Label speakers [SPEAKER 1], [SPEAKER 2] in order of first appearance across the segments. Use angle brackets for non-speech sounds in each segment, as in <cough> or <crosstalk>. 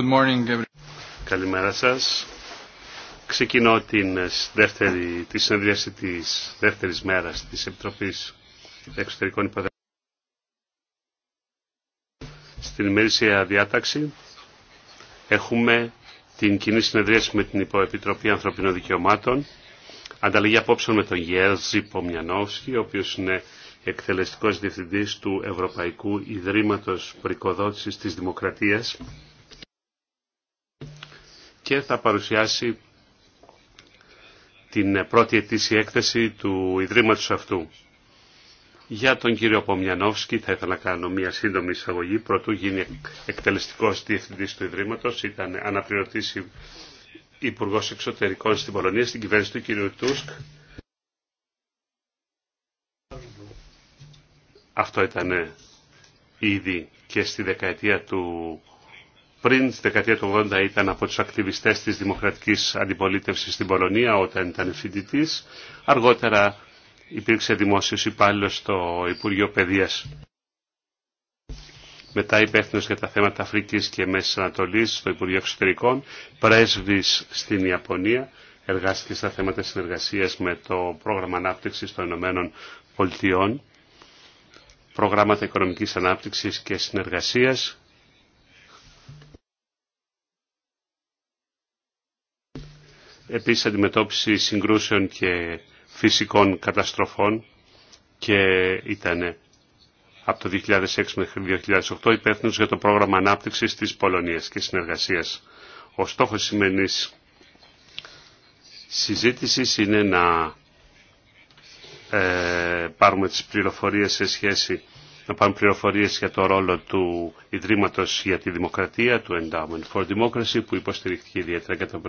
[SPEAKER 1] Good morning, Καλημέρα σας. Ξεκινώ την δεύτερη, τη συνεδρίαση της δεύτερης μέρας της Επιτροπής Εξωτερικών Υποθέσεων. Στην ημερήσια διάταξη έχουμε την κοινή συνεδρίαση με την Υποεπιτροπή Ανθρωπίνων Δικαιωμάτων, ανταλλαγή απόψεων με τον Γιέρζη Πομιανόφσκι, ο οποίος είναι εκτελεστικός διευθυντής του Ευρωπαϊκού Ιδρύματος Πρικοδότησης της Δημοκρατίας και θα παρουσιάσει την πρώτη ετήσια έκθεση του Ιδρύματος αυτού. Για τον κύριο Πομιανόφσκι θα ήθελα να κάνω μια σύντομη εισαγωγή. Πρωτού γίνει εκτελεστικός διευθυντής του Ιδρύματος, ήταν αναπληρωτής Υπουργός Εξωτερικών στην Πολωνία, στην κυβέρνηση του κύριου Τούσκ. Αυτό ήταν ήδη και στη δεκαετία του πριν τη δεκαετία του 80 ήταν από τους ακτιβιστές της δημοκρατικής αντιπολίτευσης στην Πολωνία όταν ήταν φοιτητή. Αργότερα υπήρξε δημόσιος υπάλληλος στο Υπουργείο Παιδείας. Μετά υπεύθυνο για τα θέματα Αφρικής και Μέσης Ανατολής στο Υπουργείο Εξωτερικών, πρέσβης στην Ιαπωνία, εργάστηκε στα θέματα συνεργασίας με το πρόγραμμα ανάπτυξης των Ηνωμένων Πολιτειών, προγράμματα οικονομικής ανάπτυξης και συνεργασίας επίσης αντιμετώπιση συγκρούσεων και φυσικών καταστροφών και ήταν από το 2006 μέχρι το 2008 υπεύθυνο για το πρόγραμμα ανάπτυξης της Πολωνίας και συνεργασίας. Ο στόχος σημερινής συζήτησης είναι να ε, πάρουμε τις πληροφορίες σε σχέση να πάρουν πληροφορίες για το ρόλο του Ιδρύματος για τη Δημοκρατία, του Endowment for Democracy, που υποστηρίχθηκε ιδιαίτερα για το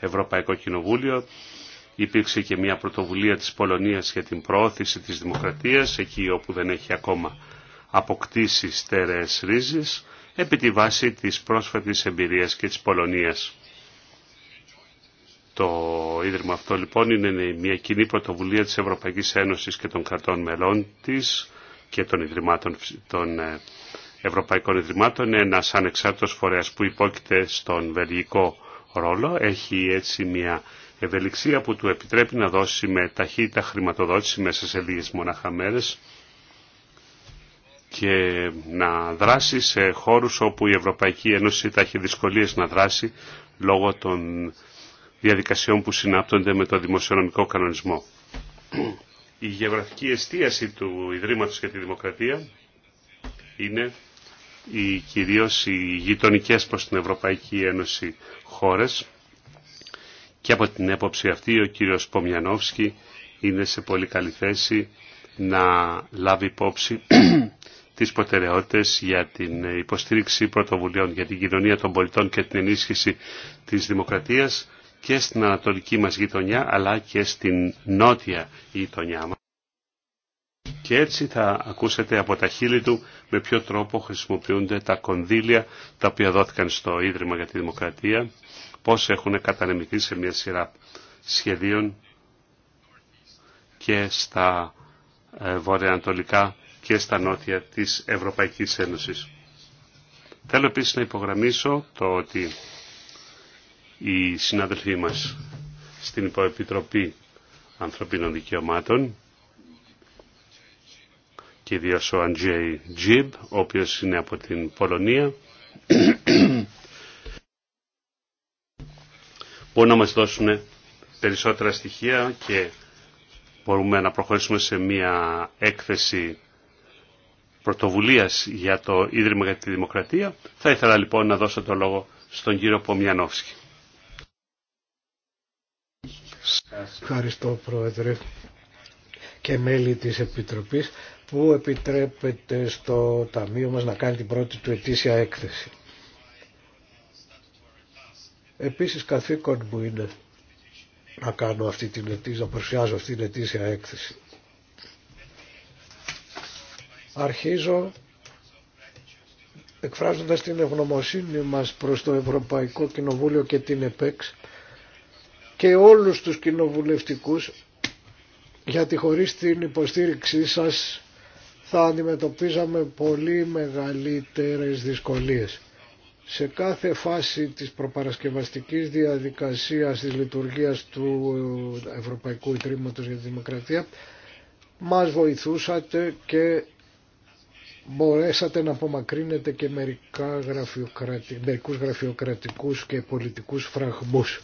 [SPEAKER 1] Ευρωπαϊκό Κοινοβούλιο. Υπήρξε και μια πρωτοβουλία της Πολωνίας για την προώθηση της δημοκρατίας, εκεί όπου δεν έχει ακόμα αποκτήσει στέρεες ρίζες, επί τη βάση της πρόσφατης εμπειρίας και της Πολωνίας. Το Ίδρυμα αυτό λοιπόν είναι μια κοινή πρωτοβουλία της Ευρωπαϊκής Ένωσης και των κρατών μελών της, και των, ιδρυμάτων, των ε, Ευρωπαϊκών Ιδρυμάτων. Είναι ένας ανεξάρτητος φορέας που υπόκειται στον βελγικό ρόλο. Έχει έτσι μια ευελιξία που του επιτρέπει να δώσει με ταχύτητα χρηματοδότηση μέσα σε λίγες μονάχα και να δράσει σε χώρους όπου η Ευρωπαϊκή Ένωση θα έχει δυσκολίες να δράσει λόγω των διαδικασιών που συνάπτονται με το δημοσιονομικό κανονισμό η γεωγραφική εστίαση του Ιδρύματος για τη Δημοκρατία είναι οι, κυρίως οι γειτονικέ προς την Ευρωπαϊκή Ένωση χώρες και από την έποψη αυτή ο κύριος Πομιανόφσκι είναι σε πολύ καλή θέση να λάβει υπόψη <clears throat> τις προτεραιότητες για την υποστήριξη πρωτοβουλειών για την κοινωνία των πολιτών και την ενίσχυση της δημοκρατίας και στην ανατολική μας γειτονιά αλλά και στην νότια γειτονιά μας. Και έτσι θα ακούσετε από τα χείλη του με ποιο τρόπο χρησιμοποιούνται τα κονδύλια τα οποία δόθηκαν στο Ίδρυμα για τη Δημοκρατία, πώς έχουν κατανεμηθεί σε μια σειρά σχεδίων και στα ε, βορειοανατολικά και στα νότια της Ευρωπαϊκής Ένωσης. Θέλω επίσης να υπογραμμίσω το ότι οι συνάδελφοί μας στην Υποεπιτροπή Ανθρωπίνων Δικαιωμάτων και ιδίω ο Αντζέι Τζιμπ, ο οποίος είναι από την Πολωνία. Μπορούν να μας δώσουν περισσότερα στοιχεία και μπορούμε να προχωρήσουμε σε μια έκθεση πρωτοβουλίας για το Ίδρυμα για τη Δημοκρατία. Θα ήθελα λοιπόν να δώσω το λόγο στον κύριο Πομιανόφσκι.
[SPEAKER 2] Ευχαριστώ Πρόεδρε και μέλη της Επιτροπής που επιτρέπεται στο Ταμείο μας να κάνει την πρώτη του ετήσια έκθεση. Επίσης καθήκον μου είναι να κάνω αυτή την ετήσια, να αυτή την ετήσια έκθεση. Αρχίζω εκφράζοντας την ευγνωμοσύνη μας προς το Ευρωπαϊκό Κοινοβούλιο και την ΕΠΕΞ και όλους τους κοινοβουλευτικούς γιατί χωρίς την υποστήριξή σας θα αντιμετωπίζαμε πολύ μεγαλύτερες δυσκολίες. Σε κάθε φάση της προπαρασκευαστικής διαδικασίας της λειτουργίας του Ευρωπαϊκού Ιδρύματος για τη Δημοκρατία μας βοηθούσατε και μπορέσατε να απομακρύνετε και μερικά γραφειοκρατι... μερικούς γραφειοκρατικούς και πολιτικούς φραγμούς.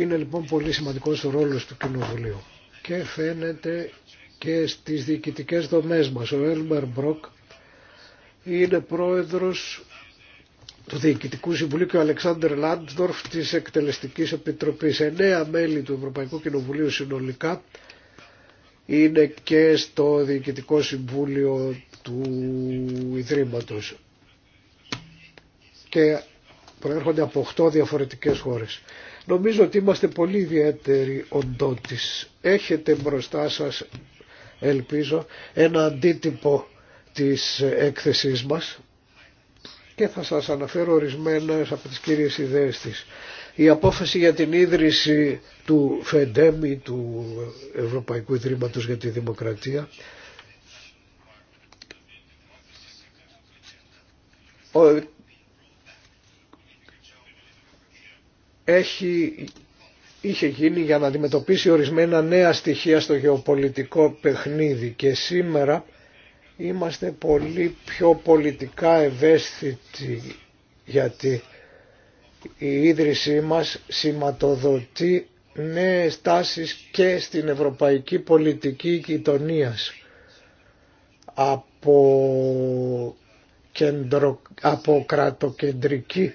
[SPEAKER 2] Είναι λοιπόν πολύ σημαντικός ο ρόλος του Κοινοβουλίου και φαίνεται και στις διοικητικές δομές μας. Ο Έλμαρ Μπροκ είναι πρόεδρος του Διοικητικού Συμβουλίου και ο Αλεξάνδρ Λάντσδορφ της Εκτελεστικής Επιτροπής. Εννέα μέλη του Ευρωπαϊκού Κοινοβουλίου συνολικά είναι και στο Διοικητικό Συμβούλιο του Ιδρύματος και προέρχονται από 8 διαφορετικές χώρες. Νομίζω ότι είμαστε πολύ ιδιαίτεροι οντότης. Έχετε μπροστά σας, ελπίζω, ένα αντίτυπο της έκθεσής μας και θα σας αναφέρω ορισμένες από τις κύριες ιδέες της. Η απόφαση για την ίδρυση του ΦΕΝΤΕΜΗ, του Ευρωπαϊκού Ιδρύματος για τη Δημοκρατία, έχει, είχε γίνει για να αντιμετωπίσει ορισμένα νέα στοιχεία στο γεωπολιτικό παιχνίδι και σήμερα είμαστε πολύ πιο πολιτικά ευαίσθητοι γιατί η ίδρυσή μας σηματοδοτεί νέες τάσεις και στην ευρωπαϊκή πολιτική γειτονία από, κεντρο, από κρατοκεντρική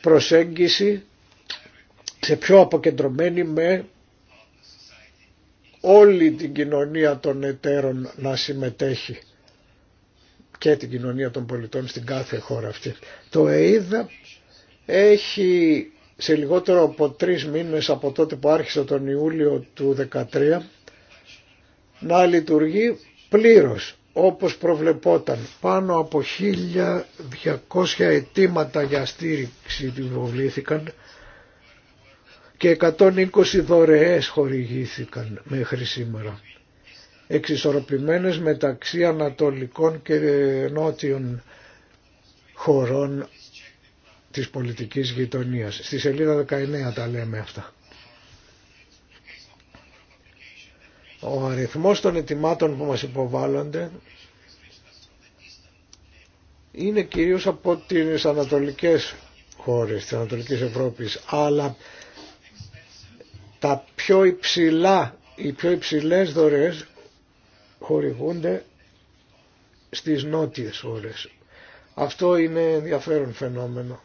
[SPEAKER 2] προσέγγιση σε πιο αποκεντρωμένη με όλη την κοινωνία των εταίρων να συμμετέχει και την κοινωνία των πολιτών στην κάθε χώρα αυτή. Το ΕΙΔΑ έχει σε λιγότερο από τρεις μήνες από τότε που άρχισε τον Ιούλιο του 2013 να λειτουργεί πλήρως όπως προβλεπόταν. Πάνω από 1200 αιτήματα για στήριξη βοβλήθηκαν και 120 δωρεές χορηγήθηκαν μέχρι σήμερα. Εξισορροπημένες μεταξύ ανατολικών και νότιων χωρών της πολιτικής γειτονίας. Στη σελίδα 19 τα λέμε αυτά. Ο αριθμός των ετοιμάτων που μας υποβάλλονται είναι κυρίως από τις ανατολικές χώρες της Ανατολικής Ευρώπης, αλλά τα πιο υψηλά, οι πιο υψηλές δωρεές χορηγούνται στις νότιες ώρες. Αυτό είναι ενδιαφέρον φαινόμενο.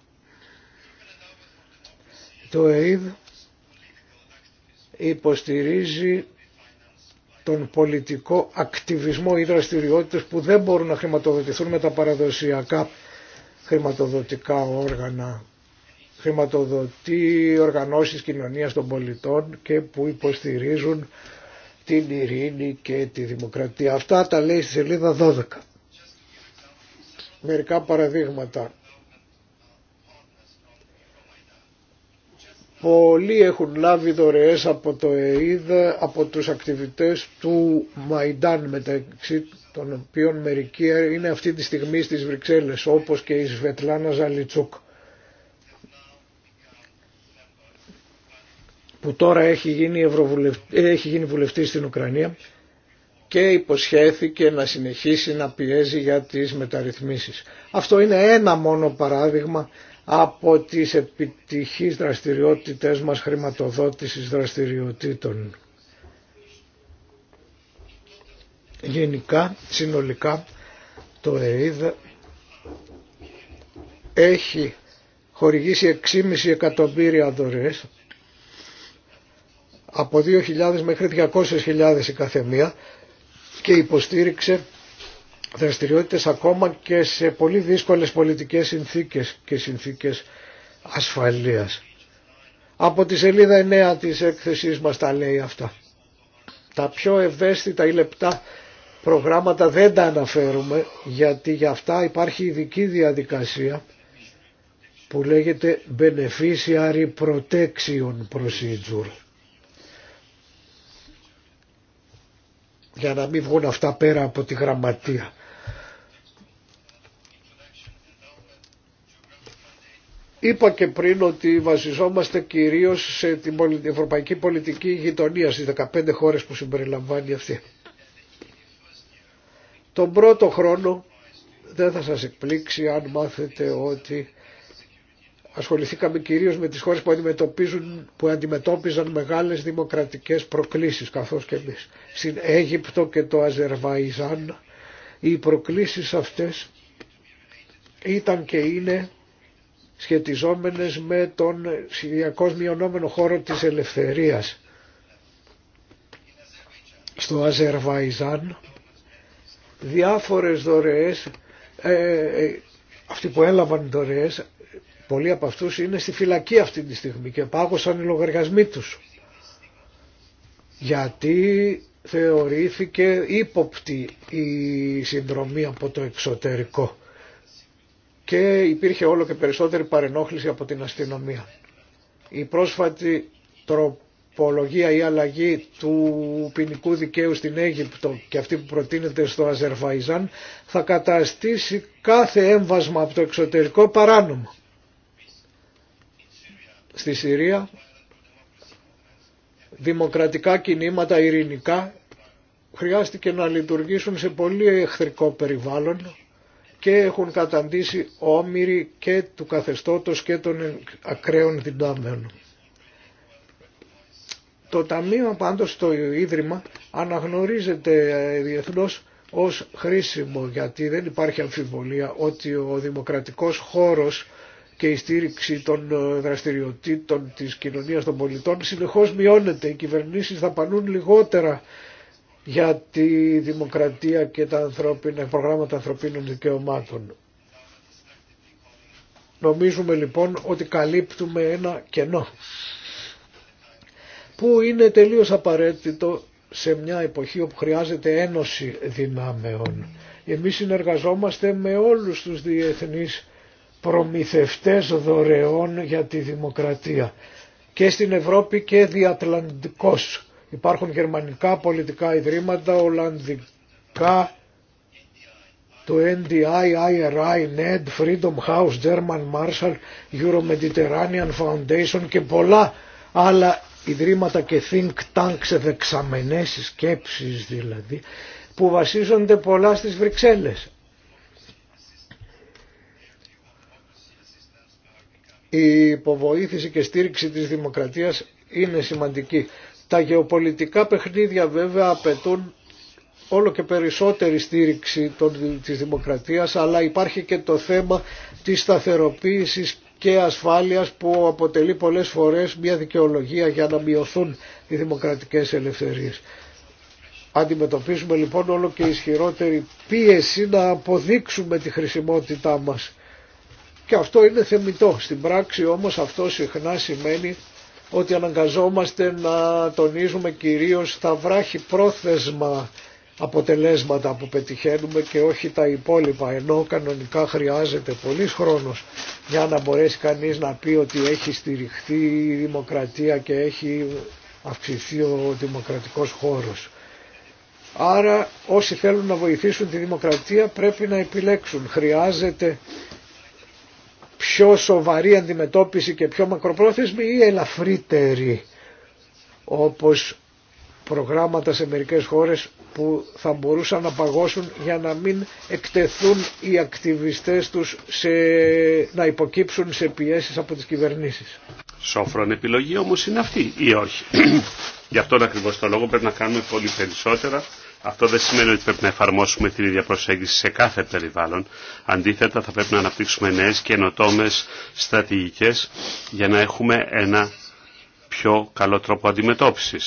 [SPEAKER 2] Το ΕΙΔ υποστηρίζει τον πολιτικό ακτιβισμό ή δραστηριότητες που δεν μπορούν να χρηματοδοτηθούν με τα παραδοσιακά χρηματοδοτικά όργανα χρηματοδοτεί οργανώσεις κοινωνίας των πολιτών και που υποστηρίζουν την ειρήνη και τη δημοκρατία. Αυτά τα λέει στη σελίδα 12. Μερικά παραδείγματα. Πολλοί έχουν λάβει δωρεές από το ΕΕΔ, από τους ακτιβιτές του Μαϊντάν μεταξύ των οποίων μερικοί είναι αυτή τη στιγμή στις Βρυξέλλες όπως και η Σβετλάνα Ζαλιτσούκ. που τώρα έχει γίνει, ευρωβουλευτής έχει γίνει στην Ουκρανία και υποσχέθηκε να συνεχίσει να πιέζει για τις μεταρρυθμίσεις. Αυτό είναι ένα μόνο παράδειγμα από τις επιτυχείς δραστηριότητες μας χρηματοδότησης δραστηριοτήτων. Γενικά, συνολικά, το ΕΕΔ έχει χορηγήσει 6,5 εκατομμύρια δωρεές από 2.000 μέχρι 200.000 η καθεμία και υποστήριξε δραστηριότητες ακόμα και σε πολύ δύσκολες πολιτικές συνθήκες και συνθήκες ασφαλείας. Από τη σελίδα 9 της έκθεσής μας τα λέει αυτά. Τα πιο ευαίσθητα ή λεπτά προγράμματα δεν τα αναφέρουμε γιατί για αυτά υπάρχει ειδική διαδικασία που λέγεται Beneficiary Protection Procedure για να μην βγουν αυτά πέρα από τη γραμματεία. Είπα και πριν ότι βασιζόμαστε κυρίως σε την ευρωπαϊκή πολιτική γειτονία στις 15 χώρες που συμπεριλαμβάνει αυτή. Τον πρώτο χρόνο δεν θα σας εκπλήξει αν μάθετε ότι ασχοληθήκαμε κυρίως με τις χώρες που, που αντιμετώπιζαν μεγάλες δημοκρατικές προκλήσεις καθώς και εμείς. Στην Αίγυπτο και το Αζερβαϊζάν οι προκλήσεις αυτές ήταν και είναι σχετιζόμενες με τον συνδιακώς μειωνόμενο χώρο της ελευθερίας. Στο Αζερβαϊζάν διάφορες δωρεές, αυτή ε, ε, αυτοί που έλαβαν δωρεές Πολλοί από αυτούς είναι στη φυλακή αυτή τη στιγμή και πάγωσαν οι λογαριασμοί τους. Γιατί θεωρήθηκε ύποπτη η συνδρομή από το εξωτερικό και υπήρχε όλο και περισσότερη παρενόχληση από την αστυνομία. Η πρόσφατη τροπολογία ή αλλαγή του ποινικού δικαίου στην Αίγυπτο και αυτή που προτείνεται στο Αζερβαϊζάν θα καταστήσει κάθε έμβασμα από το εξωτερικό παράνομο στη Συρία δημοκρατικά κινήματα ειρηνικά χρειάστηκε να λειτουργήσουν σε πολύ εχθρικό περιβάλλον και έχουν καταντήσει όμοιροι και του καθεστώτος και των ακραίων δυνάμεων. Το Ταμείο πάντως το Ίδρυμα αναγνωρίζεται διεθνώς ως χρήσιμο γιατί δεν υπάρχει αμφιβολία ότι ο δημοκρατικός χώρος και η στήριξη των ε, δραστηριοτήτων της κοινωνίας των πολιτών συνεχώς μειώνεται. Οι κυβερνήσεις θα πανούν λιγότερα για τη δημοκρατία και τα ανθρώπινα, προγράμματα ανθρωπίνων δικαιωμάτων. Νομίζουμε λοιπόν ότι καλύπτουμε ένα κενό που είναι τελείως απαραίτητο σε μια εποχή όπου χρειάζεται ένωση δυνάμεων. Εμείς συνεργαζόμαστε με όλους τους διεθνείς προμηθευτές δωρεών για τη δημοκρατία και στην Ευρώπη και διατλαντικός. Υπάρχουν γερμανικά πολιτικά ιδρύματα, ολλανδικά, το NDI, IRI, NED, Freedom House, German Marshall, Euro-Mediterranean Foundation και πολλά άλλα ιδρύματα και think tanks δεξαμενές σκέψεις δηλαδή που βασίζονται πολλά στις Βρυξέλλες. Η υποβοήθηση και στήριξη της δημοκρατίας είναι σημαντική. Τα γεωπολιτικά παιχνίδια βέβαια απαιτούν όλο και περισσότερη στήριξη των, της δημοκρατίας αλλά υπάρχει και το θέμα της σταθεροποίησης και ασφάλειας που αποτελεί πολλές φορές μια δικαιολογία για να μειωθούν οι δημοκρατικές ελευθερίες. Αντιμετωπίζουμε λοιπόν όλο και ισχυρότερη πίεση να αποδείξουμε τη χρησιμότητά μας και αυτό είναι θεμητό. Στην πράξη όμως αυτό συχνά σημαίνει ότι αναγκαζόμαστε να τονίζουμε κυρίως τα βράχη πρόθεσμα αποτελέσματα που πετυχαίνουμε και όχι τα υπόλοιπα ενώ κανονικά χρειάζεται πολύς χρόνος για να μπορέσει κανείς να πει ότι έχει στηριχθεί η δημοκρατία και έχει αυξηθεί ο δημοκρατικός χώρος. Άρα όσοι θέλουν να βοηθήσουν τη δημοκρατία πρέπει να επιλέξουν. Χρειάζεται πιο σοβαρή αντιμετώπιση και πιο μακροπρόθεσμη ή ελαφρύτερη όπως προγράμματα σε μερικές χώρες που θα μπορούσαν να παγώσουν για να μην εκτεθούν οι ακτιβιστές τους σε, να υποκύψουν σε πιέσεις από τις κυβερνήσεις.
[SPEAKER 1] Σόφρον επιλογή όμως είναι αυτή ή όχι. Γι' αυτόν ακριβώς το λόγο πρέπει να κάνουμε πολύ περισσότερα αυτό δεν σημαίνει ότι πρέπει να εφαρμόσουμε την ίδια προσέγγιση σε κάθε περιβάλλον. Αντίθετα, θα πρέπει να αναπτύξουμε νέε καινοτόμε στρατηγικέ για να έχουμε ένα πιο καλό τρόπο αντιμετώπιση.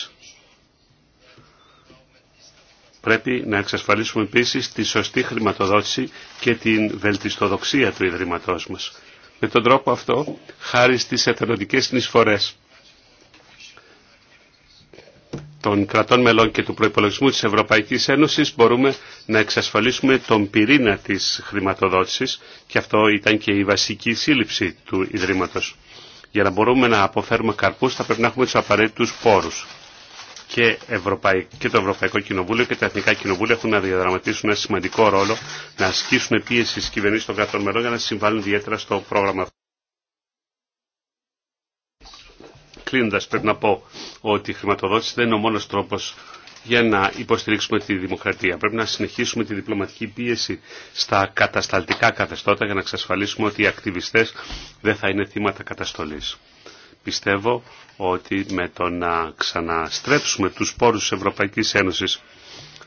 [SPEAKER 1] Πρέπει να εξασφαλίσουμε επίση τη σωστή χρηματοδότηση και την βελτιστοδοξία του Ιδρύματό μα. Με τον τρόπο αυτό, χάρη στι εθελοντικέ συνεισφορέ των κρατών μελών και του προϋπολογισμού της Ευρωπαϊκής Ένωσης μπορούμε να εξασφαλίσουμε τον πυρήνα της χρηματοδότησης και αυτό ήταν και η βασική σύλληψη του Ιδρύματος. Για να μπορούμε να αποφέρουμε καρπούς θα πρέπει να έχουμε τους απαραίτητους πόρους. Και, Ευρωπαϊ... και το Ευρωπαϊκό Κοινοβούλιο και τα Εθνικά Κοινοβούλια έχουν να διαδραματίσουν ένα σημαντικό ρόλο να ασκήσουν πίεση στις κυβερνήσεις των κρατών μελών για να συμβάλλουν ιδιαίτερα στο πρόγραμμα αυτό. πρέπει να πω ότι η χρηματοδότηση δεν είναι ο μόνος τρόπος για να υποστηρίξουμε τη δημοκρατία. Πρέπει να συνεχίσουμε τη διπλωματική πίεση στα κατασταλτικά καθεστώτα για να εξασφαλίσουμε ότι οι ακτιβιστέ δεν θα είναι θύματα καταστολής. Πιστεύω ότι με το να ξαναστρέψουμε τους πόρους της Ευρωπαϊκής Ένωσης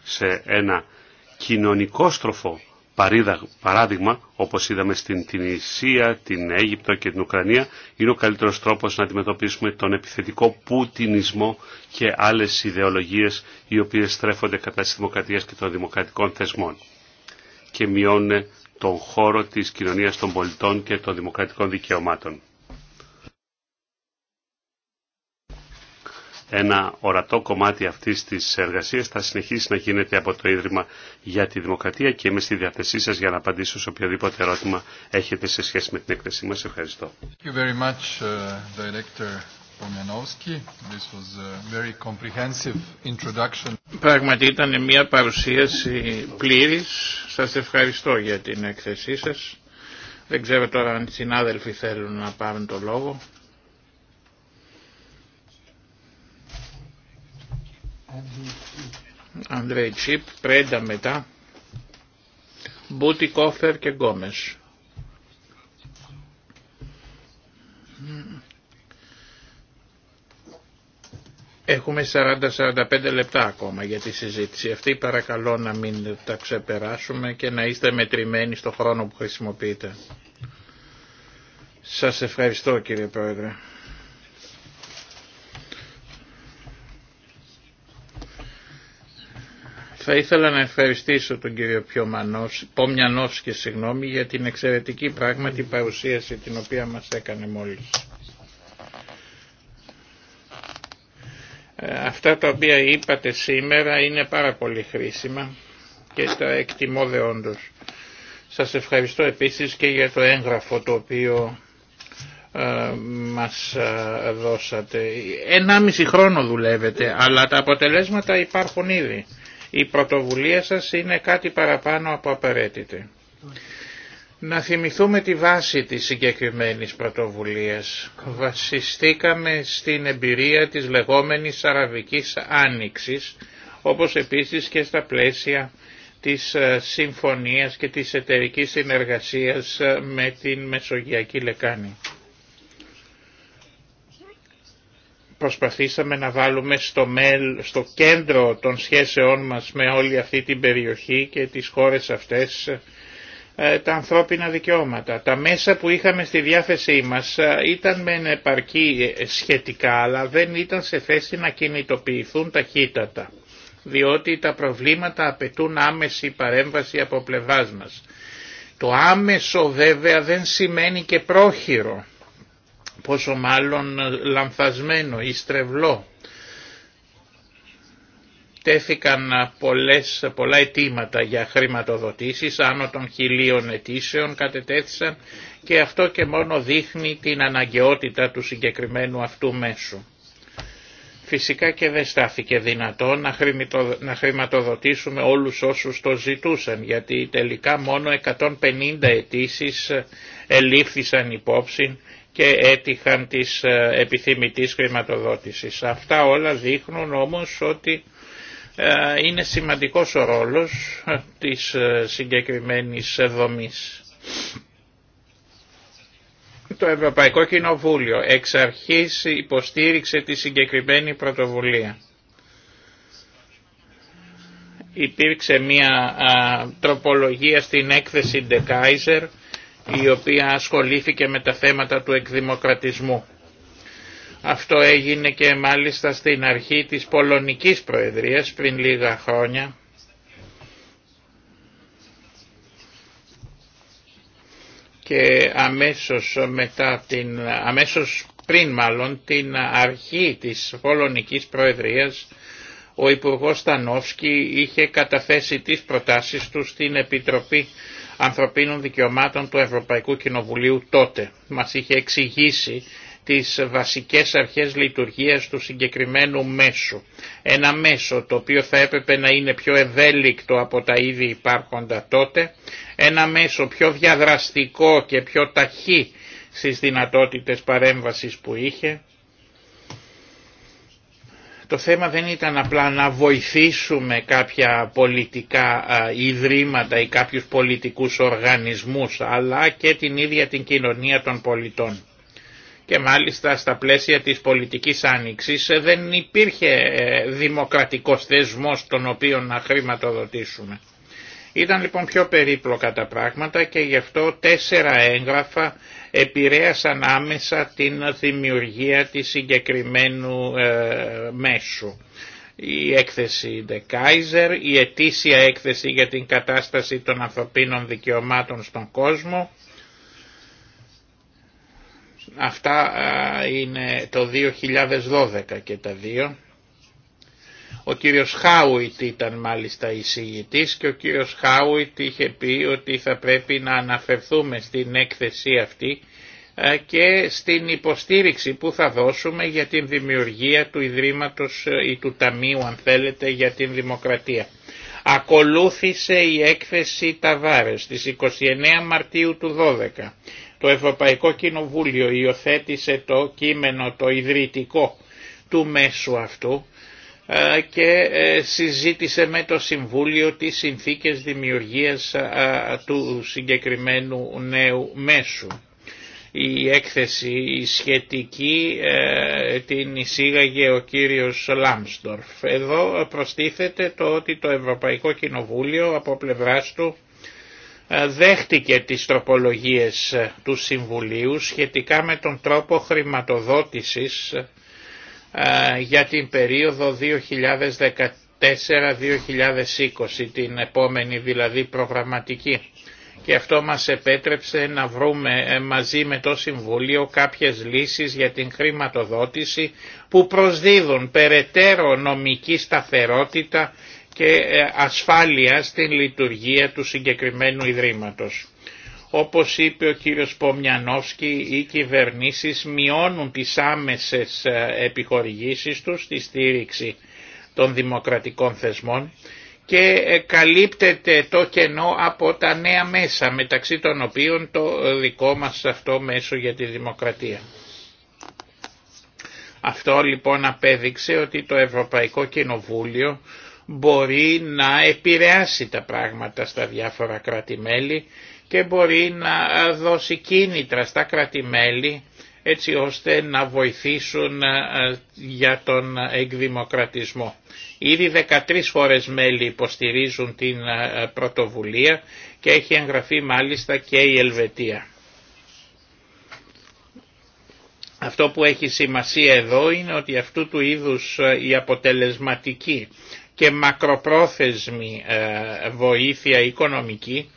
[SPEAKER 1] σε ένα κοινωνικό στροφό παράδειγμα, όπως είδαμε στην Τινησία, την Αίγυπτο και την Ουκρανία, είναι ο καλύτερος τρόπος να αντιμετωπίσουμε τον επιθετικό πουτινισμό και άλλες ιδεολογίες οι οποίες στρέφονται κατά της δημοκρατίας και των δημοκρατικών θεσμών και μειώνουν τον χώρο της κοινωνίας των πολιτών και των δημοκρατικών δικαιωμάτων. ένα ορατό κομμάτι αυτής της εργασίας θα συνεχίσει να γίνεται από το Ίδρυμα για τη Δημοκρατία και είμαι στη διάθεσή σας για να απαντήσω σε οποιοδήποτε ερώτημα έχετε σε σχέση με την έκθεσή μας. Ευχαριστώ.
[SPEAKER 3] Thank uh,
[SPEAKER 4] Πραγματικά ήταν μια παρουσίαση πλήρης. Σας ευχαριστώ για την έκθεσή σας. Δεν ξέρω τώρα αν οι συνάδελφοι θέλουν να πάρουν το λόγο. Ανδρέη Τσίπ, Πρέντα μετά, Μπούτι Κόφερ και Γκόμες. Έχουμε 40-45 λεπτά ακόμα για τη συζήτηση αυτή. Παρακαλώ να μην τα ξεπεράσουμε και να είστε μετρημένοι στο χρόνο που χρησιμοποιείτε. Σας ευχαριστώ κύριε Πρόεδρε. Θα ήθελα να ευχαριστήσω τον κύριο Πιωμανός, και συγγνώμη για την εξαιρετική πράγματι παρουσίαση την οποία μας έκανε μόλις. Ε, αυτά τα οποία είπατε σήμερα είναι πάρα πολύ χρήσιμα και τα εκτιμώ δεόντως. Σας ευχαριστώ επίσης και για το έγγραφο το οποίο ε, μας ε, δώσατε. Ενάμιση χρόνο δουλεύετε, αλλά τα αποτελέσματα υπάρχουν ήδη. Η πρωτοβουλία σας είναι κάτι παραπάνω από απαραίτητη. Να θυμηθούμε τη βάση της συγκεκριμένης πρωτοβουλίας. Βασιστήκαμε στην εμπειρία της λεγόμενης Αραβικής Άνοιξης, όπως επίσης και στα πλαίσια της ε, συμφωνίας και της εταιρικής συνεργασίας ε, με την Μεσογειακή Λεκάνη. προσπαθήσαμε να βάλουμε στο, στο κέντρο των σχέσεών μας με όλη αυτή την περιοχή και τις χώρες αυτές ε, τα ανθρώπινα δικαιώματα. Τα μέσα που είχαμε στη διάθεσή μας ε, ήταν με επαρκή ε, σχετικά αλλά δεν ήταν σε θέση να κινητοποιηθούν ταχύτατα διότι τα προβλήματα απαιτούν άμεση παρέμβαση από πλευράς μας. Το άμεσο βέβαια δεν σημαίνει και πρόχειρο πόσο μάλλον λανθασμένο ή στρεβλό. Τέθηκαν πολλές, πολλά αιτήματα για χρηματοδοτήσεις, άνω των χιλίων αιτήσεων κατετέθησαν και αυτό και μόνο δείχνει την αναγκαιότητα του συγκεκριμένου αυτού μέσου. Φυσικά και δεν στάθηκε δυνατό να χρηματοδοτήσουμε όλους όσους το ζητούσαν, γιατί τελικά μόνο 150 αιτήσει ελήφθησαν υπόψη και έτυχαν ε, της επιθυμητής χρηματοδότησης. Αυτά όλα δείχνουν όμως ότι ε, είναι σημαντικός ο ρόλος ε, της συγκεκριμένης δομής. Το Ευρωπαϊκό Κοινοβούλιο εξ αρχής υποστήριξε τη συγκεκριμένη πρωτοβουλία. Υπήρξε μια τροπολογία στην έκθεση De Kaiser η οποία ασχολήθηκε με τα θέματα του εκδημοκρατισμού. Αυτό έγινε και μάλιστα στην αρχή της Πολωνικής Προεδρίας πριν λίγα χρόνια. και αμέσως, μετά την, αμέσως πριν μάλλον την αρχή της Πολωνικής Προεδρίας ο Υπουργός Στανόφσκι είχε καταθέσει τις προτάσεις του στην Επιτροπή Ανθρωπίνων Δικαιωμάτων του Ευρωπαϊκού Κοινοβουλίου τότε. Μας είχε εξηγήσει τις βασικές αρχές λειτουργίας του συγκεκριμένου μέσου. Ένα μέσο το οποίο θα έπρεπε να είναι πιο ευέλικτο από τα ήδη υπάρχοντα τότε, ένα μέσο πιο διαδραστικό και πιο ταχύ στις δυνατότητες παρέμβασης που είχε, το θέμα δεν ήταν απλά να βοηθήσουμε κάποια πολιτικά ιδρύματα ή κάποιους πολιτικούς οργανισμούς, αλλά και την ίδια την κοινωνία των πολιτών. Και μάλιστα στα πλαίσια της πολιτικής άνοιξης ε, δεν υπήρχε ε, δημοκρατικός θεσμός τον οποίο να χρηματοδοτήσουμε. Ήταν λοιπόν πιο περίπλοκα τα πράγματα και γι' αυτό τέσσερα έγγραφα επηρέασαν άμεσα την δημιουργία της συγκεκριμένου ε, μέσου. Η έκθεση The Kaiser, η ετήσια έκθεση για την κατάσταση των ανθρωπίνων δικαιωμάτων στον κόσμο. Αυτά ε, είναι το 2012 και τα δύο. Ο κύριος Χάουιτ ήταν μάλιστα εισηγητής και ο κύριος Χάουιτ είχε πει ότι θα πρέπει να αναφερθούμε στην έκθεση αυτή ε, και στην υποστήριξη που θα δώσουμε για την δημιουργία του Ιδρύματος ε, ή του Ταμείου αν θέλετε για την Δημοκρατία. Ακολούθησε η έκθεση Ταβάρες στις 29 Μαρτίου του 12. Το Ευρωπαϊκό Κοινοβούλιο υιοθέτησε το κείμενο το ιδρυτικό του μέσου αυτού και ε, συζήτησε με το Συμβούλιο τις συνθήκες δημιουργίας του συγκεκριμένου νέου μέσου. Η έκθεση η σχετική ε, την εισήγαγε ο κύριος Λάμστορφ. Εδώ προστίθεται το ότι το Ευρωπαϊκό Κοινοβούλιο από πλευράς του ε, δέχτηκε τις τροπολογίες του Συμβουλίου σχετικά με τον τρόπο χρηματοδότησης ε, για την περίοδο 2014-2020, την επόμενη δηλαδή προγραμματική. Και αυτό μας επέτρεψε να βρούμε ε, μαζί με το Συμβούλιο κάποιες λύσεις για την χρηματοδότηση που προσδίδουν περαιτέρω νομική σταθερότητα και ε, ασφάλεια στην λειτουργία του συγκεκριμένου Ιδρύματος. Όπως είπε ο κύριος Πομιανόφσκι, οι κυβερνήσεις μειώνουν τις άμεσες ε, επιχορηγήσεις τους στη στήριξη των δημοκρατικών θεσμών και ε, καλύπτεται το κενό από τα νέα μέσα, μεταξύ των οποίων το δικό μας αυτό μέσο για τη δημοκρατία. Αυτό λοιπόν απέδειξε ότι το Ευρωπαϊκό Κοινοβούλιο μπορεί να επηρεάσει τα πράγματα στα διάφορα κράτη-μέλη και μπορεί να δώσει κίνητρα στα κρατημέλη έτσι ώστε να βοηθήσουν ε, για τον εκδημοκρατισμό. Ήδη 13 φορές μέλη υποστηρίζουν την ε, πρωτοβουλία και έχει εγγραφεί μάλιστα και η Ελβετία. Αυτό που έχει σημασία εδώ είναι ότι αυτού του είδους ε, η αποτελεσματική και μακροπρόθεσμη βοήθεια οικονομική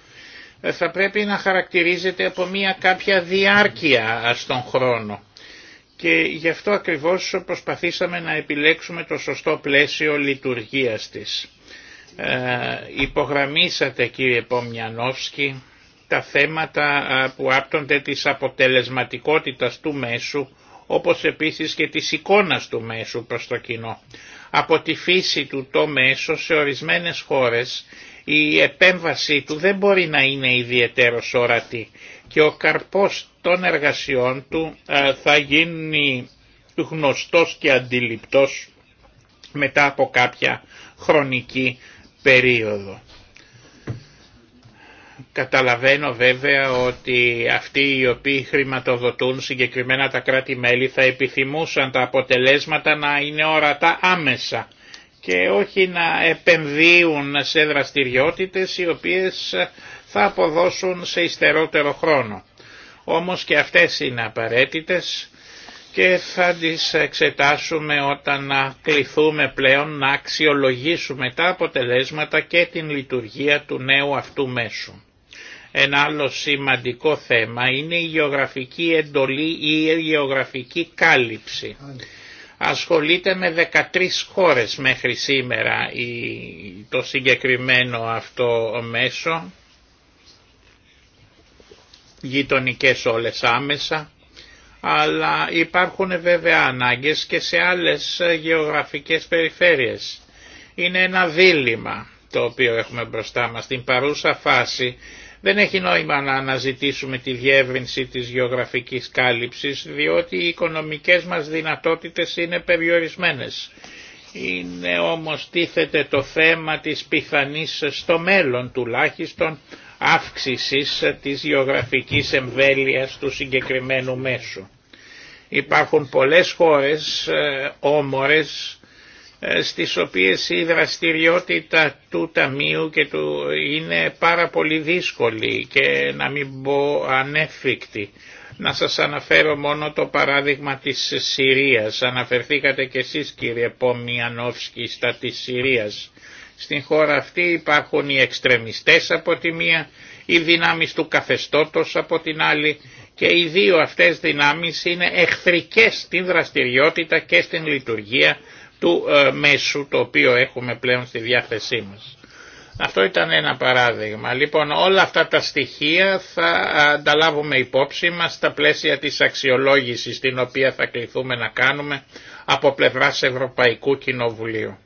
[SPEAKER 4] ε, θα πρέπει να χαρακτηρίζεται από μια κάποια διάρκεια στον χρόνο. Και γι' αυτό ακριβώς προσπαθήσαμε να επιλέξουμε το σωστό πλαίσιο λειτουργίας της. Ε, υπογραμμίσατε κύριε Πομιανόφσκι τα θέματα που άπτονται της αποτελεσματικότητας του μέσου όπως επίσης και της εικόνας του μέσου προς το κοινό. Από τη φύση του το μέσο σε ορισμένες χώρες η επέμβασή του δεν μπορεί να είναι ιδιαίτερος ορατή και ο καρπός των εργασιών του ε, θα γίνει γνωστός και αντιληπτός μετά από κάποια χρονική περίοδο. Καταλαβαίνω βέβαια ότι αυτοί οι οποίοι χρηματοδοτούν συγκεκριμένα τα κράτη-μέλη θα επιθυμούσαν τα αποτελέσματα να είναι ορατά άμεσα και όχι να επενδύουν σε δραστηριότητες οι οποίες θα αποδώσουν σε υστερότερο χρόνο. Όμως και αυτές είναι απαραίτητες και θα τις εξετάσουμε όταν κληθούμε πλέον να αξιολογήσουμε τα αποτελέσματα και την λειτουργία του νέου αυτού μέσου. Ένα άλλο σημαντικό θέμα είναι η γεωγραφική εντολή ή η γεωγραφική κάλυψη. Ασχολείται με 13 χώρες μέχρι σήμερα το συγκεκριμένο αυτό μέσο, γειτονικές όλες άμεσα, αλλά υπάρχουν βέβαια ανάγκες και σε άλλες γεωγραφικές περιφέρειες. Είναι ένα δίλημα το οποίο έχουμε μπροστά μας. Στην παρούσα φάση δεν έχει νόημα να αναζητήσουμε τη διεύρυνση της γεωγραφικής κάλυψης, διότι οι οικονομικές μας δυνατότητες είναι περιορισμένες. Είναι όμως τίθεται το θέμα της πιθανής στο μέλλον τουλάχιστον αύξησης της γεωγραφικής εμβέλειας του συγκεκριμένου μέσου. Υπάρχουν πολλές χώρες ε, όμορες ε, στις οποίες η δραστηριότητα του Ταμείου και του είναι πάρα πολύ δύσκολη και να μην πω ανέφικτη. Να σας αναφέρω μόνο το παράδειγμα της Συρίας. Αναφερθήκατε και εσείς κύριε Πομιανόφσκι στα της Συρίας. Στην χώρα αυτή υπάρχουν οι εξτρεμιστές από τη μία, οι δυνάμεις του καθεστώτος από την άλλη και οι δύο αυτές δυνάμεις είναι εχθρικές στην δραστηριότητα και στην λειτουργία του ε, μέσου το οποίο έχουμε πλέον στη διάθεσή μας. Αυτό ήταν ένα παράδειγμα. Λοιπόν όλα αυτά τα στοιχεία θα ανταλάβουμε ε, υπόψη μας στα πλαίσια της αξιολόγησης την οποία θα κληθούμε να κάνουμε από πλευράς Ευρωπαϊκού
[SPEAKER 1] Κοινοβουλίου.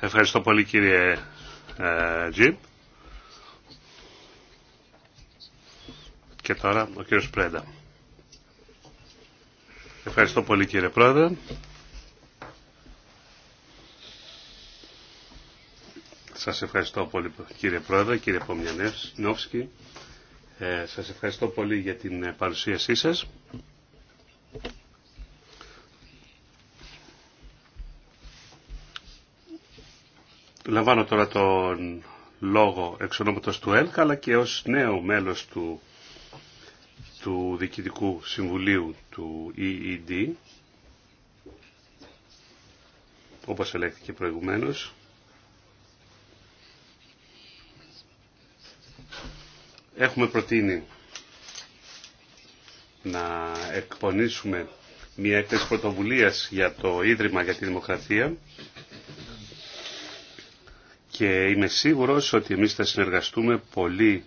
[SPEAKER 1] Ευχαριστώ πολύ κύριε Τζιμ. Ε, Και τώρα ο κύριος Πρέντα. Ευχαριστώ πολύ κύριε Πρόεδρε. Σας ευχαριστώ πολύ κύριε Πρόεδρε, κύριε Πομιανεύσκη. Ε, σας ευχαριστώ πολύ για την ε, παρουσίασή σας. Λαμβάνω τώρα τον λόγο εξ του ΕΛΚ αλλά και ως νέο μέλος του του Διοικητικού Συμβουλίου του EED, όπως ελέγχθηκε προηγουμένως. Έχουμε προτείνει να εκπονήσουμε μια έκθεση πρωτοβουλίας για το Ίδρυμα για τη Δημοκρατία και είμαι σίγουρος ότι εμείς θα συνεργαστούμε πολύ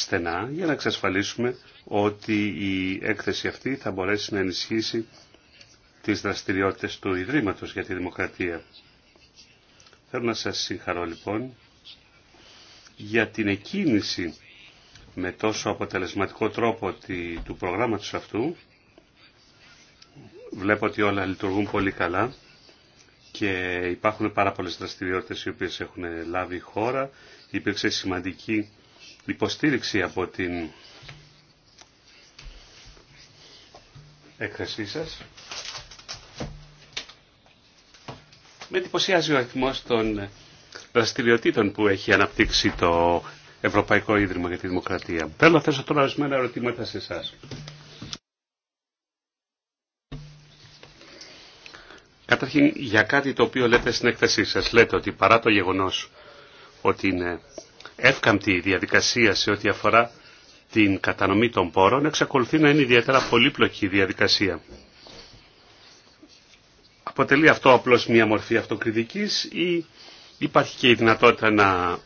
[SPEAKER 1] στενά για να εξασφαλίσουμε ότι η έκθεση αυτή θα μπορέσει να ενισχύσει τις δραστηριότητες του Ιδρύματος για τη Δημοκρατία. Θέλω να σας συγχαρώ λοιπόν για την εκκίνηση με τόσο αποτελεσματικό τρόπο του προγράμματος αυτού. Βλέπω ότι όλα λειτουργούν πολύ καλά και υπάρχουν πάρα πολλές δραστηριότητες οι οποίες έχουν λάβει χώρα. Υπήρξε σημαντική υποστήριξη από την έκθεσή σας. Με εντυπωσιάζει ο αριθμό των δραστηριοτήτων που έχει αναπτύξει το Ευρωπαϊκό Ίδρυμα για τη Δημοκρατία. Θέλω να θέσω τώρα ορισμένα ερωτήματα σε εσά. Καταρχήν για κάτι το οποίο λέτε στην έκθεσή σας. Λέτε ότι παρά το γεγονός ότι είναι εύκαμπτη διαδικασία σε ό,τι αφορά την κατανομή των πόρων εξακολουθεί να είναι ιδιαίτερα πολύπλοκη διαδικασία. Αποτελεί αυτό απλώς μια μορφή αυτοκριτικής ή υπάρχει και η δυνατότητα να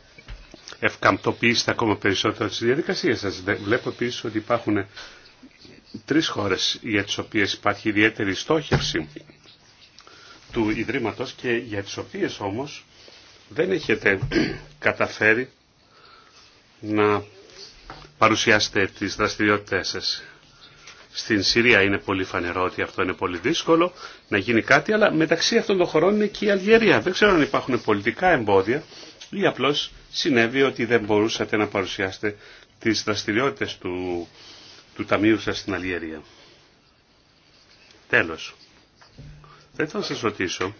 [SPEAKER 1] ευκαμπτοποιήσετε ακόμα περισσότερο τις διαδικασίες σας. Βλέπω πίσω ότι υπάρχουν τρεις χώρες για τις οποίες υπάρχει ιδιαίτερη στόχευση του Ιδρύματος και για τις οποίες όμως δεν έχετε <clears throat> καταφέρει να παρουσιάσετε τις δραστηριότητές σας. Στην Συρία είναι πολύ φανερό ότι αυτό είναι πολύ δύσκολο να γίνει κάτι, αλλά μεταξύ αυτών των χωρών είναι και η Αλγερία. Δεν ξέρω αν υπάρχουν πολιτικά εμπόδια ή απλώς συνέβη ότι δεν μπορούσατε να παρουσιάσετε τις δραστηριότητες του, του Ταμείου σας στην Αλγερία. Τέλος. Δεν θα σας ρωτήσω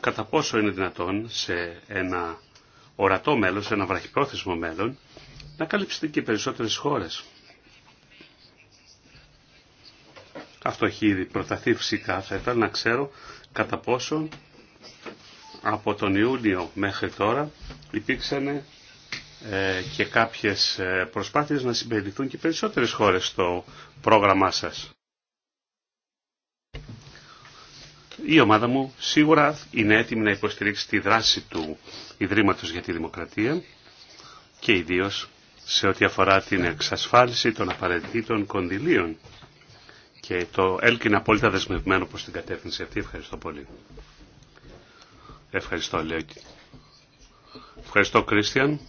[SPEAKER 1] κατά πόσο είναι δυνατόν σε ένα ορατό μέλλον, σε ένα βραχυπρόθεσμο μέλλον, να καλύψετε και περισσότερες χώρες. Αυτό έχει ήδη προταθεί φυσικά. Θα ήθελα να ξέρω κατά πόσο από τον Ιούνιο μέχρι τώρα υπήρξαν ε, και κάποιες ε, προσπάθειες να συμπεριληφθούν και περισσότερες χώρες στο πρόγραμμά σας. η ομάδα μου σίγουρα είναι έτοιμη να υποστηρίξει τη δράση του Ιδρύματος για τη Δημοκρατία και ιδίως σε ό,τι αφορά την εξασφάλιση των απαραίτητων κονδυλίων. Και το ΕΛΚ είναι απόλυτα δεσμευμένο προς την κατεύθυνση αυτή. Ευχαριστώ πολύ. Ευχαριστώ, λέω. Ευχαριστώ, Κρίστιαν.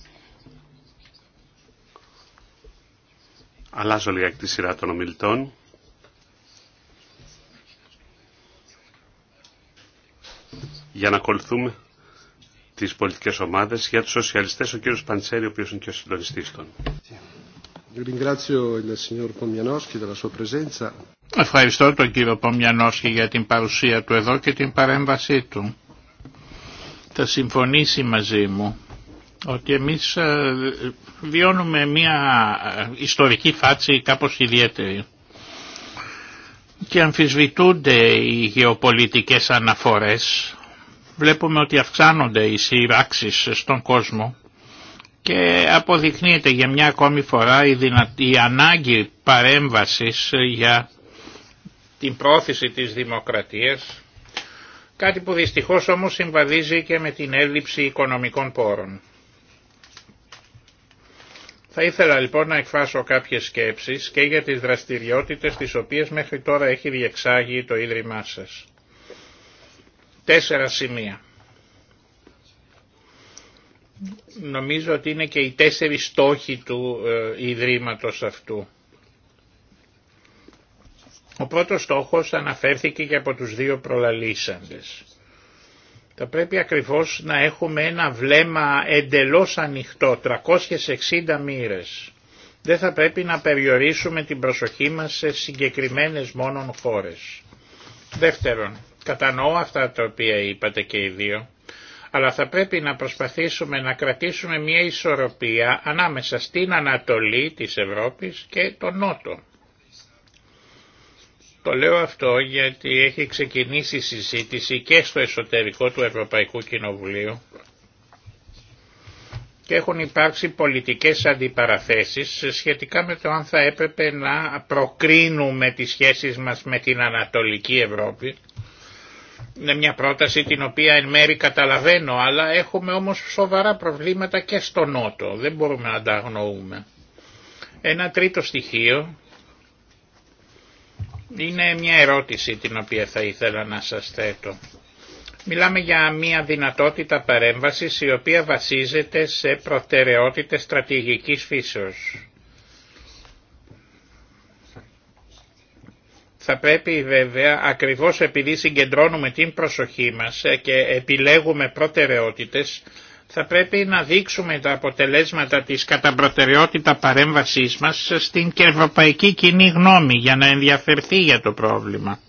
[SPEAKER 1] Αλλάζω λιγάκι τη σειρά των ομιλητών. για να ακολουθούμε τις πολιτικές ομάδες. Για τους σοσιαλιστές ο κύριος Παντσέρη, ο οποίος είναι και ο συντονιστής των.
[SPEAKER 4] Ευχαριστώ τον κύριο Πομιανόσκη για την παρουσία του εδώ και την παρέμβασή του. Θα συμφωνήσει μαζί μου ότι εμείς ε, βιώνουμε μια ε, ιστορική φάση κάπως ιδιαίτερη και αμφισβητούνται οι γεωπολιτικές αναφορές βλέπουμε ότι αυξάνονται οι σειράξεις στον κόσμο και αποδεικνύεται για μια ακόμη φορά η, δυνα... ανάγκη παρέμβασης για την πρόθεση της δημοκρατίας, κάτι που δυστυχώς όμως συμβαδίζει και με την έλλειψη οικονομικών πόρων. Θα ήθελα λοιπόν να εκφράσω κάποιες σκέψεις και για τις δραστηριότητες τις οποίες μέχρι τώρα έχει διεξάγει το Ίδρυμά σας τέσσερα σημεία. Νομίζω ότι είναι και οι τέσσερις στόχοι του ε, Ιδρύματος αυτού. Ο πρώτος στόχος αναφέρθηκε και από τους δύο προλαλήσαντες. Θα πρέπει ακριβώς να έχουμε ένα βλέμμα εντελώς ανοιχτό, 360 μοίρες. Δεν θα πρέπει να περιορίσουμε την προσοχή μας σε συγκεκριμένες μόνον χώρες. Δεύτερον, Κατανοώ αυτά τα οποία είπατε και οι δύο, αλλά θα πρέπει να προσπαθήσουμε να κρατήσουμε μια ισορροπία ανάμεσα στην Ανατολή της Ευρώπης και τον Νότο. Το λέω αυτό γιατί έχει ξεκινήσει η συζήτηση και στο εσωτερικό του Ευρωπαϊκού Κοινοβουλίου και έχουν υπάρξει πολιτικές αντιπαραθέσεις σχετικά με το αν θα έπρεπε να προκρίνουμε τις σχέσεις μας με την Ανατολική Ευρώπη είναι μια πρόταση την οποία εν μέρη καταλαβαίνω, αλλά έχουμε όμως σοβαρά προβλήματα και στο Νότο. Δεν μπορούμε να τα αγνοούμε. Ένα τρίτο στοιχείο είναι μια ερώτηση την οποία θα ήθελα να σας θέτω. Μιλάμε για μια δυνατότητα παρέμβασης η οποία βασίζεται σε προτεραιότητες στρατηγικής φύσεως. Θα πρέπει βέβαια ακριβώς επειδή συγκεντρώνουμε την προσοχή μας και επιλέγουμε προτεραιότητες θα πρέπει να δείξουμε τα αποτελέσματα της κατά παρέμβασής μας στην και ευρωπαϊκή κοινή γνώμη για να ενδιαφερθεί για το πρόβλημα.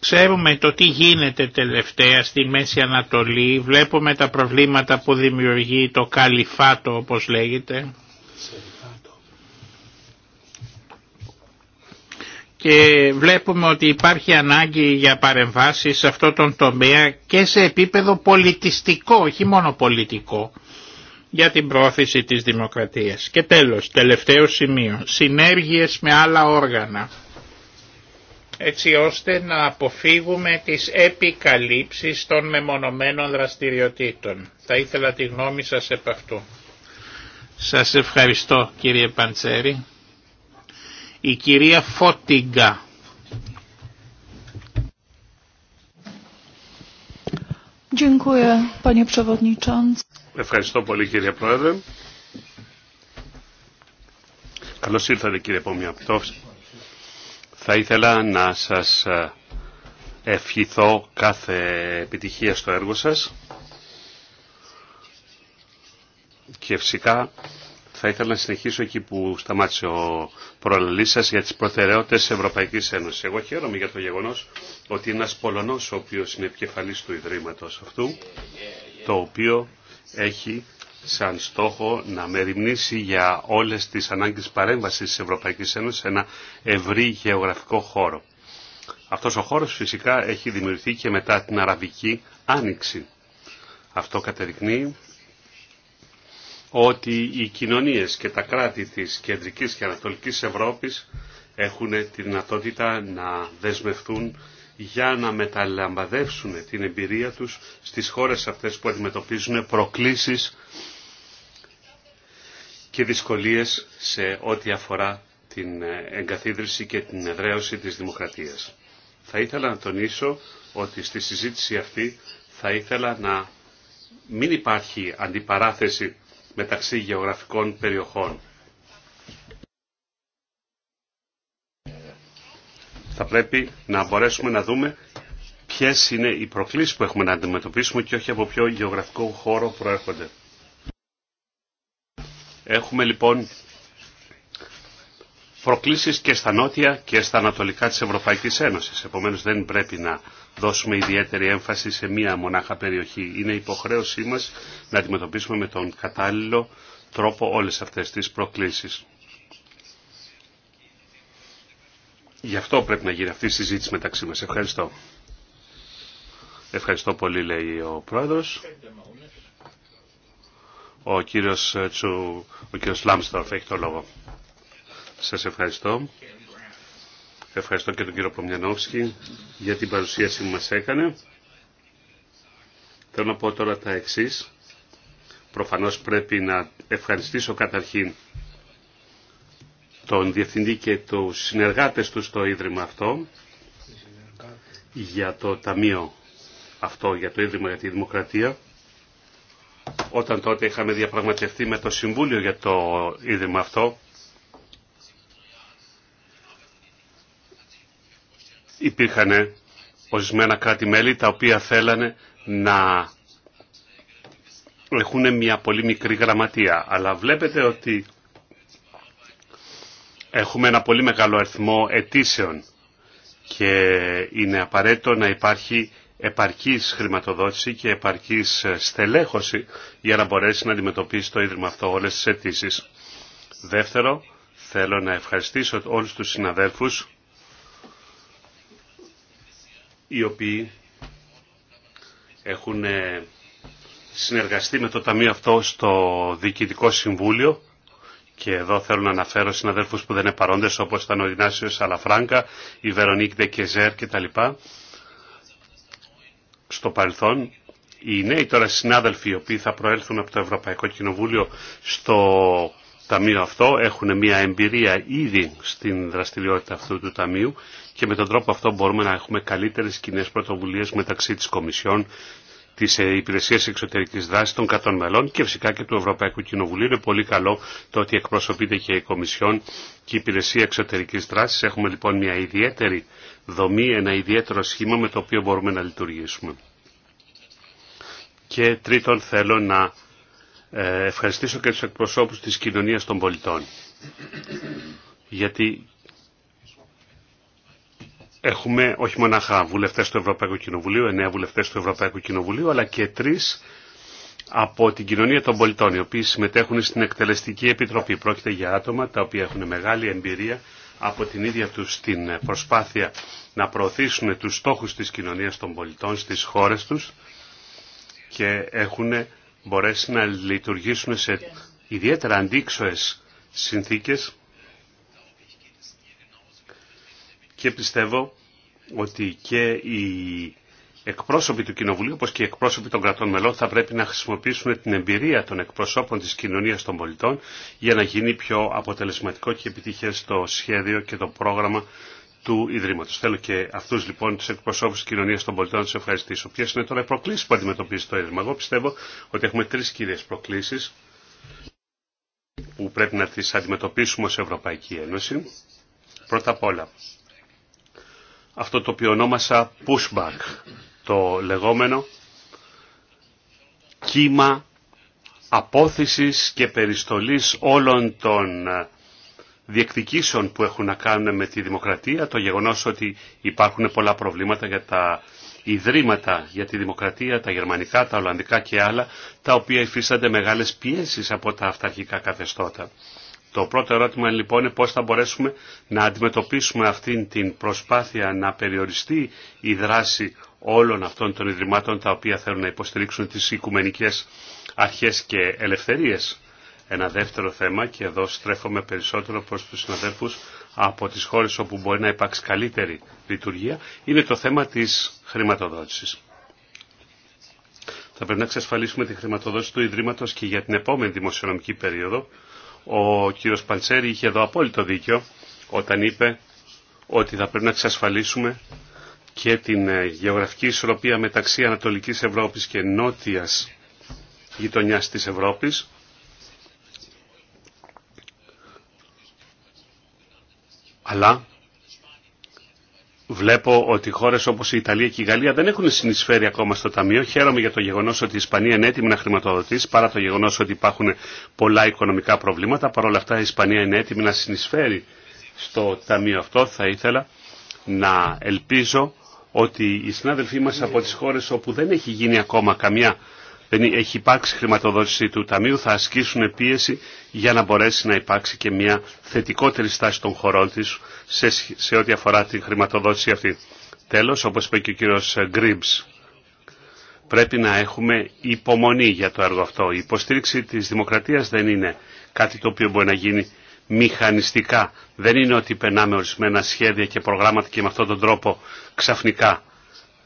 [SPEAKER 4] Ξέρουμε το τι γίνεται τελευταία στη Μέση Ανατολή, βλέπουμε τα προβλήματα που δημιουργεί το καλυφάτο όπως λέγεται και βλέπουμε ότι υπάρχει ανάγκη για παρεμβάσεις σε αυτό τον τομέα και σε επίπεδο πολιτιστικό, όχι μόνο πολιτικό, για την πρόθεση της δημοκρατίας. Και τέλος, τελευταίο σημείο, συνέργειες με άλλα όργανα, έτσι ώστε να αποφύγουμε τις επικαλύψεις των μεμονωμένων δραστηριοτήτων. Θα ήθελα τη γνώμη σας επ' αυτού. Σας ευχαριστώ κύριε Παντσέρη. Η κυρία Φώτιγκα.
[SPEAKER 1] Ευχαριστώ πολύ κύριε Πρόεδρε. Καλώς ήρθατε κύριε Πομιαπτόφ. Θα ήθελα να σας ε, ευχηθώ κάθε επιτυχία στο έργο σας και φυσικά θα ήθελα να συνεχίσω εκεί που σταμάτησε ο προλαλή σα για τι προτεραιότητε τη Ευρωπαϊκή Ένωση. Εγώ χαίρομαι για το γεγονό ότι ένα Πολωνό, ο οποίο είναι επικεφαλή του Ιδρύματο αυτού, το οποίο έχει σαν στόχο να μεριμνήσει για όλες τις ανάγκες παρέμβασης της Ευρωπαϊκής Ένωσης σε ένα ευρύ γεωγραφικό χώρο. Αυτός ο χώρος φυσικά έχει δημιουργηθεί και μετά την Αραβική Άνοιξη. Αυτό κατεδεικνύει ότι οι κοινωνίες και τα κράτη της Κεντρικής και Ανατολικής Ευρώπης έχουν τη δυνατότητα να δεσμευτούν για να μεταλαμπαδεύσουν την εμπειρία τους στις χώρες αυτές που αντιμετωπίζουν προκλήσεις και δυσκολίες σε ό,τι αφορά την εγκαθίδρυση και την εδραίωση της δημοκρατίας. Θα ήθελα να τονίσω ότι στη συζήτηση αυτή θα ήθελα να μην υπάρχει αντιπαράθεση μεταξύ γεωγραφικών περιοχών. Θα πρέπει να μπορέσουμε να δούμε ποιες είναι οι προκλήσεις που έχουμε να αντιμετωπίσουμε και όχι από ποιο γεωγραφικό χώρο προέρχονται. Έχουμε λοιπόν προκλήσεις και στα νότια και στα ανατολικά της Ευρωπαϊκής Ένωσης. Επομένως δεν πρέπει να δώσουμε ιδιαίτερη έμφαση σε μία μονάχα περιοχή. Είναι υποχρέωσή μας να αντιμετωπίσουμε με τον κατάλληλο τρόπο όλες αυτές τις προκλήσεις. Γι' αυτό πρέπει να γίνει αυτή η συζήτηση μεταξύ μας. Ευχαριστώ. Ευχαριστώ πολύ, λέει ο πρόεδρος. Ο κύριος, Τσου, ο κύριος Λάμστορφ έχει το λόγο. Σας ευχαριστώ. Ευχαριστώ και τον κύριο Πομιανόφσκι για την παρουσίαση που μας έκανε. Θέλω να πω τώρα τα εξής. Προφανώς πρέπει να ευχαριστήσω καταρχήν τον Διευθυντή και τους συνεργάτες του στο Ίδρυμα αυτό για το Ταμείο αυτό, για το Ίδρυμα για τη Δημοκρατία. Όταν τότε είχαμε διαπραγματευτεί με το Συμβούλιο για το Ίδρυμα αυτό, υπήρχαν ορισμένα κράτη-μέλη τα οποία θέλανε να έχουν μια πολύ μικρή γραμματεία. Αλλά βλέπετε ότι έχουμε ένα πολύ μεγάλο αριθμό αιτήσεων και είναι απαραίτητο να υπάρχει επαρκής χρηματοδότηση και επαρκής στελέχωση για να μπορέσει να αντιμετωπίσει το Ίδρυμα αυτό όλες τις αιτήσει. Δεύτερο, θέλω να ευχαριστήσω όλους τους συναδέλφους οι οποίοι έχουν ε, συνεργαστεί με το Ταμείο αυτό στο Διοικητικό Συμβούλιο και εδώ θέλω να αναφέρω συναδέλφους που δεν είναι παρόντες όπως ήταν ο Ινάσιος Αλαφράγκα, η Βερονίκ Ντεκεζέρ κτλ. Στο παρελθόν οι νέοι τώρα συνάδελφοι οι οποίοι θα προέλθουν από το Ευρωπαϊκό Κοινοβούλιο στο ταμείο αυτό έχουν μια εμπειρία ήδη στην δραστηριότητα αυτού του ταμείου και με τον τρόπο αυτό μπορούμε να έχουμε καλύτερες κοινέ πρωτοβουλίες μεταξύ της Κομισιόν, της ε, Υπηρεσίας Εξωτερικής Δράσης των Κατών Μελών και φυσικά και του Ευρωπαϊκού Κοινοβουλίου. Είναι πολύ καλό το ότι εκπροσωπείται και η Κομισιόν και η Υπηρεσία Εξωτερικής Δράσης. Έχουμε λοιπόν μια ιδιαίτερη δομή, ένα ιδιαίτερο σχήμα με το οποίο μπορούμε να λειτουργήσουμε. Και τρίτον θέλω να ε, ευχαριστήσω και τους εκπροσώπους της κοινωνίας των πολιτών. Γιατί έχουμε όχι μονάχα βουλευτές του Ευρωπαϊκού Κοινοβουλίου, εννέα βουλευτές του Ευρωπαϊκού Κοινοβουλίου, αλλά και τρεις από την κοινωνία των πολιτών, οι οποίοι συμμετέχουν στην Εκτελεστική Επιτροπή. Πρόκειται για άτομα τα οποία έχουν μεγάλη εμπειρία από την ίδια τους την προσπάθεια να προωθήσουν τους στόχους της κοινωνίας των πολιτών στις χώρες τους και έχουν μπορέσει να λειτουργήσουν σε ιδιαίτερα αντίξωες συνθήκες και πιστεύω ότι και οι εκπρόσωποι του Κοινοβουλίου, όπως και οι εκπρόσωποι των κρατών μελών, θα πρέπει να χρησιμοποιήσουν την εμπειρία των εκπροσώπων της κοινωνίας των πολιτών για να γίνει πιο αποτελεσματικό και επιτυχές το σχέδιο και το πρόγραμμα του Ιδρύματος. Θέλω και αυτού λοιπόν του εκπροσώπου τη κοινωνία των πολιτών να του ευχαριστήσω. Ποιε είναι τώρα οι προκλήσει που αντιμετωπίζει το Ίδρυμα. Εγώ πιστεύω ότι έχουμε τρει κύριε προκλήσει που πρέπει να τι αντιμετωπίσουμε ω Ευρωπαϊκή Ένωση. Πρώτα απ' όλα, αυτό το οποίο ονόμασα pushback, το λεγόμενο κύμα απόθεσης και περιστολής όλων των διεκδικήσεων που έχουν να κάνουν με τη δημοκρατία, το γεγονός ότι υπάρχουν πολλά προβλήματα για τα ιδρύματα για τη δημοκρατία, τα γερμανικά, τα ολλανδικά και άλλα, τα οποία υφίστανται μεγάλες πιέσεις από τα αυταρχικά καθεστώτα. Το πρώτο ερώτημα λοιπόν είναι πώς θα μπορέσουμε να αντιμετωπίσουμε αυτήν την προσπάθεια να περιοριστεί η δράση όλων αυτών των ιδρυμάτων τα οποία θέλουν να υποστηρίξουν τις οικουμενικές αρχές και ελευθερίες. Ένα δεύτερο θέμα, και εδώ στρέφομαι περισσότερο προς τους συναδέλφους από τις χώρες όπου μπορεί να υπάρξει καλύτερη λειτουργία, είναι το θέμα της χρηματοδότησης. Θα πρέπει να εξασφαλίσουμε τη χρηματοδότηση του Ιδρύματος και για την επόμενη δημοσιονομική περίοδο. Ο κύριος Παντσέρη είχε εδώ απόλυτο δίκιο όταν είπε ότι θα πρέπει να εξασφαλίσουμε και την ε, γεωγραφική ισορροπία μεταξύ Ανατολικής Ευρώπης και Νότιας γειτονιάς της Ευρώπης Αλλά βλέπω ότι χώρες όπως η Ιταλία και η Γαλλία δεν έχουν συνεισφέρει ακόμα στο Ταμείο. Χαίρομαι για το γεγονός ότι η Ισπανία είναι έτοιμη να χρηματοδοτήσει, παρά το γεγονός ότι υπάρχουν πολλά οικονομικά προβλήματα. Παρ' όλα αυτά η Ισπανία είναι έτοιμη να συνεισφέρει στο Ταμείο αυτό. Θα ήθελα να ελπίζω ότι οι συνάδελφοί μας από τις χώρες όπου δεν έχει γίνει ακόμα καμιά έχει υπάρξει χρηματοδότηση του Ταμείου θα ασκήσουν πίεση για να μπορέσει να υπάρξει και μια θετικότερη στάση των χωρών της σε, σε ό,τι αφορά τη χρηματοδότηση αυτή. Τέλος, όπως είπε και ο κύριος ε, Γκριμπς, πρέπει να έχουμε υπομονή για το έργο αυτό. Η υποστήριξη της δημοκρατίας δεν είναι κάτι το οποίο μπορεί να γίνει μηχανιστικά. Δεν είναι ότι περνάμε ορισμένα σχέδια και προγράμματα και με αυτόν τον τρόπο ξαφνικά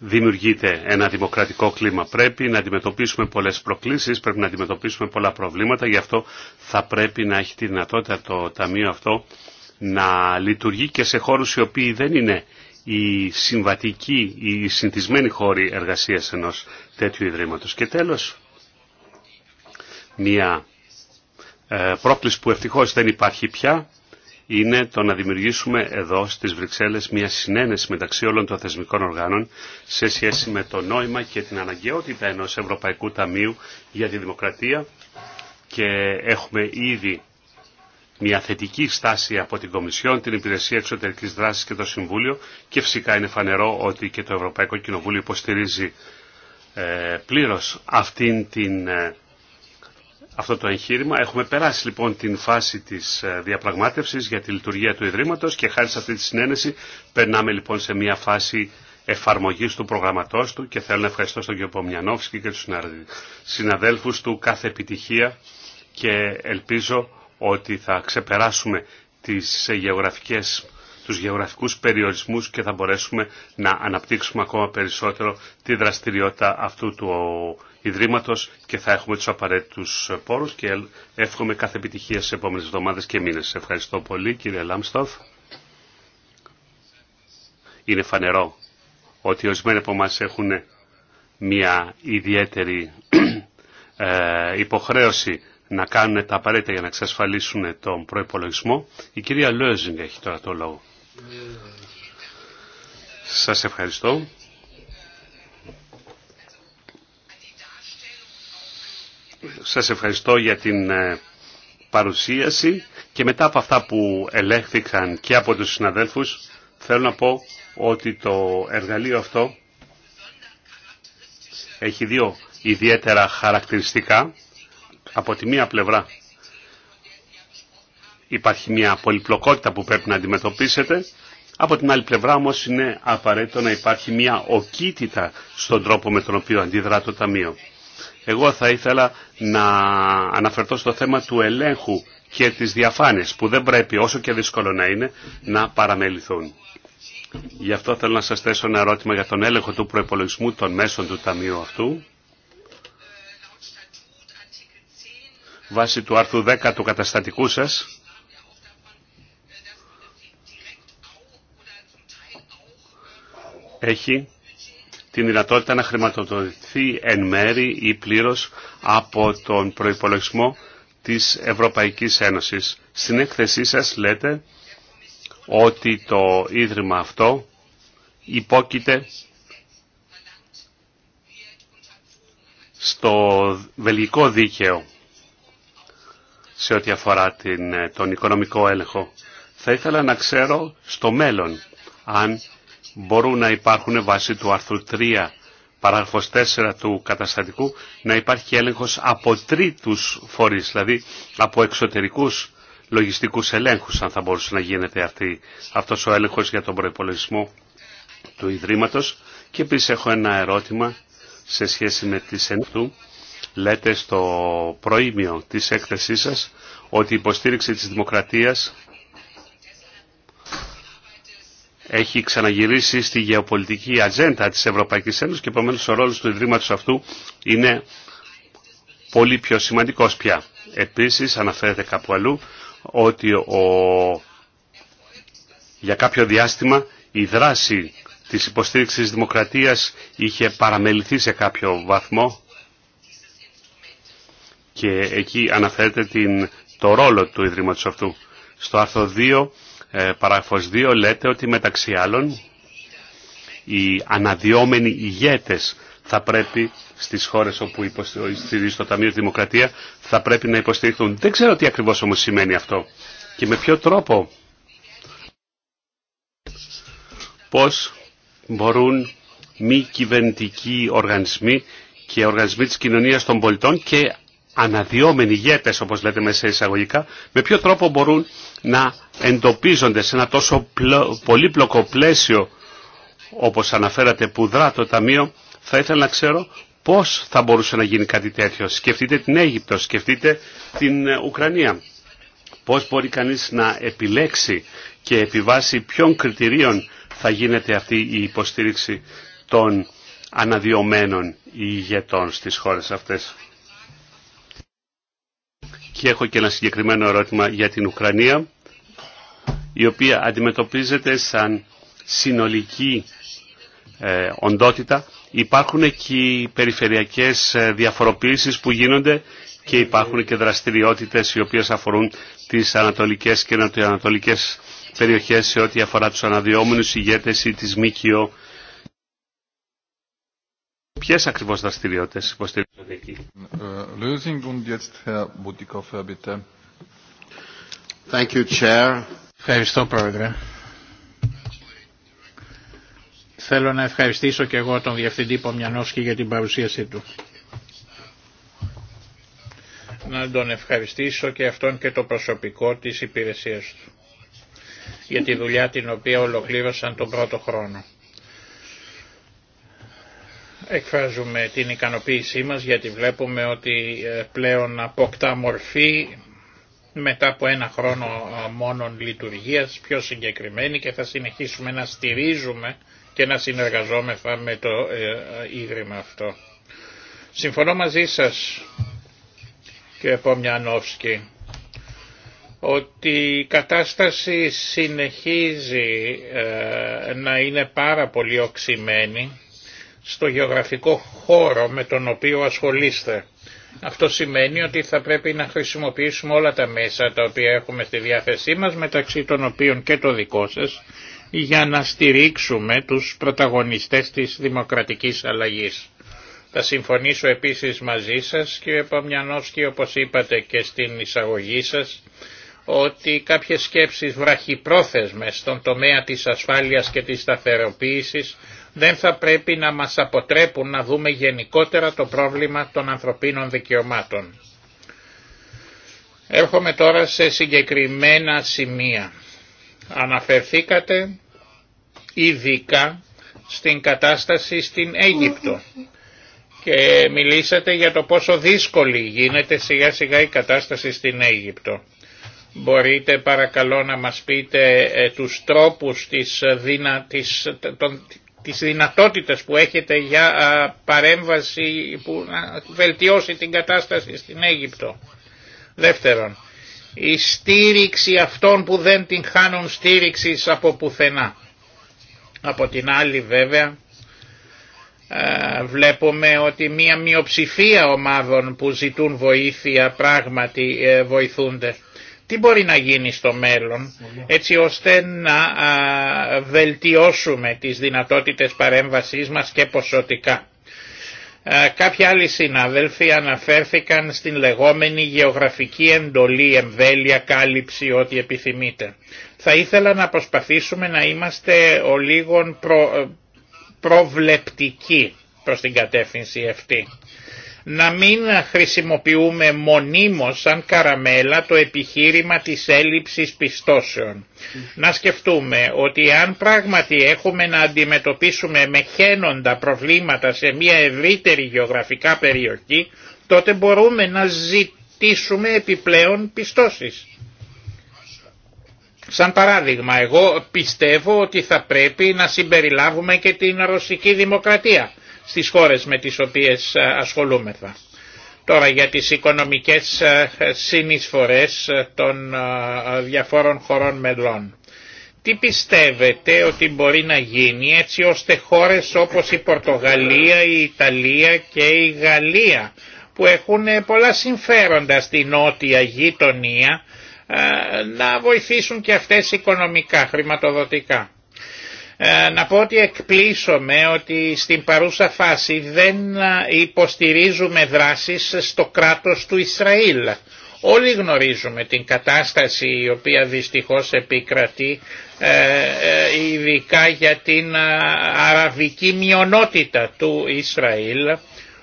[SPEAKER 1] δημιουργείται ένα δημοκρατικό κλίμα. Πρέπει να αντιμετωπίσουμε πολλές προκλήσεις, πρέπει να αντιμετωπίσουμε πολλά προβλήματα, γι' αυτό θα πρέπει να έχει τη δυνατότητα το Ταμείο αυτό να λειτουργεί και σε χώρους οι οποίοι δεν είναι οι συμβατικοί, οι συνηθισμένοι χώροι εργασίας ενός τέτοιου ιδρύματος. Και τέλος, μία ε, πρόκληση που ευτυχώς δεν υπάρχει πια, είναι το να δημιουργήσουμε εδώ στις Βρυξέλλες μια συνένεση μεταξύ όλων των θεσμικών οργάνων σε σχέση με το νόημα και την αναγκαιότητα ενός Ευρωπαϊκού Ταμείου για τη Δημοκρατία και έχουμε ήδη μια θετική στάση από την Κομισιόν, την Υπηρεσία Εξωτερικής Δράσης και το Συμβούλιο και φυσικά είναι φανερό ότι και το Ευρωπαϊκό Κοινοβούλιο υποστηρίζει ε, πλήρως αυτήν την ε, αυτό το εγχείρημα. Έχουμε περάσει λοιπόν την φάση της ε, διαπραγμάτευσης για τη λειτουργία του Ιδρύματος και χάρη σε αυτή τη συνένεση περνάμε λοιπόν σε μια φάση εφαρμογής του προγραμματός του και θέλω να ευχαριστώ στον κ. Πομιανόφσκι και τους συναδέλφους του κάθε επιτυχία και ελπίζω ότι θα ξεπεράσουμε τις ε, γεωγραφικές τους γεωγραφικούς περιορισμούς και θα μπορέσουμε να αναπτύξουμε ακόμα περισσότερο τη δραστηριότητα αυτού του Ιδρύματος και θα έχουμε τους απαραίτητους πόρους και εύχομαι κάθε επιτυχία στις επόμενες εβδομάδες και μήνες. Ευχαριστώ πολύ κύριε Λάμστοφ. Είναι φανερό ότι ορισμένοι από εμά έχουν μια ιδιαίτερη ε, υποχρέωση να κάνουν τα απαραίτητα για να εξασφαλίσουν τον προϋπολογισμό. Η κυρία Λόζινγκ έχει τώρα το λόγο. Ε. Σας ευχαριστώ. Σας ευχαριστώ για την ε, παρουσίαση και μετά από αυτά που ελέγχθηκαν και από τους συναδέλφους θέλω να πω ότι το εργαλείο αυτό έχει δύο ιδιαίτερα χαρακτηριστικά. Από τη μία πλευρά υπάρχει μια πολυπλοκότητα που πρέπει να αντιμετωπίσετε. Από την άλλη πλευρά όμως είναι απαραίτητο να υπάρχει μια οκίτητα στον τρόπο με τον οποίο αντιδρά το Ταμείο. Εγώ θα ήθελα να αναφερθώ στο θέμα του ελέγχου και της διαφάνειας που δεν πρέπει όσο και δύσκολο να είναι να παραμεληθούν. Γι' αυτό θέλω να σας θέσω ένα ερώτημα για τον έλεγχο του προϋπολογισμού των μέσων του Ταμείου αυτού. Βάσει του άρθρου 10 του καταστατικού σας, έχει την δυνατότητα να χρηματοδοτηθεί εν μέρη ή πλήρως από τον προϋπολογισμό της Ευρωπαϊκής Ένωσης. Στην έκθεσή σας λέτε ότι το Ίδρυμα αυτό υπόκειται στο βελγικό δίκαιο σε ό,τι αφορά την, τον οικονομικό έλεγχο. Θα ήθελα να ξέρω στο μέλλον αν μπορούν να υπάρχουν βάσει του άρθρου 3 παράγραφος 4 του καταστατικού να υπάρχει έλεγχος από τρίτους φορείς, δηλαδή από εξωτερικούς λογιστικούς ελέγχους, αν θα μπορούσε να γίνεται αυτή, αυτός ο έλεγχος για τον προϋπολογισμό του Ιδρύματος. Και επίση έχω ένα ερώτημα σε σχέση με τις ΣΕΝΤΟΥ. Λέτε στο προήμιο της έκθεσής σας ότι η υποστήριξη της δημοκρατίας έχει ξαναγυρίσει στη γεωπολιτική ατζέντα της Ευρωπαϊκής Ένωσης και επομένως ο ρόλος του Ιδρύματος αυτού είναι πολύ πιο σημαντικός πια. Επίσης αναφέρεται κάπου αλλού ότι ο... για κάποιο διάστημα η δράση της υποστήριξης δημοκρατίας είχε παραμεληθεί σε κάποιο βαθμό και εκεί αναφέρεται την... το ρόλο του Ιδρύματος αυτού. Στο άρθρο 2 Παράφως ε, παράγραφος 2 λέτε ότι μεταξύ άλλων οι αναδιόμενοι ηγέτες θα πρέπει στις χώρες όπου υποστηρίζει το Ταμείο Δημοκρατία θα πρέπει να υποστηριχθούν. Δεν ξέρω τι ακριβώς όμως σημαίνει αυτό και με ποιο τρόπο πώς μπορούν μη κυβερνητικοί οργανισμοί και οργανισμοί της κοινωνίας των πολιτών και αναδυόμενοι ηγέτες όπως λέτε μέσα εισαγωγικά με ποιο τρόπο μπορούν να εντοπίζονται σε ένα τόσο πολύπλοκο πλαίσιο όπως αναφέρατε που δρά το Ταμείο θα ήθελα να ξέρω πώς θα μπορούσε να γίνει κάτι τέτοιο. Σκεφτείτε την Αίγυπτο, σκεφτείτε την ε, Ουκρανία. Πώς μπορεί κανείς να επιλέξει και επιβάσει ποιων κριτηρίων θα γίνεται αυτή η υποστήριξη των αναδυομένων ηγετών στις χώρες αυτές. Και έχω και ένα συγκεκριμένο ερώτημα για την Ουκρανία, η οποία αντιμετωπίζεται σαν συνολική ε, οντότητα. Υπάρχουν και περιφερειακές ε, διαφοροποίησεις που γίνονται και υπάρχουν και δραστηριότητες οι οποίες αφορούν τις ανατολικές και νοτιοανατολικές περιοχές σε ό,τι αφορά τους αναδυόμενους ηγέτες ή τις ΜΚΟ Ποιε ακριβώ δραστηριότητε υποστηρίζονται εκεί. Ε, Ευχαριστώ, Πρόεδρε.
[SPEAKER 4] Θέλω να ευχαριστήσω και εγώ τον Διευθυντή Πομιανόσκη για την παρουσίασή του. Να τον ευχαριστήσω και αυτόν και το προσωπικό της υπηρεσίας του για τη δουλειά την οποία ολοκλήρωσαν τον πρώτο χρόνο εκφράζουμε την ικανοποίησή μας γιατί βλέπουμε ότι ε, πλέον αποκτά μορφή μετά από ένα χρόνο ε, μόνον λειτουργίας πιο συγκεκριμένη και θα συνεχίσουμε να στηρίζουμε και να συνεργαζόμεθα με το ε, Ίδρυμα αυτό. Συμφωνώ μαζί σας και Πομιανόφσκι ότι η κατάσταση συνεχίζει να είναι πάρα πολύ οξυμένη στο γεωγραφικό χώρο με τον οποίο ασχολείστε. Αυτό σημαίνει ότι θα πρέπει να χρησιμοποιήσουμε όλα τα μέσα τα οποία έχουμε στη διάθεσή μας, μεταξύ των οποίων και το δικό σας, για να στηρίξουμε τους πρωταγωνιστές της δημοκρατικής αλλαγής. Θα συμφωνήσω επίσης μαζί σας κύριε και όπως είπατε και στην εισαγωγή σας ότι κάποιες σκέψεις βραχυπρόθεσμες στον τομέα της ασφάλειας και της σταθεροποίησης δεν θα πρέπει να μας αποτρέπουν να δούμε γενικότερα το πρόβλημα των ανθρωπίνων δικαιωμάτων. Έρχομαι τώρα σε συγκεκριμένα σημεία. Αναφερθήκατε ειδικά στην κατάσταση στην Αίγυπτο και μιλήσατε για το πόσο δύσκολη γίνεται σιγά σιγά η κατάσταση στην Αίγυπτο. Μπορείτε παρακαλώ να μας πείτε ε, τους τρόπους της, ε, δυνα, της, τις δυνατότητες που έχετε για παρέμβαση που να βελτιώσει την κατάσταση στην Αίγυπτο. Δεύτερον, η στήριξη αυτών που δεν την χάνουν στήριξη από πουθενά. Από την άλλη βέβαια βλέπουμε ότι μία μειοψηφία ομάδων που ζητούν βοήθεια πράγματι ε, βοηθούνται τι μπορεί να γίνει στο μέλλον έτσι ώστε να βελτιώσουμε τις δυνατότητες παρέμβασής μας και ποσοτικά. Κάποιοι άλλοι συνάδελφοι αναφέρθηκαν στην λεγόμενη γεωγραφική εντολή, εμβέλεια, κάλυψη, ό,τι επιθυμείτε. Θα ήθελα να προσπαθήσουμε να είμαστε ο λίγων προ, προβλεπτικοί προς την κατεύθυνση αυτή να μην χρησιμοποιούμε μονίμως σαν καραμέλα το επιχείρημα της έλλειψης πιστώσεων. Να σκεφτούμε ότι αν πράγματι έχουμε να αντιμετωπίσουμε με χαίνοντα προβλήματα σε μια ευρύτερη γεωγραφικά περιοχή, τότε μπορούμε να ζητήσουμε επιπλέον πιστώσεις. Σαν παράδειγμα, εγώ πιστεύω ότι θα πρέπει να συμπεριλάβουμε και την ρωσική δημοκρατία στις χώρες με τις οποίες ε, ασχολούμεθα. Τώρα για τις οικονομικές ε, συνεισφορές ε, των διαφόρων χωρών μελών. Τι πιστεύετε ότι μπορεί να γίνει έτσι ώστε χώρες όπως η Πορτογαλία, η Ιταλία και η Γαλλία που έχουν πολλά συμφέροντα στη νότια γειτονία να βοηθήσουν και αυτές οικονομικά, χρηματοδοτικά. Ε, να πω ότι εκπλήσωμαι ότι στην παρούσα φάση δεν ε, υποστηρίζουμε δράσεις στο κράτος του Ισραήλ. Όλοι γνωρίζουμε την κατάσταση η οποία δυστυχώς επικρατεί ε, ειδικά για την αραβική μειονότητα του Ισραήλ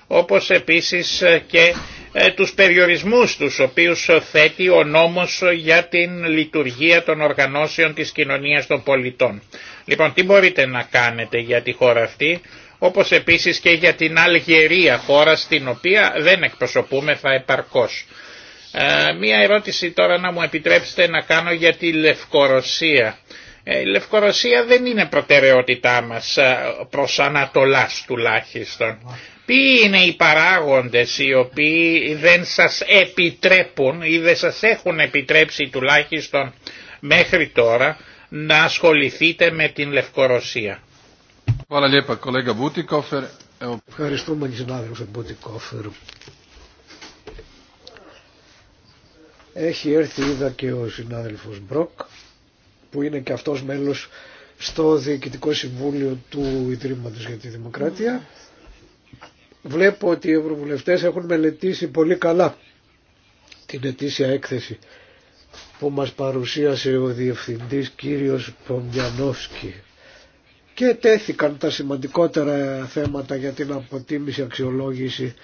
[SPEAKER 4] όπως επίσης και τους περιορισμούς τους οποίους θέτει ο νόμος για την λειτουργία των οργανώσεων της κοινωνίας των πολιτών. Λοιπόν, τι μπορείτε να κάνετε για τη χώρα αυτή, όπως επίσης και για την Αλγερία, χώρα στην οποία δεν θα επαρκώς. Ε, μία ερώτηση τώρα να μου επιτρέψετε να κάνω για τη Λευκορωσία. Ε, η Λευκορωσία δεν είναι προτεραιότητά μας ε, προς Ανατολάς τουλάχιστον. Ποιοι είναι οι παράγοντες οι οποίοι δεν σας επιτρέπουν ή δεν σας έχουν επιτρέψει τουλάχιστον μέχρι τώρα να ασχοληθείτε με την Λευκορωσία.
[SPEAKER 2] Ευχαριστούμε τον συνάδελφο Μπουτικόφερ. Έχει έρθει είδα και ο συνάδελφος Μπροκ που είναι και αυτός μέλος στο Διοικητικό Συμβούλιο του Ιδρύματος για τη Δημοκρατία. Βλέπω ότι οι ευρωβουλευτές έχουν μελετήσει πολύ καλά την ετήσια έκθεση που μας παρουσίασε ο Διευθυντής κύριος Πομιανόφσκι και τέθηκαν τα σημαντικότερα θέματα για την αποτίμηση αξιολόγηση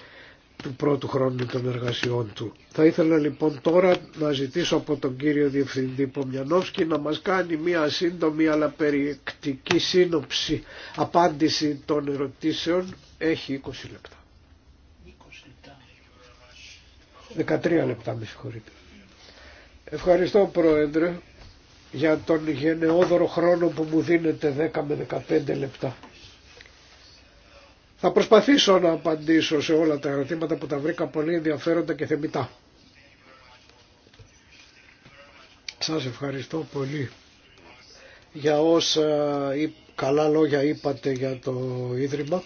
[SPEAKER 2] του πρώτου χρόνου των εργασιών του. Θα ήθελα λοιπόν τώρα να ζητήσω από τον κύριο Διευθυντή Πομιανόφσκι να μας κάνει μία σύντομη αλλά περιεκτική σύνοψη απάντηση των ερωτήσεων. Έχει 20 λεπτά. 20 λεπτά. 13 λεπτά με συγχωρείτε. Ευχαριστώ Πρόεδρε για τον γενναιόδωρο χρόνο που μου δίνετε 10 με 15 λεπτά. Θα προσπαθήσω να απαντήσω σε όλα τα ερωτήματα που τα βρήκα πολύ ενδιαφέροντα και θεμητά. Σας ευχαριστώ πολύ για όσα καλά λόγια είπατε για το Ίδρυμα.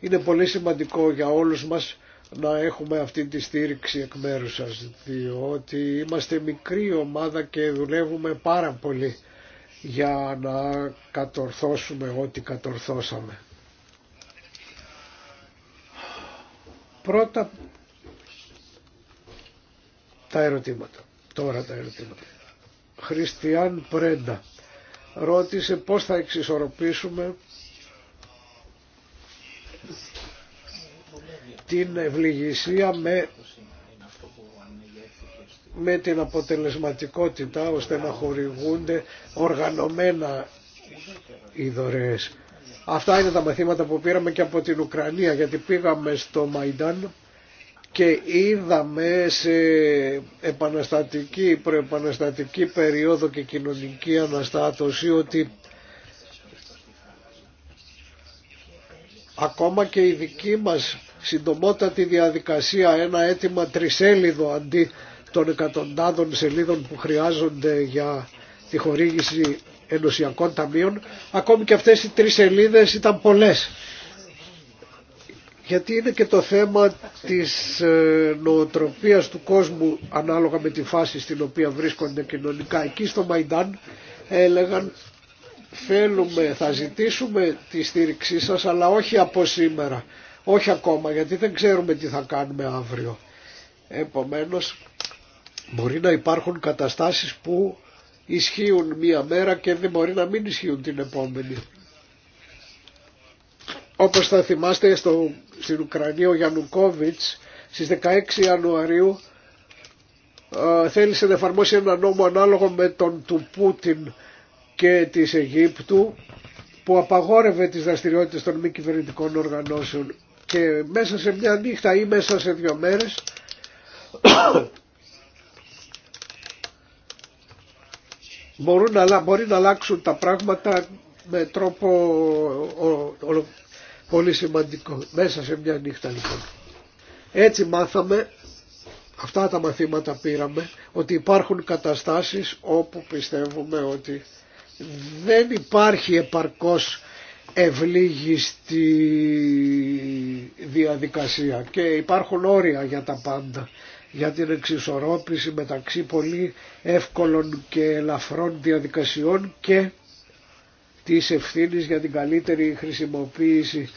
[SPEAKER 2] Είναι πολύ σημαντικό για όλους μας να έχουμε αυτή τη στήριξη εκ μέρους σας διότι είμαστε μικρή ομάδα και δουλεύουμε πάρα πολύ για να κατορθώσουμε ό,τι κατορθώσαμε. Πρώτα τα ερωτήματα. Τώρα τα ερωτήματα. Χριστιαν Πρέντα ρώτησε πώς θα εξισορροπήσουμε την ευληγησία με, με την αποτελεσματικότητα ώστε να χορηγούνται οργανωμένα οι δωρεές. Αυτά είναι τα μαθήματα που πήραμε και από την Ουκρανία γιατί πήγαμε στο Μαϊντάν και είδαμε σε επαναστατική, προεπαναστατική περίοδο και κοινωνική αναστάτωση ότι ακόμα και οι δικοί μας συντομότατη διαδικασία, ένα αίτημα τρισέλιδο αντί των εκατοντάδων σελίδων που χρειάζονται για τη χορήγηση ενωσιακών ταμείων. Ακόμη και αυτές οι τρεις σελίδες ήταν πολλές. Γιατί είναι και το θέμα της ε, νοοτροπίας του κόσμου ανάλογα με τη φάση στην οποία βρίσκονται κοινωνικά. Εκεί στο Μαϊντάν έλεγαν θέλουμε, θα ζητήσουμε τη στήριξή σας αλλά όχι από σήμερα. Όχι ακόμα γιατί δεν ξέρουμε τι θα κάνουμε αύριο. Επομένως μπορεί να υπάρχουν καταστάσεις που ισχύουν μία μέρα και δεν μπορεί να μην ισχύουν την επόμενη. Όπως θα θυμάστε στο, στην Ουκρανία ο Γιαννουκόβιτς στις 16 Ιανουαρίου ε, θέλησε να εφαρμόσει ένα νόμο ανάλογο με τον του Πούτιν και της Αιγύπτου που απαγόρευε τις δραστηριότητες των μη κυβερνητικών οργανώσεων και μέσα σε μια νύχτα ή μέσα σε δύο μέρες <coughs> μπορούν να, μπορεί να αλλάξουν τα πράγματα με τρόπο ο, πολύ σημαντικό μέσα σε μια νύχτα λοιπόν. Έτσι μάθαμε, αυτά τα μαθήματα πήραμε, ότι υπάρχουν καταστάσεις όπου πιστεύουμε ότι δεν υπάρχει επαρκώς ευλίγιστη διαδικασία και υπάρχουν όρια για τα πάντα για την εξισορρόπηση μεταξύ πολύ εύκολων και ελαφρών διαδικασιών και της ευθύνης για την καλύτερη χρησιμοποίηση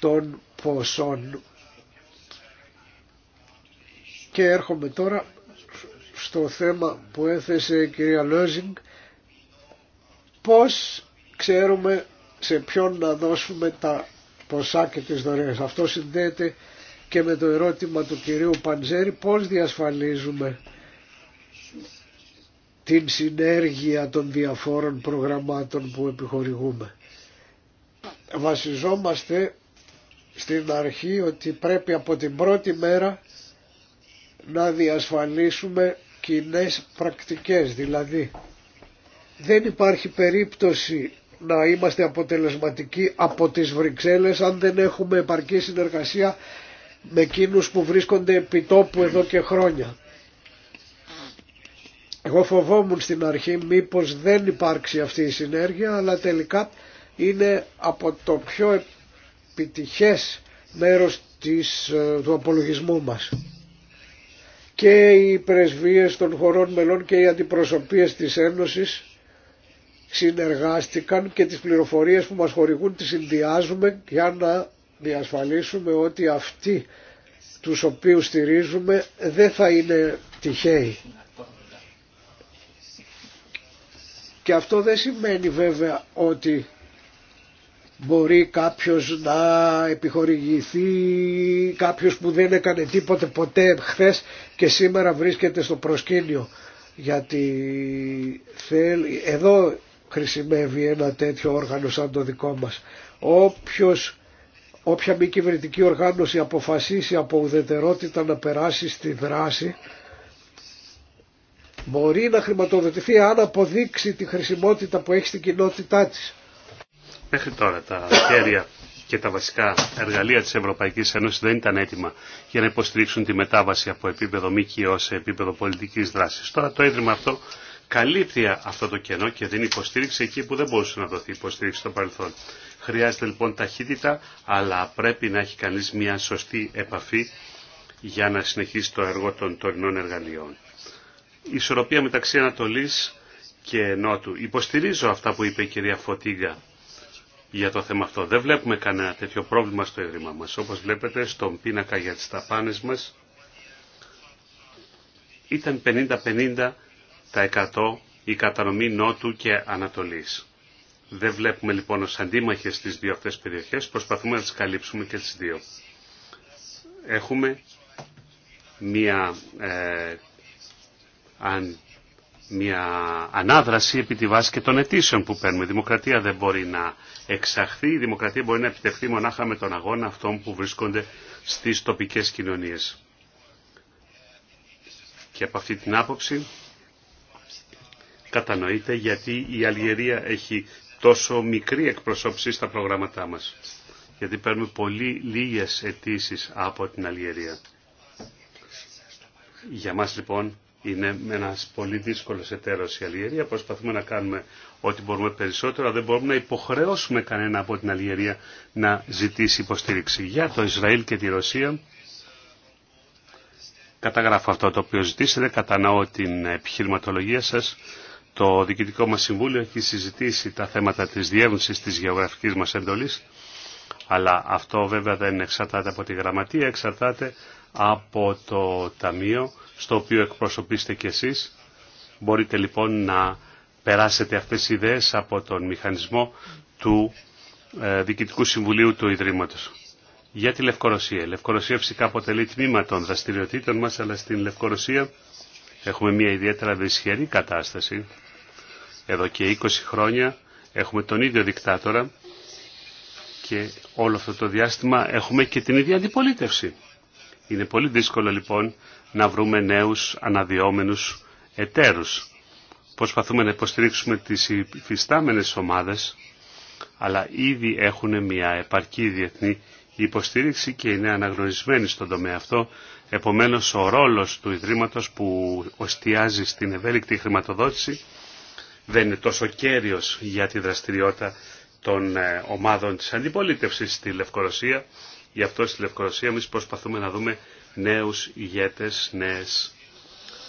[SPEAKER 2] των ποσών. Και έρχομαι τώρα στο θέμα που έθεσε η κυρία Λόζινγκ πώς ξέρουμε σε ποιον να δώσουμε τα ποσά και τις δωρεές. Αυτό συνδέεται και με το ερώτημα του κυρίου Παντζέρη πώς διασφαλίζουμε την συνέργεια των διαφόρων προγραμμάτων που επιχορηγούμε. Βασιζόμαστε στην αρχή ότι πρέπει από την πρώτη μέρα να διασφαλίσουμε κοινέ πρακτικές. Δηλαδή δεν υπάρχει περίπτωση να είμαστε αποτελεσματικοί από τις Βρυξέλλες αν δεν έχουμε επαρκή συνεργασία με εκείνους που βρίσκονται επιτόπου εδώ και χρόνια. Εγώ φοβόμουν στην αρχή μήπως δεν υπάρξει αυτή η συνέργεια αλλά τελικά είναι από το πιο επιτυχές μέρος της, ε, του απολογισμού μας. Και οι πρεσβείες των χωρών μελών και οι αντιπροσωπείες της Ένωσης συνεργάστηκαν και τις πληροφορίες που μας χορηγούν τις συνδυάζουμε για να διασφαλίσουμε ότι αυτοί τους οποίους στηρίζουμε δεν θα είναι τυχαίοι. Και αυτό δεν σημαίνει βέβαια ότι μπορεί κάποιος να επιχορηγηθεί, κάποιος που δεν έκανε τίποτε ποτέ χθες και σήμερα βρίσκεται στο προσκήνιο. Γιατί εδώ χρησιμεύει ένα τέτοιο όργανο σαν το δικό μας. Όποιος, όποια μη κυβερνητική οργάνωση αποφασίσει από ουδετερότητα να περάσει στη δράση μπορεί να χρηματοδοτηθεί αν αποδείξει τη χρησιμότητα που έχει στην κοινότητά της.
[SPEAKER 1] Μέχρι τώρα τα χέρια και τα βασικά εργαλεία της Ευρωπαϊκής Ένωσης δεν ήταν έτοιμα για να υποστηρίξουν τη μετάβαση από επίπεδο ΜΚΟ σε επίπεδο πολιτικής δράσης. Τώρα το Ίδρυμα αυτό καλύπτει αυτό το κενό και δίνει υποστήριξη εκεί που δεν μπορούσε να δοθεί υποστήριξη στο παρελθόν. Χρειάζεται λοιπόν ταχύτητα, αλλά πρέπει να έχει κανείς μια σωστή επαφή για να συνεχίσει το έργο των τωρινών εργαλείων. ισορροπία μεταξύ Ανατολής και Νότου. Υποστηρίζω αυτά που είπε η κυρία Φωτίγκα για το θέμα αυτό. Δεν βλέπουμε κανένα τέτοιο πρόβλημα στο Ίδρυμα μας. Όπως βλέπετε στον πίνακα για τις ταπάνες μας ήταν 50-50 τα 100 η κατανομή Νότου και Ανατολής. Δεν βλέπουμε λοιπόν ως αντίμαχες τις δύο αυτές περιοχές, προσπαθούμε να τις καλύψουμε και τις δύο. Έχουμε μία, ε, μία ανάδραση επί τη βάση και των αιτήσεων που παίρνουμε. Η δημοκρατία δεν μπορεί να εξαχθεί, η δημοκρατία μπορεί να επιτευχθεί μονάχα με τον αγώνα αυτών που βρίσκονται στις τοπικές κοινωνίες. Και από αυτή την άποψη κατανοείται γιατί η Αλγερία έχει τόσο μικρή εκπροσώπηση στα προγράμματά μας. Γιατί παίρνουμε πολύ λίγες αιτήσει από την Αλγερία. Για μας λοιπόν είναι ένας πολύ δύσκολος εταίρος η Αλγερία. Προσπαθούμε να κάνουμε ό,τι μπορούμε περισσότερο. Δεν μπορούμε να υποχρεώσουμε κανένα από την Αλγερία να ζητήσει υποστήριξη. Για το Ισραήλ και τη Ρωσία καταγράφω αυτό το οποίο ζητήσετε. Κατανοώ την επιχειρηματολογία σας. Το Διοικητικό μα Συμβούλιο έχει συζητήσει τα θέματα της διεύνησης τη γεωγραφική μας έντολη, αλλά αυτό βέβαια δεν εξαρτάται από τη γραμματεία, εξαρτάται από το Ταμείο, στο οποίο εκπροσωπήσετε κι εσείς. Μπορείτε λοιπόν να περάσετε αυτές τι ιδέες από τον μηχανισμό του ε, Διοικητικού Συμβουλίου του Ιδρύματος. Για τη Λευκορωσία. Η Λευκορωσία φυσικά αποτελεί τμήμα των δραστηριοτήτων μας, αλλά στην Λευκορωσία έχουμε μια ιδιαίτερα δυσχερή κατάσταση εδώ και 20 χρόνια έχουμε τον ίδιο δικτάτορα και όλο αυτό το διάστημα έχουμε και την ίδια αντιπολίτευση. Είναι πολύ δύσκολο λοιπόν να βρούμε νέους αναδυόμενους εταίρους. Προσπαθούμε να υποστηρίξουμε τις υφιστάμενες ομάδες, αλλά ήδη έχουν μια επαρκή διεθνή υποστήριξη και είναι αναγνωρισμένοι στον τομέα αυτό. Επομένως, ο ρόλος του Ιδρύματος που οστιάζει στην ευέλικτη χρηματοδότηση δεν είναι τόσο κέριος για τη δραστηριότητα των ε, ομάδων της αντιπολίτευσης στη Λευκορωσία. Γι' αυτό στη Λευκορωσία εμείς προσπαθούμε να δούμε νέους ηγέτες, νέες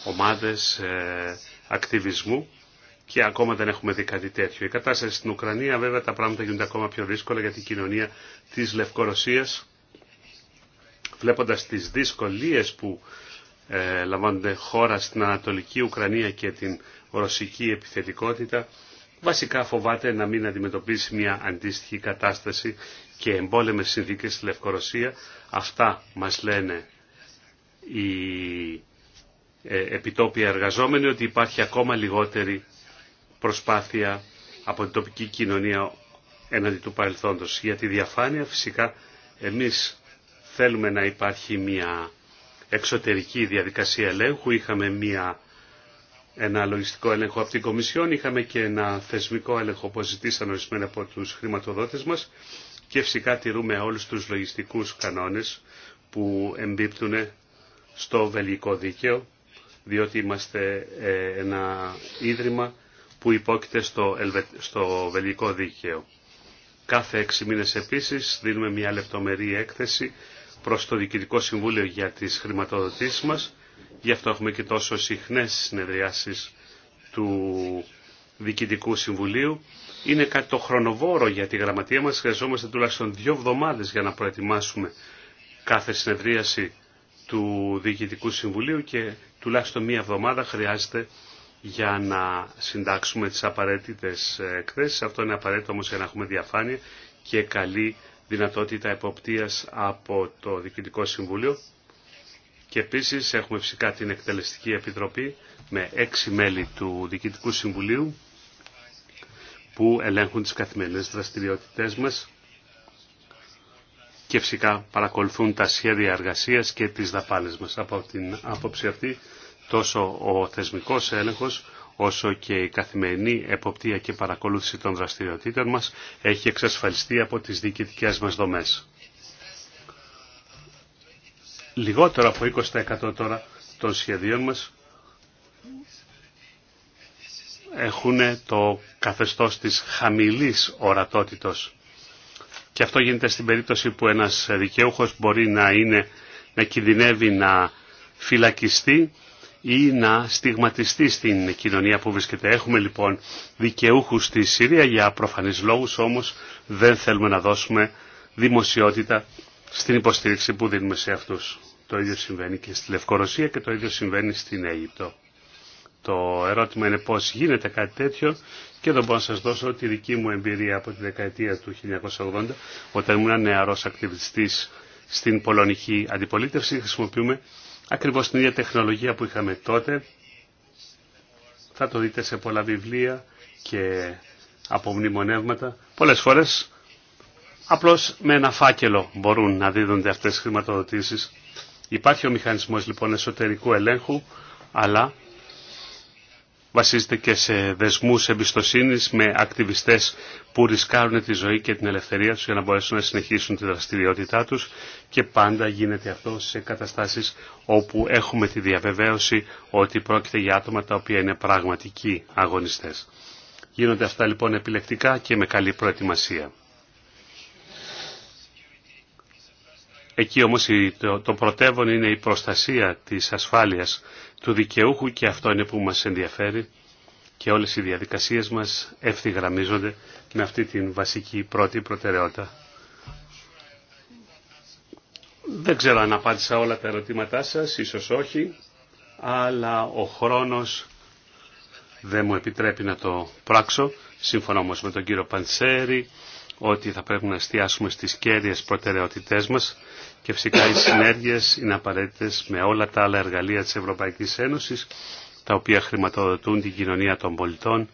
[SPEAKER 1] ομάδες ε, ακτιβισμού και ακόμα δεν έχουμε δει κάτι τέτοιο. Η κατάσταση στην Ουκρανία βέβαια τα πράγματα γίνονται ακόμα πιο δύσκολα για την κοινωνία της Λευκορωσίας βλέποντας τις δυσκολίες που ε, λαμβάνονται χώρα στην Ανατολική Ουκρανία και την ρωσική επιθετικότητα, βασικά φοβάται να μην αντιμετωπίσει μια αντίστοιχη κατάσταση και εμπόλεμες συνθήκες στη Λευκορωσία. Αυτά μας λένε οι ε, επιτόπια εργαζόμενοι ότι υπάρχει ακόμα λιγότερη προσπάθεια από την τοπική κοινωνία έναντι του παρελθόντος. Για τη διαφάνεια φυσικά εμείς θέλουμε να υπάρχει μια εξωτερική διαδικασία ελέγχου. Είχαμε μια ένα λογιστικό έλεγχο από την Κομισιόν, είχαμε και ένα θεσμικό έλεγχο που ζητήσαν ορισμένοι από τους χρηματοδότες μας και φυσικά τηρούμε όλους τους λογιστικούς κανόνες που εμπίπτουν στο βελγικό δίκαιο, διότι είμαστε ε, ένα ίδρυμα που υπόκειται στο, ελβε... στο βελγικό δίκαιο. Κάθε έξι μήνες επίσης δίνουμε μια λεπτομερή έκθεση προς το Διοικητικό Συμβούλιο για τις χρηματοδοτήσεις μας Γι' αυτό έχουμε και τόσο συχνές συνεδριάσεις του Διοικητικού Συμβουλίου. Είναι κάτι το χρονοβόρο για τη γραμματεία μας. Χρειαζόμαστε τουλάχιστον δύο εβδομάδες για να προετοιμάσουμε κάθε συνεδρίαση του Διοικητικού Συμβουλίου και τουλάχιστον μία εβδομάδα χρειάζεται για να συντάξουμε τις απαραίτητες ε, εκθέσεις. Αυτό είναι απαραίτητο όμως για να έχουμε διαφάνεια και καλή δυνατότητα εποπτείας από το Διοικητικό Συμβούλιο. Και επίσης έχουμε φυσικά την Εκτελεστική Επιτροπή με έξι μέλη του Διοικητικού Συμβουλίου που ελέγχουν τις καθημερινές δραστηριότητές μας και φυσικά παρακολουθούν τα σχέδια εργασίας και τις δαπάνες μας. Από την άποψη αυτή τόσο ο θεσμικός έλεγχος όσο και η καθημερινή εποπτεία και παρακολούθηση των δραστηριοτήτων μας έχει εξασφαλιστεί από τις διοικητικές μας δομές λιγότερο από 20% τώρα των σχεδίων μας έχουν το καθεστώς της χαμηλής ορατότητος. Και αυτό γίνεται στην περίπτωση που ένας δικαίουχος μπορεί να, είναι, να κινδυνεύει να φυλακιστεί ή να στιγματιστεί στην κοινωνία που βρίσκεται. Έχουμε λοιπόν δικαιούχους στη Συρία για προφανείς λόγους, όμως δεν θέλουμε να δώσουμε δημοσιότητα στην υποστήριξη που δίνουμε σε αυτούς. Το ίδιο συμβαίνει και στη Λευκορωσία και το ίδιο συμβαίνει στην Αίγυπτο. Το ερώτημα είναι πώς γίνεται κάτι τέτοιο και εδώ μπορώ να σας δώσω τη δική μου εμπειρία από τη δεκαετία του 1980 όταν ήμουν νεαρός ακτιβιστής στην πολωνική αντιπολίτευση χρησιμοποιούμε ακριβώς την ίδια τεχνολογία που είχαμε τότε. Θα το δείτε σε πολλά βιβλία και απομνημονεύματα. Πολλές φορές Απλώς με ένα φάκελο μπορούν να δίδονται αυτές τις χρηματοδοτήσεις. Υπάρχει ο μηχανισμός λοιπόν εσωτερικού ελέγχου, αλλά βασίζεται και σε δεσμούς εμπιστοσύνης με ακτιβιστές που ρισκάρουν τη ζωή και την ελευθερία τους για να μπορέσουν να συνεχίσουν τη δραστηριότητά τους και πάντα γίνεται αυτό σε καταστάσεις όπου έχουμε τη διαβεβαίωση ότι πρόκειται για άτομα τα οποία είναι πραγματικοί αγωνιστές. Γίνονται αυτά λοιπόν επιλεκτικά και με καλή προετοιμασία. Εκεί όμως το, το πρωτεύον είναι η προστασία της ασφάλειας του δικαιούχου και αυτό είναι που μας ενδιαφέρει και όλες οι διαδικασίες μας ευθυγραμμίζονται με αυτή την βασική πρώτη προτεραιότητα. Δεν ξέρω αν απάντησα όλα τα ερωτήματά σας, ίσως όχι, αλλά ο χρόνος δεν μου επιτρέπει να το πράξω. Σύμφωνα όμως με τον κύριο Παντσέρη, ότι θα πρέπει να εστιάσουμε στις κέρδιες προτεραιότητές μας και φυσικά οι συνέργειες είναι απαραίτητες με όλα τα άλλα εργαλεία της Ευρωπαϊκής Ένωσης τα οποία χρηματοδοτούν την κοινωνία των πολιτών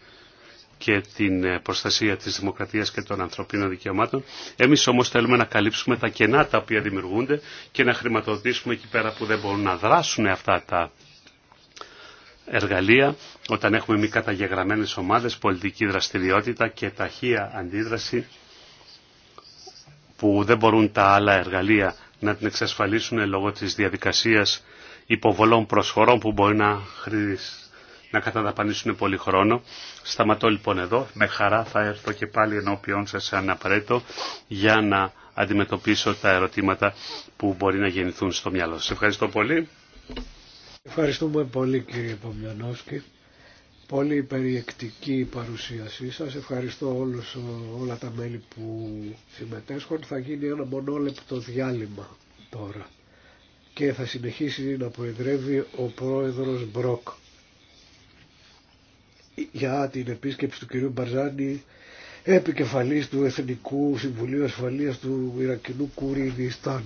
[SPEAKER 1] και την ε, προστασία της δημοκρατίας και των ανθρωπίνων δικαιωμάτων. Εμείς όμως θέλουμε να καλύψουμε τα κενά τα οποία δημιουργούνται και να χρηματοδοτήσουμε εκεί πέρα που δεν μπορούν να δράσουν αυτά τα εργαλεία όταν έχουμε μη καταγεγραμμένες ομάδες, πολιτική δραστηριότητα και ταχεία αντίδραση που δεν μπορούν τα άλλα εργαλεία να την εξασφαλίσουν λόγω της διαδικασίας υποβολών προσφορών που μπορεί να, να καταδαπανίσουν πολύ χρόνο. Σταματώ λοιπόν εδώ. Με χαρά θα έρθω και πάλι ενώπιον σας αν απαραίτητο για να αντιμετωπίσω τα ερωτήματα που μπορεί να γεννηθούν στο μυαλό σας. Ευχαριστώ πολύ.
[SPEAKER 2] Ευχαριστούμε πολύ κύριε Πομιονόσκη πολύ περιεκτική παρουσίασή σας. Ευχαριστώ όλους, όλα τα μέλη που συμμετέσχουν. Θα γίνει ένα μονόλεπτο διάλειμμα τώρα και θα συνεχίσει να προεδρεύει ο πρόεδρος Μπροκ για την επίσκεψη του κυρίου Μπαρζάνη επικεφαλής του Εθνικού Συμβουλίου Ασφαλείας του Ιρακινού Κουρινιστάν.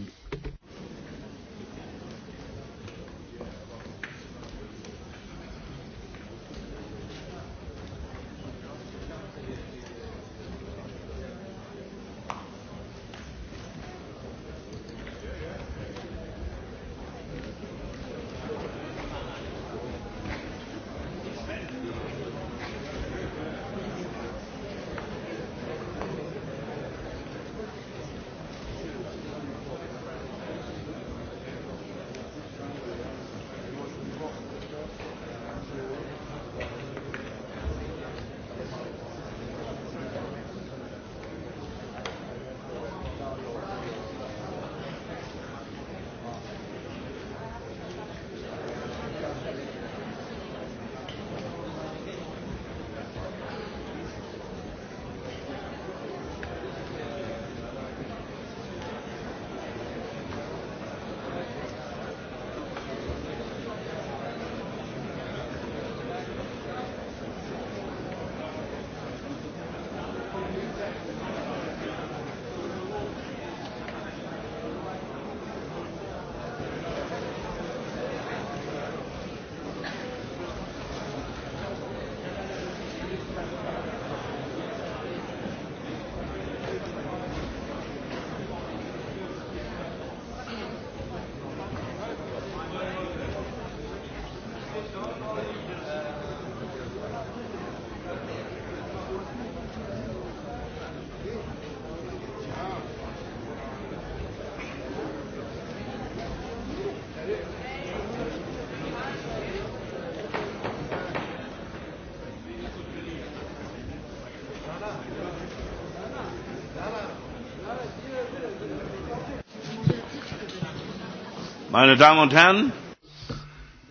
[SPEAKER 1] Meine Damen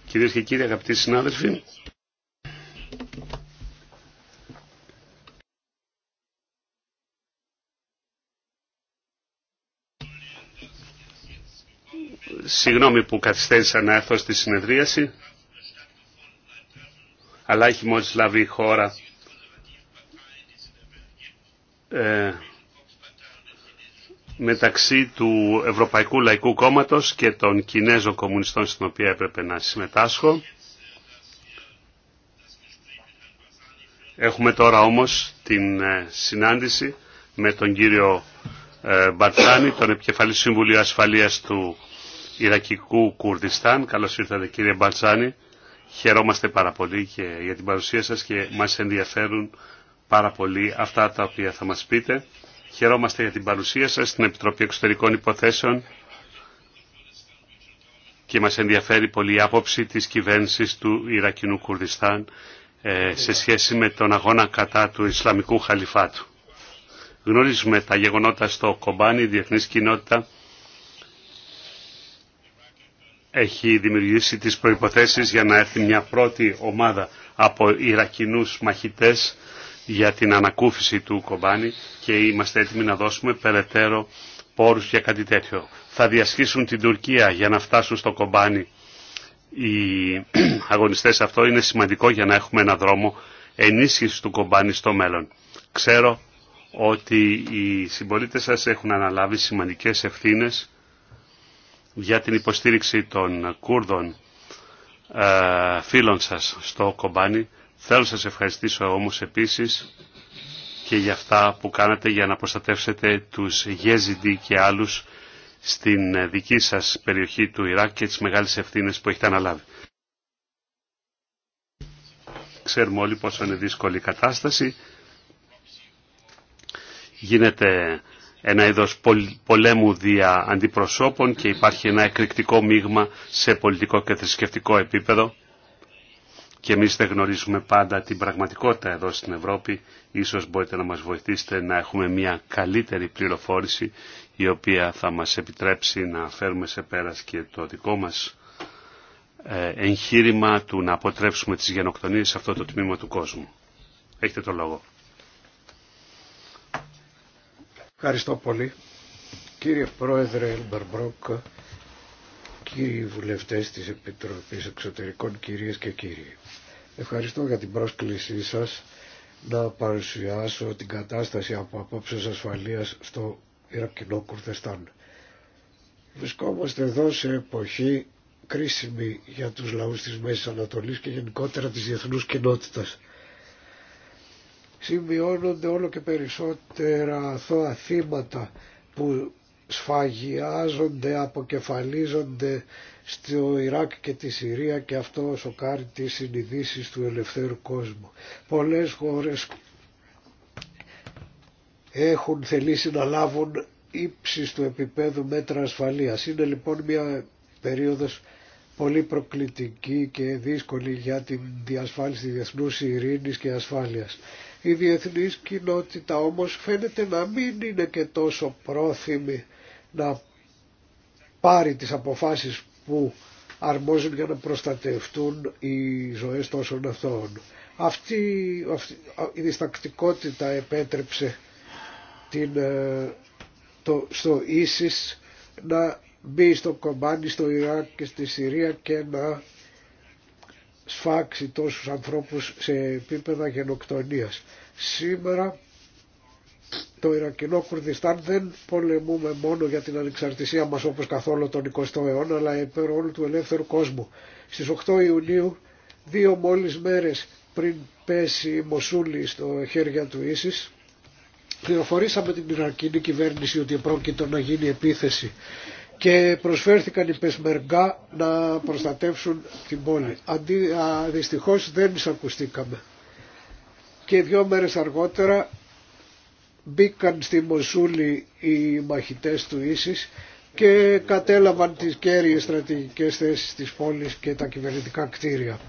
[SPEAKER 1] Κυρίες και κύριοι αγαπητοί συνάδελφοι, συγγνώμη που καθυστέρησα να έρθω στη συνεδρίαση, αλλά έχει μόλις λάβει η χώρα μεταξύ του Ευρωπαϊκού Λαϊκού Κόμματος και των Κινέζων Κομμουνιστών στην οποία έπρεπε να συμμετάσχω. Έχουμε τώρα όμως την ε, συνάντηση με τον κύριο ε, Μπαρτσάνη, τον επικεφαλή Συμβουλίου Ασφαλείας του Ιρακικού Κουρδιστάν. Καλώς ήρθατε κύριε Μπαρτσάνη. Χαιρόμαστε πάρα πολύ και για την παρουσία σας και μας ενδιαφέρουν πάρα πολύ αυτά τα οποία θα μας πείτε. Χαιρόμαστε για την παρουσία σας στην Επιτροπή Εξωτερικών Υποθέσεων και μας ενδιαφέρει πολύ η άποψη της κυβέρνησης του Ιρακινού Κουρδιστάν ε, σε σχέση με τον αγώνα κατά του Ισλαμικού Χαλιφάτου. Γνωρίζουμε τα γεγονότα στο Κομπάνι, η διεθνής κοινότητα έχει δημιουργήσει τις προϋποθέσεις για να έρθει μια πρώτη ομάδα από Ιρακινούς μαχητές για την ανακούφιση του κομπάνι και είμαστε έτοιμοι να δώσουμε περαιτέρω πόρους για κάτι τέτοιο. Θα διασχίσουν την Τουρκία για να φτάσουν στο κομπάνι οι <clears throat> αγωνιστές αυτό είναι σημαντικό για να έχουμε ένα δρόμο ενίσχυσης του κομπάνι στο μέλλον. Ξέρω ότι οι συμπολίτες σας έχουν αναλάβει σημαντικές ευθύνες για την υποστήριξη των Κούρδων ε, φίλων σας στο Κομπάνι. Θέλω να σας ευχαριστήσω όμως επίσης και για αυτά που κάνατε για να προστατεύσετε τους Γέζιντι και άλλους στην δική σας περιοχή του Ιράκ και τις μεγάλες ευθύνες που έχετε αναλάβει. Ξέρουμε όλοι πόσο είναι δύσκολη η κατάσταση. Γίνεται ένα είδος πολέμου δια αντιπροσώπων και υπάρχει ένα εκρηκτικό μείγμα σε πολιτικό και θρησκευτικό επίπεδο και εμείς δεν γνωρίζουμε πάντα την πραγματικότητα εδώ στην Ευρώπη. Ίσως μπορείτε να μας βοηθήσετε να έχουμε μια καλύτερη πληροφόρηση η οποία θα μας επιτρέψει να φέρουμε σε πέρας και το δικό μας ε, εγχείρημα του να αποτρέψουμε τις γενοκτονίες σε αυτό το τμήμα του κόσμου. Έχετε το λόγο.
[SPEAKER 2] Ευχαριστώ πολύ. Κύριε Πρόεδρε Ελμπερμπρόκ, Κύριοι βουλευτές της Επιτροπής Εξωτερικών κυρίες και κύριοι. Ευχαριστώ για την πρόσκλησή σας να παρουσιάσω την κατάσταση από απόψε ασφαλείας στο Ιρακινό Κουρδεστάν. Βρισκόμαστε εδώ σε εποχή κρίσιμη για τους λαού της Μέσης Ανατολής και γενικότερα της διεθνούς κοινότητας. Σημειώνονται όλο και περισσότερα αθώα θύματα που σφαγιάζονται, αποκεφαλίζονται στο Ιράκ και τη Συρία και αυτό σοκάρει τις συνειδήσεις του ελευθέρου κόσμου. Πολλές χώρες έχουν θελήσει να λάβουν ύψης του επίπεδου μέτρα ασφαλείας. Είναι λοιπόν μια περίοδος πολύ προκλητική και δύσκολη για την διασφάλιση διεθνούς ειρήνης και ασφάλειας. Η διεθνής κοινότητα όμως φαίνεται να μην είναι και τόσο πρόθυμη να πάρει τις αποφάσεις που αρμόζουν για να προστατευτούν οι ζωές τόσων αυτών. Αυτή, αυτή η διστακτικότητα επέτρεψε την, ε, στο ίσις να μπει στο κομμάτι στο Ιράκ και στη Συρία και να σφάξει τόσους ανθρώπους σε επίπεδα γενοκτονίας. Σήμερα το Ιρακινό Κουρδιστάν δεν πολεμούμε μόνο για την ανεξαρτησία μας όπως καθόλου τον 20ο αιώνα αλλά υπέρ όλου του ελεύθερου κόσμου. Στις 8 Ιουνίου, δύο μόλις μέρες πριν πέσει η Μοσούλη στο χέρια του Ίσης, πληροφορήσαμε την Ιρακινή κυβέρνηση ότι πρόκειται να γίνει επίθεση και προσφέρθηκαν οι Πεσμεργά να προστατεύσουν την πόλη. Αντί, α, δυστυχώς δεν εισακουστήκαμε. Και δύο μέρες αργότερα μπήκαν στη Μοσούλη οι μαχητές του Ίσης και κατέλαβαν τις κέρυες στρατηγικές θέσεις της πόλης και τα κυβερνητικά κτίρια.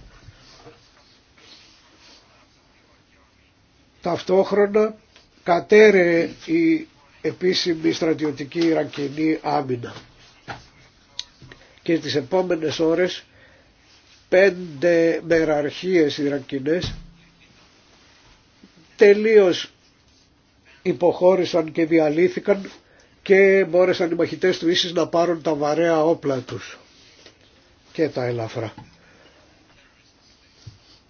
[SPEAKER 2] Ταυτόχρονα κατέρεε η επίσημη στρατιωτική Ιρακινή άμυνα και τις επόμενες ώρες πέντε μεραρχίες Ιρακινές τελείως υποχώρησαν και διαλύθηκαν και μπόρεσαν οι μαχητές του Ίσης να πάρουν τα βαρέα όπλα τους και τα ελαφρά.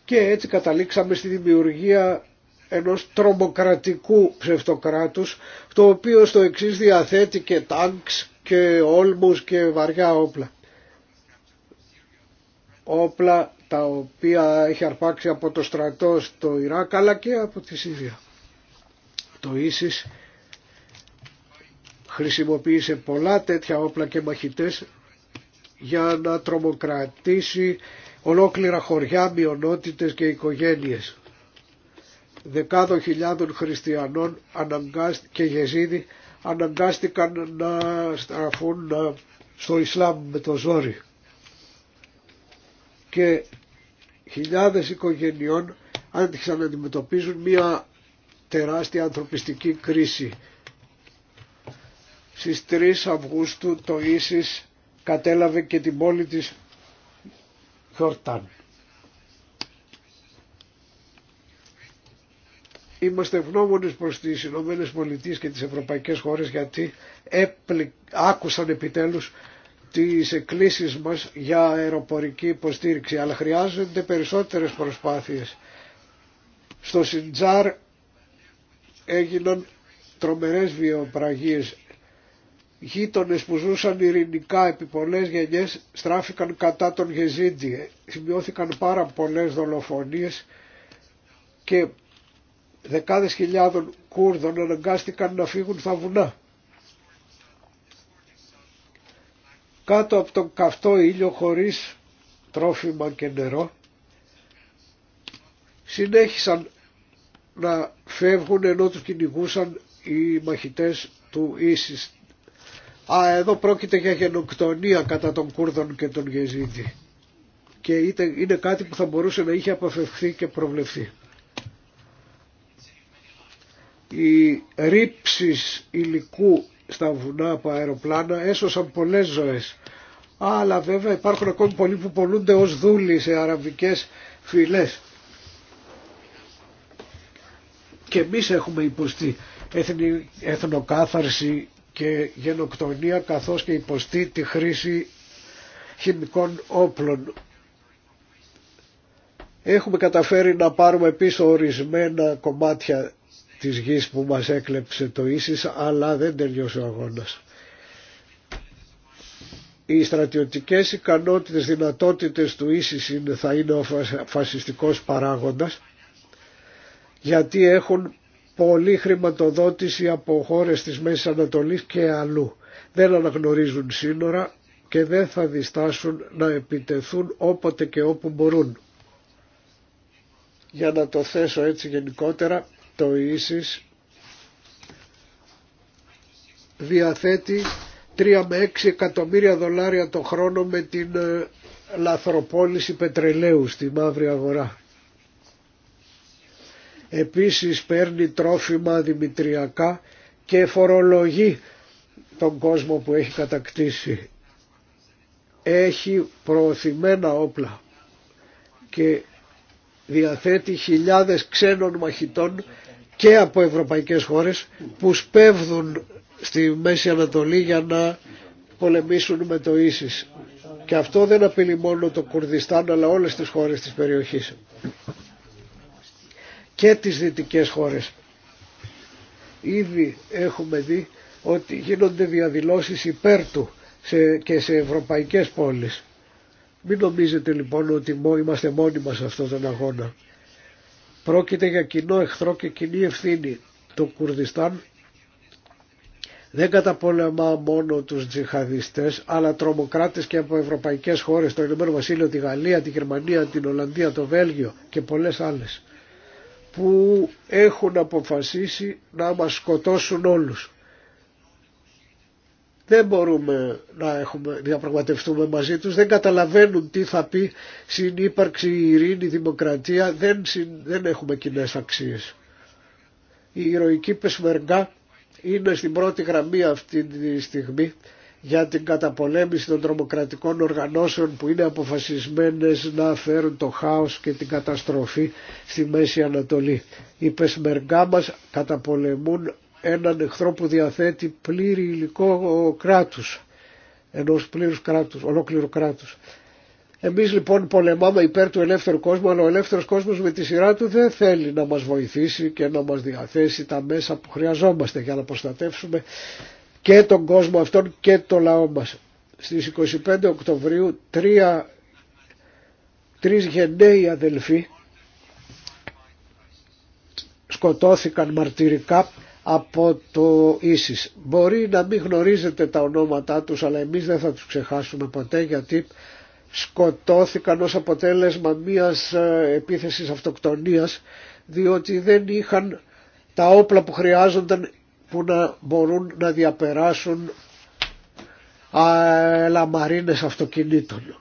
[SPEAKER 2] Και έτσι καταλήξαμε στη δημιουργία ενός τρομοκρατικού ψευτοκράτους το οποίο στο εξής διαθέτει και τάγκς και όλμους και βαριά όπλα. Όπλα τα οποία έχει αρπάξει από το στρατό στο Ιράκ αλλά και από τη Συρία. Το ίσις χρησιμοποίησε πολλά τέτοια όπλα και μαχητές για να τρομοκρατήσει ολόκληρα χωριά, μειονότητες και οικογένειες. Δεκάδων χιλιάδων χριστιανών και γεζίδι αναγκάστηκαν να στραφούν στο Ισλάμ με το ζόρι. Και χιλιάδες οικογενειών άρχισαν να αντιμετωπίζουν μια τεράστια ανθρωπιστική κρίση. Στις 3 Αυγούστου το Ίσις κατέλαβε και την πόλη της Χορτάν. Είμαστε ευγνώμονες προς τις Ηνωμένε Πολιτείες και τις ευρωπαϊκές χώρες γιατί άκουσαν επιτέλους τις εκκλήσεις μας για αεροπορική υποστήριξη αλλά χρειάζονται περισσότερες προσπάθειες. Στο Σιντζάρ έγιναν τρομερές βιοπραγίες. Γείτονε που ζούσαν ειρηνικά επί πολλές γενιές στράφηκαν κατά τον Γεζίντιε. Σημειώθηκαν πάρα πολλές δολοφονίες και δεκάδες χιλιάδων Κούρδων αναγκάστηκαν να φύγουν στα βουνά. Κάτω από τον καυτό ήλιο χωρίς τρόφιμα και νερό συνέχισαν να φεύγουν ενώ τους κυνηγούσαν οι μαχητές του Ίσις. Α, εδώ πρόκειται για γενοκτονία κατά των Κούρδων και των Γεζίδη. Και είναι κάτι που θα μπορούσε να είχε αποφευχθεί και προβλεφθεί. Οι ρήψει υλικού στα βουνά από αεροπλάνα έσωσαν πολλές ζωές. Αλλά βέβαια υπάρχουν ακόμη πολλοί που πολλούνται ως δούλοι σε αραβικές φυλές και εμείς έχουμε υποστεί εθνοκάθαρση και γενοκτονία καθώς και υποστεί τη χρήση χημικών όπλων. Έχουμε καταφέρει να πάρουμε πίσω ορισμένα κομμάτια της γης που μας έκλεψε το ίσις αλλά δεν τελειώσε ο αγώνας. Οι στρατιωτικές ικανότητες, δυνατότητες του ίσις θα είναι ο φασιστικός παράγοντας γιατί έχουν πολλή χρηματοδότηση από χώρες της Μέσης Ανατολής και αλλού. Δεν αναγνωρίζουν σύνορα και δεν θα διστάσουν να επιτεθούν όποτε και όπου μπορούν. Για να το θέσω έτσι γενικότερα, το ίσις διαθέτει 3 με 6 εκατομμύρια δολάρια το χρόνο με την ε, λαθροπόληση πετρελαίου στη μαύρη αγορά. Επίσης παίρνει τρόφιμα δημητριακά και φορολογεί τον κόσμο που έχει κατακτήσει. Έχει προωθημένα όπλα και διαθέτει χιλιάδες ξένων μαχητών και από ευρωπαϊκές χώρες που σπέβδουν στη Μέση Ανατολή για να πολεμήσουν με το ίσις. Και αυτό δεν απειλεί μόνο το Κουρδιστάν αλλά όλες τις χώρες της περιοχής και τις δυτικές χώρες. Ήδη έχουμε δει ότι γίνονται διαδηλώσεις υπέρ του σε, και σε ευρωπαϊκές πόλεις. Μην νομίζετε λοιπόν ότι είμαστε μόνοι μας σε αυτόν τον αγώνα. Πρόκειται για κοινό εχθρό και κοινή ευθύνη. Το Κουρδιστάν δεν καταπολεμά μόνο τους τζιχαδιστές αλλά τρομοκράτες και από ευρωπαϊκές χώρες, το Ηνωμένο Βασίλειο, τη Γαλλία, τη Γερμανία, την Ολλανδία, το Βέλγιο και πολλές άλλες που έχουν αποφασίσει να μας σκοτώσουν όλους. Δεν μπορούμε να έχουμε, διαπραγματευτούμε μαζί τους, δεν καταλαβαίνουν τι θα πει συνύπαρξη, ειρήνη, δημοκρατία, δεν, δεν έχουμε κοινέ αξίες. Η ηρωική Πεσμεργά είναι στην πρώτη γραμμή αυτή τη στιγμή για την καταπολέμηση των τρομοκρατικών οργανώσεων που είναι αποφασισμένες να φέρουν το χάος και την καταστροφή στη Μέση Ανατολή. Οι πεσμεργά μας καταπολεμούν έναν εχθρό που διαθέτει πλήρη υλικό κράτους, ενός πλήρους κράτους, ολόκληρου κράτους. Εμείς λοιπόν πολεμάμε υπέρ του ελεύθερου κόσμου, αλλά ο ελεύθερος κόσμος με τη σειρά του δεν θέλει να μας βοηθήσει και να μας διαθέσει τα μέσα που χρειαζόμαστε για να προστατεύσουμε και τον κόσμο αυτόν και το λαό μας. Στις 25 Οκτωβρίου τρία, τρεις γενναίοι αδελφοί σκοτώθηκαν μαρτυρικά από το Ίσης. Μπορεί να μην γνωρίζετε τα ονόματά τους αλλά εμείς δεν θα τους ξεχάσουμε ποτέ γιατί σκοτώθηκαν ως αποτέλεσμα μιας ε, επίθεσης αυτοκτονίας διότι δεν είχαν τα όπλα που χρειάζονταν που να μπορούν να διαπεράσουν λαμαρίνες αυτοκινήτων.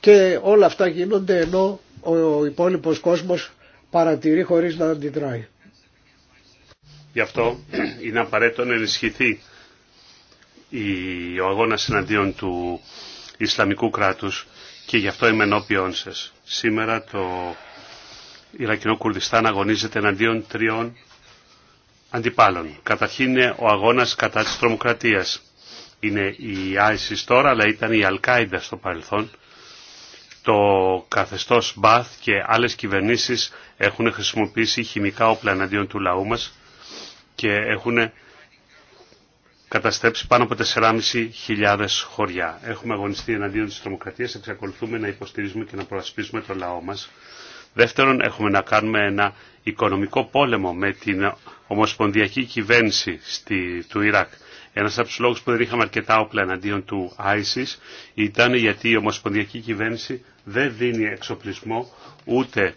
[SPEAKER 2] Και όλα αυτά γίνονται ενώ ο υπόλοιπος κόσμος παρατηρεί χωρίς να αντιδράει.
[SPEAKER 1] Γι' αυτό είναι απαραίτητο να ενισχυθεί ο αγώνας εναντίον του Ισλαμικού κράτους και γι' αυτό είμαι ενώπιον σας. Σήμερα το Ιρακινό Κουρδιστάν αγωνίζεται εναντίον τριών αντιπάλων. Καταρχήν είναι ο αγώνας κατά της τρομοκρατίας. Είναι η ISIS τώρα, αλλά ήταν η Αλκάιντα στο παρελθόν. Το καθεστώς Μπαθ και άλλες κυβερνήσεις έχουν χρησιμοποιήσει χημικά όπλα εναντίον του λαού μας και έχουν καταστρέψει πάνω από 4.500 χωριά. Έχουμε αγωνιστεί εναντίον της τρομοκρατίας, εξακολουθούμε να υποστηρίζουμε και να προασπίσουμε το λαό μας. Δεύτερον, έχουμε να κάνουμε ένα οικονομικό πόλεμο με την ομοσπονδιακή κυβέρνηση στη, του Ιράκ. Ένας από τους λόγους που δεν είχαμε αρκετά όπλα εναντίον του ISIS ήταν γιατί η ομοσπονδιακή κυβέρνηση δεν δίνει εξοπλισμό ούτε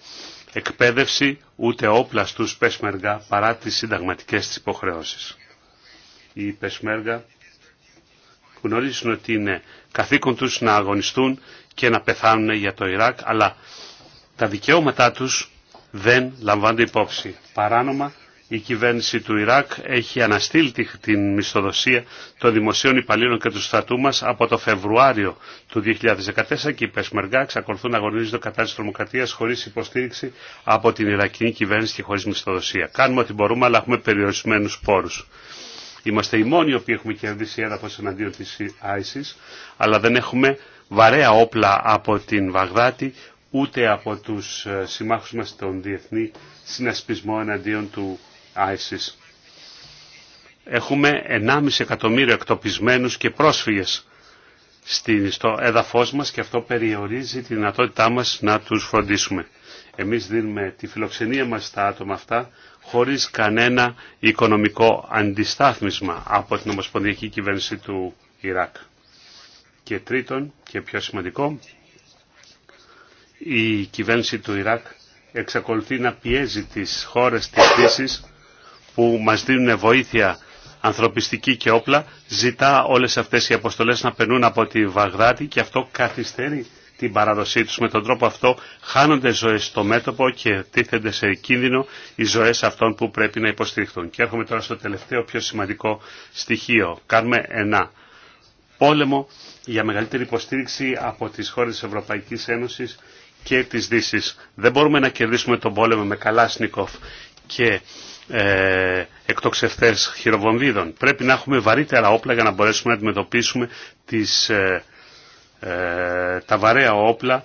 [SPEAKER 1] εκπαίδευση ούτε όπλα στους Πεσμεργά παρά τις συνταγματικές της υποχρεώσεις. Οι Πεσμεργά γνωρίζουν ότι είναι καθήκον τους να αγωνιστούν και να πεθάνουν για το Ιράκ αλλά τα δικαιώματά τους δεν λαμβάνονται υπόψη. Παράνομα η κυβέρνηση του Ιράκ έχει αναστείλει την μισθοδοσία των δημοσίων υπαλλήλων και του στρατού μας από το Φεβρουάριο του 2014 και οι Πεσμεργά εξακολουθούν να αγωνίζονται κατά τη τρομοκρατίας χωρίς υποστήριξη από την Ιρακινή κυβέρνηση και χωρί μισθοδοσία. Κάνουμε ό,τι μπορούμε, αλλά έχουμε περιορισμένους πόρους. Είμαστε οι μόνοι οι οποίοι έχουμε κερδίσει έδαφο εναντίον τη ISIS, αλλά δεν έχουμε βαρέα όπλα από την Βαγδάτη ούτε από τους ε, συμμάχους μας στον διεθνή συνασπισμό εναντίον του ISIS. Έχουμε 1,5 εκατομμύριο εκτοπισμένους και πρόσφυγες στο έδαφος μας και αυτό περιορίζει τη δυνατότητά μας να τους φροντίσουμε. Εμείς δίνουμε τη φιλοξενία μας στα άτομα αυτά χωρίς κανένα οικονομικό αντιστάθμισμα από την Ομοσπονδιακή Κυβέρνηση του Ιράκ. Και τρίτον και πιο σημαντικό, η κυβέρνηση του Ιράκ εξακολουθεί να πιέζει τις χώρες της Δύσης που μας δίνουν βοήθεια ανθρωπιστική και όπλα, ζητά όλες αυτές οι αποστολές να περνούν από τη Βαγδάτη και αυτό καθυστερεί την παραδοσή τους. Με τον τρόπο αυτό χάνονται ζωές στο μέτωπο και τίθενται σε κίνδυνο οι ζωές αυτών που πρέπει να υποστηριχθούν. Και έρχομαι τώρα στο τελευταίο πιο σημαντικό στοιχείο. Κάνουμε ένα πόλεμο για μεγαλύτερη υποστήριξη από τις χώρες της Ευρωπαϊκής Ένωσης και της Δύσης. Δεν μπορούμε να κερδίσουμε τον πόλεμο με Καλάσνικοφ και ε, εκτοξευτές χειροβομβίδων. Πρέπει να έχουμε βαρύτερα όπλα για να μπορέσουμε να αντιμετωπίσουμε τις, ε, ε, τα βαρέα όπλα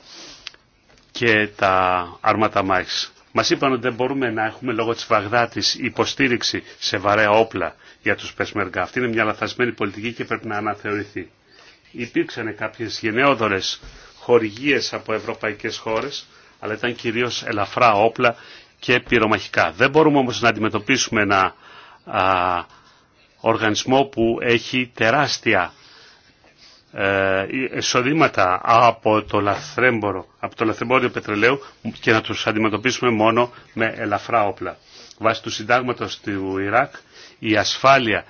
[SPEAKER 1] και τα άρματα μάχης. Μας είπαν ότι δεν μπορούμε να έχουμε λόγω της Βαγδάτης υποστήριξη σε βαρέα όπλα για τους Πεσμεργά. Αυτή είναι μια λαθασμένη πολιτική και πρέπει να αναθεωρηθεί. Υπήρξαν κάποιες γενναιόδορες χορηγίες από ευρωπαϊκές χώρες, αλλά ήταν κυρίως ελαφρά όπλα και πυρομαχικά. Δεν μπορούμε όμως να αντιμετωπίσουμε ένα οργανισμό που έχει τεράστια ε, εισοδήματα από το λαθρέμπορο, από το λαθρεμπόριο πετρελαίου και να τους αντιμετωπίσουμε μόνο με ελαφρά όπλα. Βάσει του συντάγματος του Ιράκ η ασφάλεια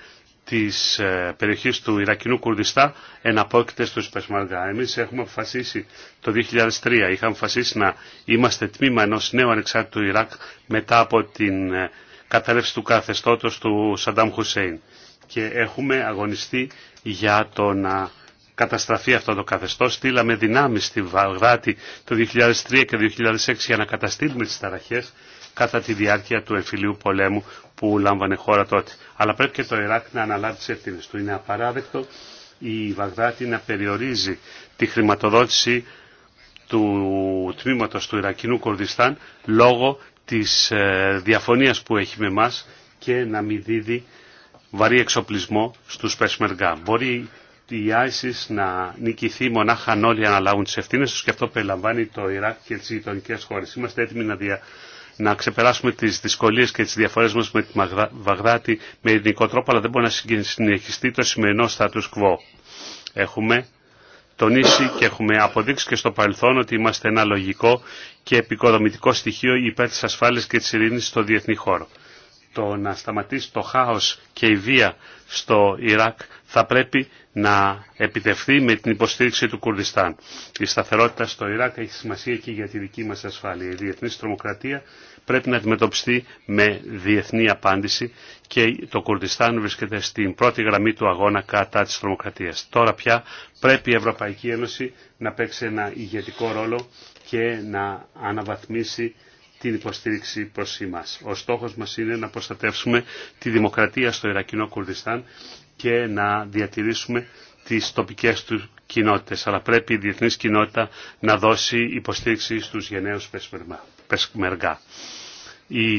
[SPEAKER 1] της ε, περιοχής του Ιρακινού Κουρδιστά εναπόκειται στους Πεσμαργά. Εμείς έχουμε αποφασίσει το 2003, είχαμε αποφασίσει να είμαστε τμήμα ενός νέου ανεξάρτητου Ιράκ μετά από την ε, κατάρρευση του καθεστώτος του Σαντάμ Χουσέιν. Και έχουμε αγωνιστεί για το να καταστραφεί αυτό το καθεστώς. Στείλαμε δυνάμεις στη Βαγδάτη το 2003 και 2006 για να καταστήλουμε τις ταραχές κατά τη διάρκεια του εμφυλίου πολέμου που λάμβανε χώρα τότε. Αλλά πρέπει και το Ιράκ να αναλάβει τι ευθύνε. του. Είναι απαράδεκτο η Βαγδάτη να περιορίζει τη χρηματοδότηση του τμήματος του Ιρακινού Κορδιστάν λόγω της ε, διαφωνίας που έχει με μας και να μην δίδει βαρύ εξοπλισμό στους Πεσμεργά. Μπορεί η ISIS να νικηθεί μονάχα αν όλοι αναλάβουν τις ευθύνες τους και αυτό περιλαμβάνει το Ιράκ και τις γειτονικέ χώρε. Είμαστε έτοιμοι να, να ξεπεράσουμε τις δυσκολίες και τις διαφορές μας με τη Βαγδάτη με ειδικό τρόπο, αλλά δεν μπορεί να συνεχιστεί το σημερινό status quo. Έχουμε τονίσει και έχουμε αποδείξει και στο παρελθόν ότι είμαστε ένα λογικό και επικοδομητικό στοιχείο υπέρ της ασφάλειας και της ειρήνης στο διεθνή χώρο. Το να σταματήσει το χάος και η βία στο Ιράκ θα πρέπει να επιτευχθεί με την υποστήριξη του Κουρδιστάν. Η σταθερότητα στο Ιράκ έχει σημασία και για τη δική μας ασφάλεια. Η διεθνής τρομοκρατία πρέπει να αντιμετωπιστεί με διεθνή απάντηση και το Κουρδιστάν βρίσκεται στην πρώτη γραμμή του αγώνα κατά της τρομοκρατίας. Τώρα πια πρέπει η Ευρωπαϊκή Ένωση να παίξει ένα ηγετικό ρόλο και να αναβαθμίσει την υποστήριξη προς εμάς. Ο στόχος μας είναι να προστατεύσουμε τη δημοκρατία στο Ιρακινό Κουρδιστάν και να διατηρήσουμε τις τοπικές του κοινότητες. Αλλά πρέπει η διεθνής κοινότητα να δώσει υποστήριξη στους γενναίους Πεσπερμά πεσμεργά.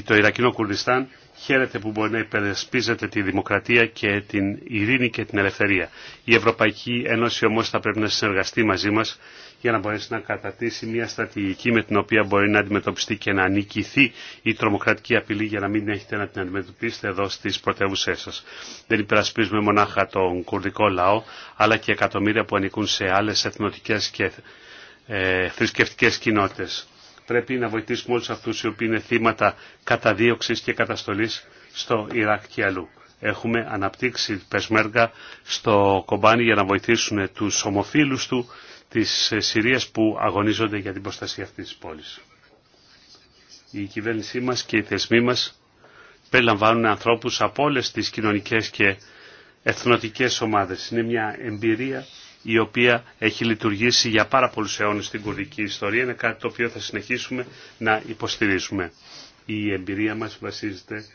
[SPEAKER 1] Το Ιρακινό Κουρδιστάν χαίρεται που μπορεί να υπερασπίζεται τη δημοκρατία και την ειρήνη και την ελευθερία. Η Ευρωπαϊκή Ένωση όμως θα πρέπει να συνεργαστεί μαζί μας για να μπορέσει να κατατήσει μια στρατηγική με την οποία μπορεί να αντιμετωπιστεί και να νικηθεί η τρομοκρατική απειλή για να μην έχετε να την αντιμετωπίσετε εδώ στις πρωτεύουσές σας. Δεν υπερασπίζουμε μονάχα τον κουρδικό λαό, αλλά και εκατομμύρια που ανήκουν σε άλλες εθνοτικές και ε, θρησκευτικές πρέπει να βοηθήσουμε όλους αυτούς οι οποίοι είναι θύματα καταδίωξης και καταστολής στο Ιράκ και αλλού. Έχουμε αναπτύξει πεσμέργα στο κομπάνι για να βοηθήσουν τους ομοφίλους του της Συρίας που αγωνίζονται για την προστασία αυτής της πόλης. Η κυβέρνησή μας και οι θεσμοί μας περιλαμβάνουν ανθρώπους από όλες τις κοινωνικές και εθνοτικές ομάδες. Είναι μια εμπειρία η οποία έχει λειτουργήσει για πάρα πολλούς αιώνες στην κουρδική ιστορία. Είναι κάτι το οποίο θα συνεχίσουμε να υποστηρίζουμε. Η εμπειρία μας βασίζεται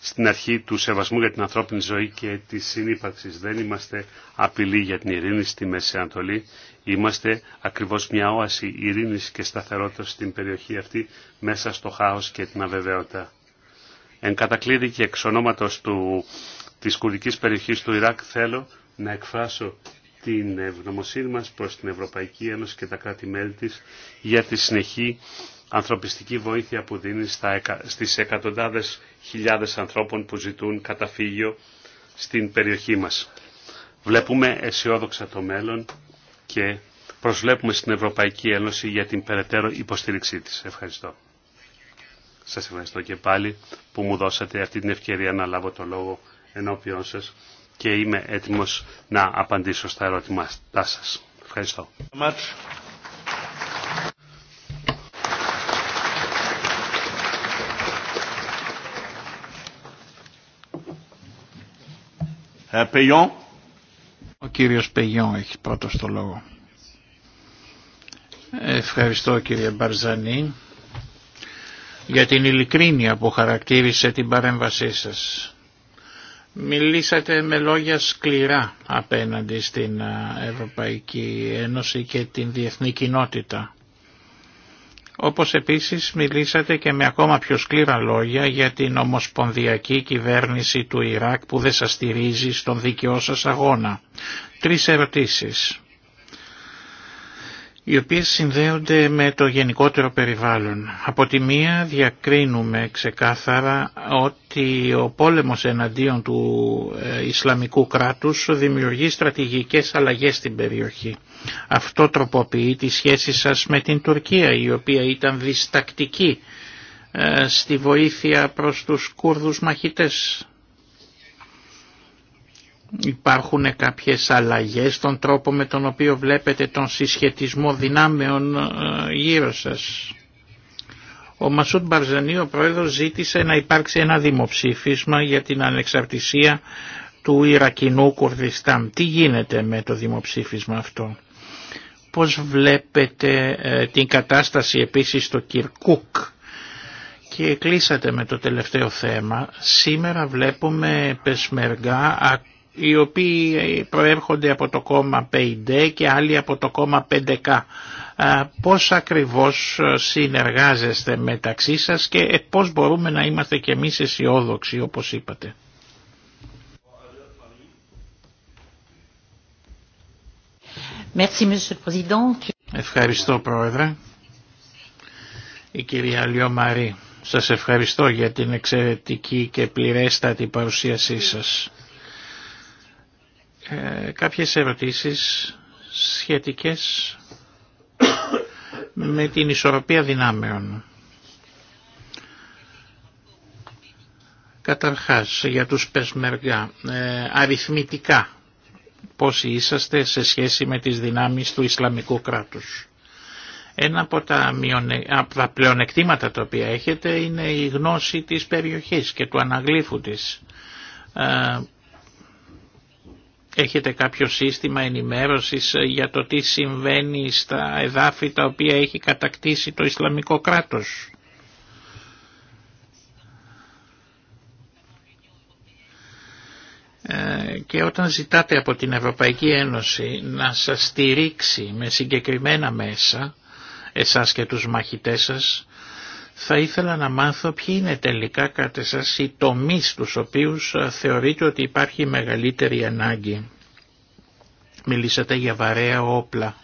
[SPEAKER 1] στην αρχή του σεβασμού για την ανθρώπινη ζωή και τη συνύπαρξη. Δεν είμαστε απειλή για την ειρήνη στη Μέση Ανατολή. Είμαστε ακριβώς μια όαση ειρήνης και σταθερότητας στην περιοχή αυτή μέσα στο χάος και την αβεβαιότητα. Εν κατακλείδη και εξ ονόματος του, της κουρδικής περιοχής του Ιράκ θέλω να εκφράσω την ευγνωμοσύνη μας προς την Ευρωπαϊκή Ένωση και τα κράτη-μέλη της για τη συνεχή ανθρωπιστική βοήθεια που δίνει στα, στις εκατοντάδες χιλιάδες ανθρώπων που ζητούν καταφύγιο στην περιοχή μας. Βλέπουμε αισιόδοξα το μέλλον και προσβλέπουμε στην Ευρωπαϊκή Ένωση για την περαιτέρω υποστήριξή της. Ευχαριστώ. Σας ευχαριστώ και πάλι που μου δώσατε αυτή την ευκαιρία να λάβω το λόγο ενώπιόν σας και είμαι έτοιμος να απαντήσω στα ερώτηματά σας. Ευχαριστώ.
[SPEAKER 5] Ο
[SPEAKER 4] κύριος Πεγιόν έχει πρώτος το λόγο. Ευχαριστώ κύριε Μπαρζανή για την ειλικρίνεια που χαρακτήρισε την παρέμβασή σας. Μιλήσατε με λόγια σκληρά απέναντι στην Ευρωπαϊκή Ένωση και την διεθνή κοινότητα. Όπως επίσης μιλήσατε και με ακόμα πιο σκληρά λόγια για την ομοσπονδιακή κυβέρνηση του Ιράκ που δεν σας στηρίζει στον δίκαιό σας αγώνα. Τρεις ερωτήσεις οι οποίες συνδέονται με το γενικότερο περιβάλλον. Από τη μία διακρίνουμε ξεκάθαρα ότι ο πόλεμος εναντίον του ε, Ισλαμικού κράτους δημιουργεί στρατηγικές αλλαγές στην περιοχή. Αυτό τροποποιεί τη σχέση σας με την Τουρκία η οποία ήταν διστακτική ε, στη βοήθεια προς τους Κούρδους μαχητές. Υπάρχουν κάποιες αλλαγές στον τρόπο με τον οποίο βλέπετε τον συσχετισμό δυνάμεων ε, γύρω σας. Ο Μασούτ Μπαρζανί, ο πρόεδρος, ζήτησε να υπάρξει ένα δημοψήφισμα για την ανεξαρτησία του Ιρακινού Κουρδιστάν. Τι γίνεται με το δημοψήφισμα αυτό. Πώς βλέπετε ε, την κατάσταση επίσης στο Κυρκούκ και κλείσατε με το τελευταίο θέμα. Σήμερα βλέπουμε πεσμεργά οι οποίοι προέρχονται από το κόμμα 5 και άλλοι από το κόμμα 5K. Πώς ακριβώς συνεργάζεστε μεταξύ σας και ε, πώς μπορούμε να είμαστε κι εμείς αισιόδοξοι όπως είπατε. Ευχαριστώ Πρόεδρε. Η κυρία Λιώ Μαρή, σας ευχαριστώ για την εξαιρετική και πληρέστατη παρουσίασή σας. Ε, κάποιες ερωτήσεις σχετικές με την ισορροπία δυνάμεων. Καταρχάς για τους Πεσμεργά, ε, αριθμητικά πόσοι είσαστε σε σχέση με τις δυνάμεις του Ισλαμικού κράτους. Ένα από τα, πλεονεκτήματα τα οποία έχετε είναι η γνώση της περιοχής και του αναγλήφου της ε, Έχετε κάποιο σύστημα ενημέρωσης ε, για το τι συμβαίνει στα εδάφη τα οποία έχει κατακτήσει το Ισλαμικό κράτος. Ε, και όταν ζητάτε από την Ευρωπαϊκή Ένωση να σας στηρίξει με συγκεκριμένα μέσα εσάς και τους μαχητές σας θα ήθελα να μάθω ποιοι είναι τελικά κατά σας οι τομείς του οποίους θεωρείτε ότι υπάρχει μεγαλύτερη ανάγκη. Μιλήσατε για βαρέα όπλα.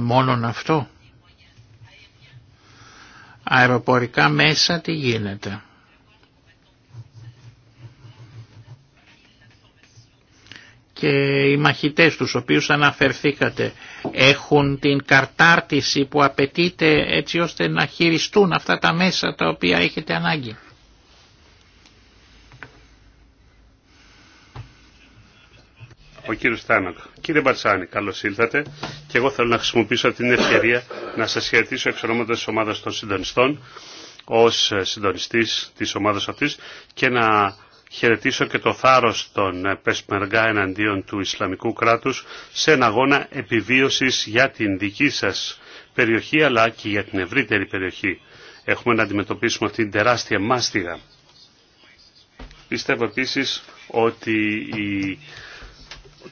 [SPEAKER 4] μόνον αυτό. Αεροπορικά μέσα τι γίνεται. Και οι μαχητές τους οποίους αναφερθήκατε έχουν την καρτάρτιση που απαιτείται έτσι ώστε να χειριστούν αυτά τα μέσα τα οποία έχετε ανάγκη.
[SPEAKER 1] Ο κύριος Τάνοκ. Κύριε Μπαρσάνη, καλώς ήλθατε και εγώ θέλω να χρησιμοποιήσω την ευκαιρία να σας χαιρετήσω εξ ονόματος της ομάδας των συντονιστών ως συντονιστής της ομάδας αυτής και να χαιρετήσω και το θάρρος των ε, Πεσμεργά εναντίον του Ισλαμικού κράτους σε ένα αγώνα επιβίωσης για την δική σας περιοχή αλλά και για την ευρύτερη περιοχή. Έχουμε να αντιμετωπίσουμε αυτήν την τεράστια μάστιγα. Πιστεύω επίσης ότι η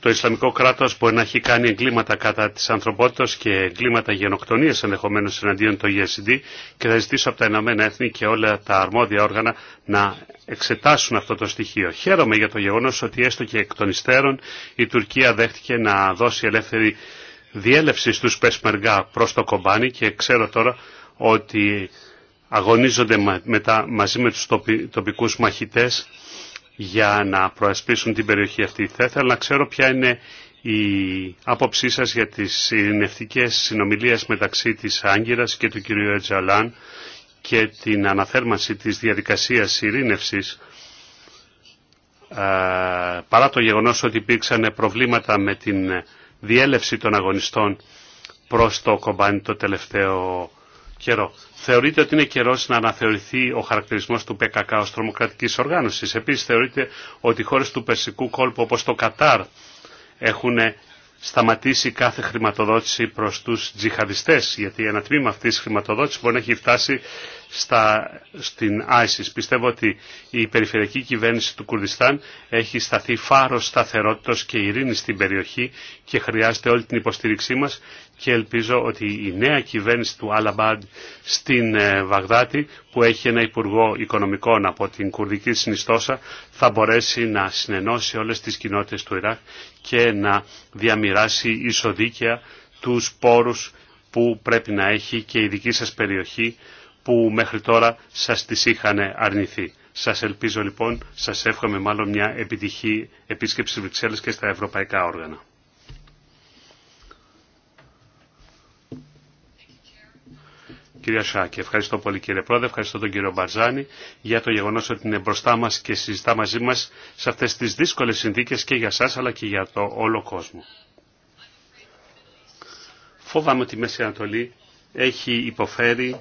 [SPEAKER 1] το Ισλαμικό Κράτο μπορεί να έχει κάνει εγκλήματα κατά τη ανθρωπότητας και εγκλήματα γενοκτονία ενδεχομένω εναντίον το ESD και θα ζητήσω από τα Ηνωμένα Έθνη και όλα τα αρμόδια όργανα να εξετάσουν αυτό το στοιχείο. Χαίρομαι για το γεγονό ότι έστω και εκ των υστέρων η Τουρκία δέχτηκε να δώσει ελεύθερη διέλευση στους Πεσμεργά προ το Κομπάνι και ξέρω τώρα ότι αγωνίζονται μετά μαζί με τους τοπικούς μαχητές για να προασπίσουν την περιοχή αυτή. Θα ήθελα να ξέρω ποια είναι η άποψή σας για τις συνευτικές συνομιλίες μεταξύ της Άγκυρας και του κ. Ετζαλάν και την αναθέρμανση της διαδικασίας ειρήνευσης ε, παρά το γεγονός ότι υπήρξαν προβλήματα με την διέλευση των αγωνιστών προς το κομπάνι το τελευταίο καιρό. Θεωρείτε ότι είναι καιρό να αναθεωρηθεί ο χαρακτηρισμό του ΠΚΚ ω τρομοκρατική οργάνωση. Επίση, θεωρείτε ότι οι χώρε του Περσικού κόλπου όπω το Κατάρ έχουν σταματήσει κάθε χρηματοδότηση προ του τζιχαδιστέ, γιατί ένα τμήμα αυτή τη χρηματοδότηση μπορεί να έχει φτάσει στα, στην ISIS. Πιστεύω ότι η περιφερειακή κυβέρνηση του Κουρδιστάν έχει σταθεί φάρο σταθερότητα και ειρήνη στην περιοχή και χρειάζεται όλη την υποστήριξή μα και ελπίζω ότι η νέα κυβέρνηση του Αλαμπάντ στην ε, Βαγδάτη που έχει ένα Υπουργό Οικονομικών από την Κουρδική Συνιστόσα θα μπορέσει να συνενώσει όλες τις κοινότητες του Ιράκ και να διαμοιράσει ισοδίκαια τους πόρους που πρέπει να έχει και η δική σας περιοχή που μέχρι τώρα σας τις είχαν αρνηθεί. Σας ελπίζω λοιπόν, σας εύχομαι μάλλον μια επιτυχή επίσκεψη Βρυξέλλες και στα ευρωπαϊκά όργανα. Κυρία Σάκη, ευχαριστώ πολύ κύριε Πρόεδρε, ευχαριστώ τον κύριο Μπαρζάνη για το γεγονό ότι είναι μπροστά μα και συζητά μαζί μα σε αυτέ τι δύσκολε συνθήκε και για εσά αλλά και για το όλο κόσμο. Φοβάμαι ότι η Μέση Ανατολή έχει υποφέρει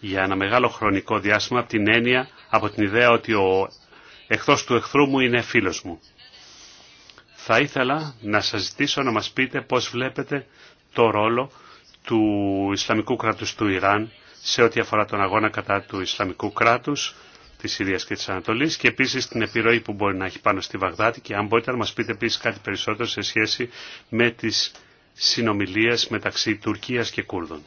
[SPEAKER 1] για ένα μεγάλο χρονικό διάστημα από την έννοια, από την ιδέα ότι ο εχθρό του εχθρού μου είναι φίλος μου. Θα ήθελα να σας ζητήσω να μας πείτε πώς βλέπετε το ρόλο του Ισλαμικού κράτους του Ιράν σε ό,τι αφορά τον αγώνα κατά του Ισλαμικού κράτους της Συρίας και της Ανατολής και επίσης την επιρροή που μπορεί να έχει πάνω στη Βαγδάτη και αν μπορείτε να μας πείτε επίσης κάτι περισσότερο σε σχέση με τις συνομιλίες μεταξύ Τουρκίας και Κούρδων.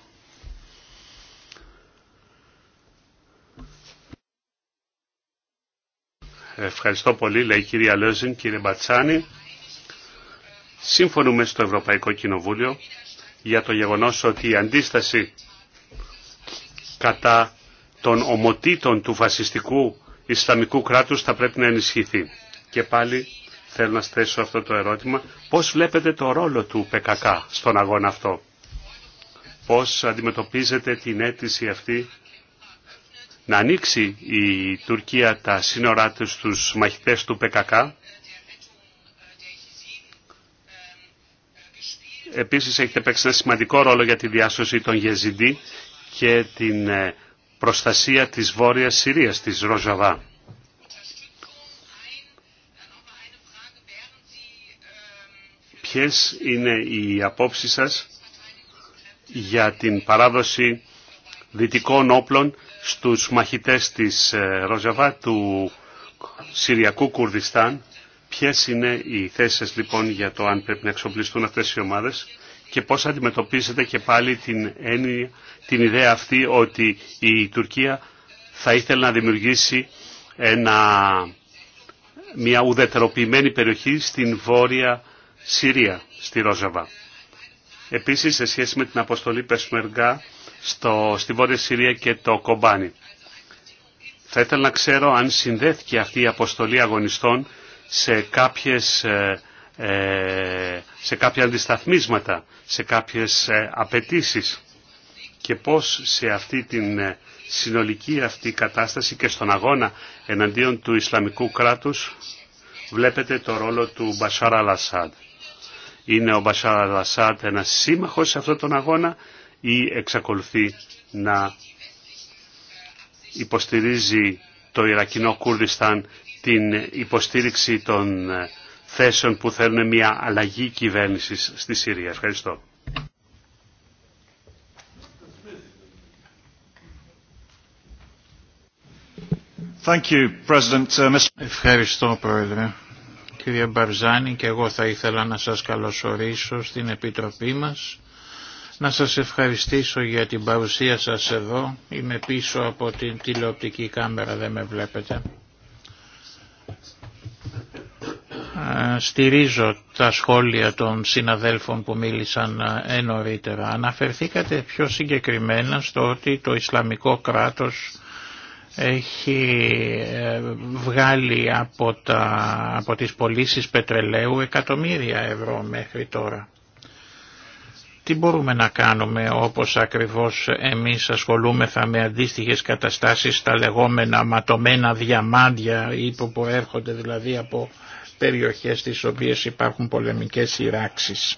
[SPEAKER 1] Ευχαριστώ πολύ, λέει η κυρία Λέζιν, κύριε Μπατσάνη. με στο Ευρωπαϊκό Κοινοβούλιο για το γεγονός ότι η αντίσταση κατά των ομοτήτων του φασιστικού Ισλαμικού κράτους θα πρέπει να ενισχυθεί. Και πάλι θέλω να στέσω αυτό το ερώτημα. Πώς βλέπετε το ρόλο του ΠΚΚ στον αγώνα αυτό. Πώς αντιμετωπίζετε την αίτηση αυτή να ανοίξει η Τουρκία τα σύνορά της στους μαχητές του ΠΚΚ Επίσης έχετε παίξει ένα σημαντικό ρόλο για τη διάσωση των Γεζιντή και την ε, προστασία της Βόρειας Συρίας, της Ροζαβά. Ποιες είναι οι απόψεις σας για την παράδοση δυτικών όπλων στους μαχητές της ε, Ροζαβά του Συριακού Κουρδιστάν Ποιες είναι οι θέσεις λοιπόν για το αν πρέπει να εξοπλιστούν αυτές οι ομάδες και πώς αντιμετωπίζετε και πάλι την, έννοια, την ιδέα αυτή ότι η Τουρκία θα ήθελε να δημιουργήσει ένα, μια ουδετεροποιημένη περιοχή στην βόρεια Συρία, στη Ρόζαβα. Επίσης, σε σχέση με την αποστολή Πεσμεργά στο, στη Βόρεια Συρία και το Κομπάνι. Θα ήθελα να ξέρω αν συνδέθηκε αυτή η αποστολή αγωνιστών σε κάποιες ε, ε, σε κάποια αντισταθμίσματα, σε κάποιες ε, απαιτήσει και πώς σε αυτή την συνολική αυτή κατάσταση και στον αγώνα εναντίον του Ισλαμικού κράτους βλέπετε το ρόλο του Μπασάρα Λασάντ. Είναι ο Μπασάρα Λασάντ ένας σύμμαχος σε αυτόν τον αγώνα ή εξακολουθεί να υποστηρίζει το Ιρακινό Κούρδισταν την υποστήριξη των ε, θέσεων που θέλουν μια αλλαγή κυβέρνησης στη Συρία. Ευχαριστώ. Thank you, President.
[SPEAKER 4] Uh, Ευχαριστώ, Πρόεδρε. Κύριε Μπαρζάνη, και εγώ θα ήθελα να σας καλωσορίσω στην Επιτροπή μας, να σας ευχαριστήσω για την παρουσία σας εδώ. Είμαι πίσω από την τηλεοπτική κάμερα, δεν με βλέπετε. στηρίζω τα σχόλια των συναδέλφων που μίλησαν νωρίτερα. Αναφερθήκατε πιο συγκεκριμένα στο ότι το Ισλαμικό κράτος έχει ε, βγάλει από, τα, από τις πωλήσει πετρελαίου εκατομμύρια ευρώ μέχρι τώρα. Τι μπορούμε να κάνουμε όπως ακριβώς εμείς ασχολούμεθα με αντίστοιχες καταστάσεις στα λεγόμενα ματωμένα διαμάντια ή που έρχονται δηλαδή από περιοχές στις οποίες υπάρχουν πολεμικές σειράξεις.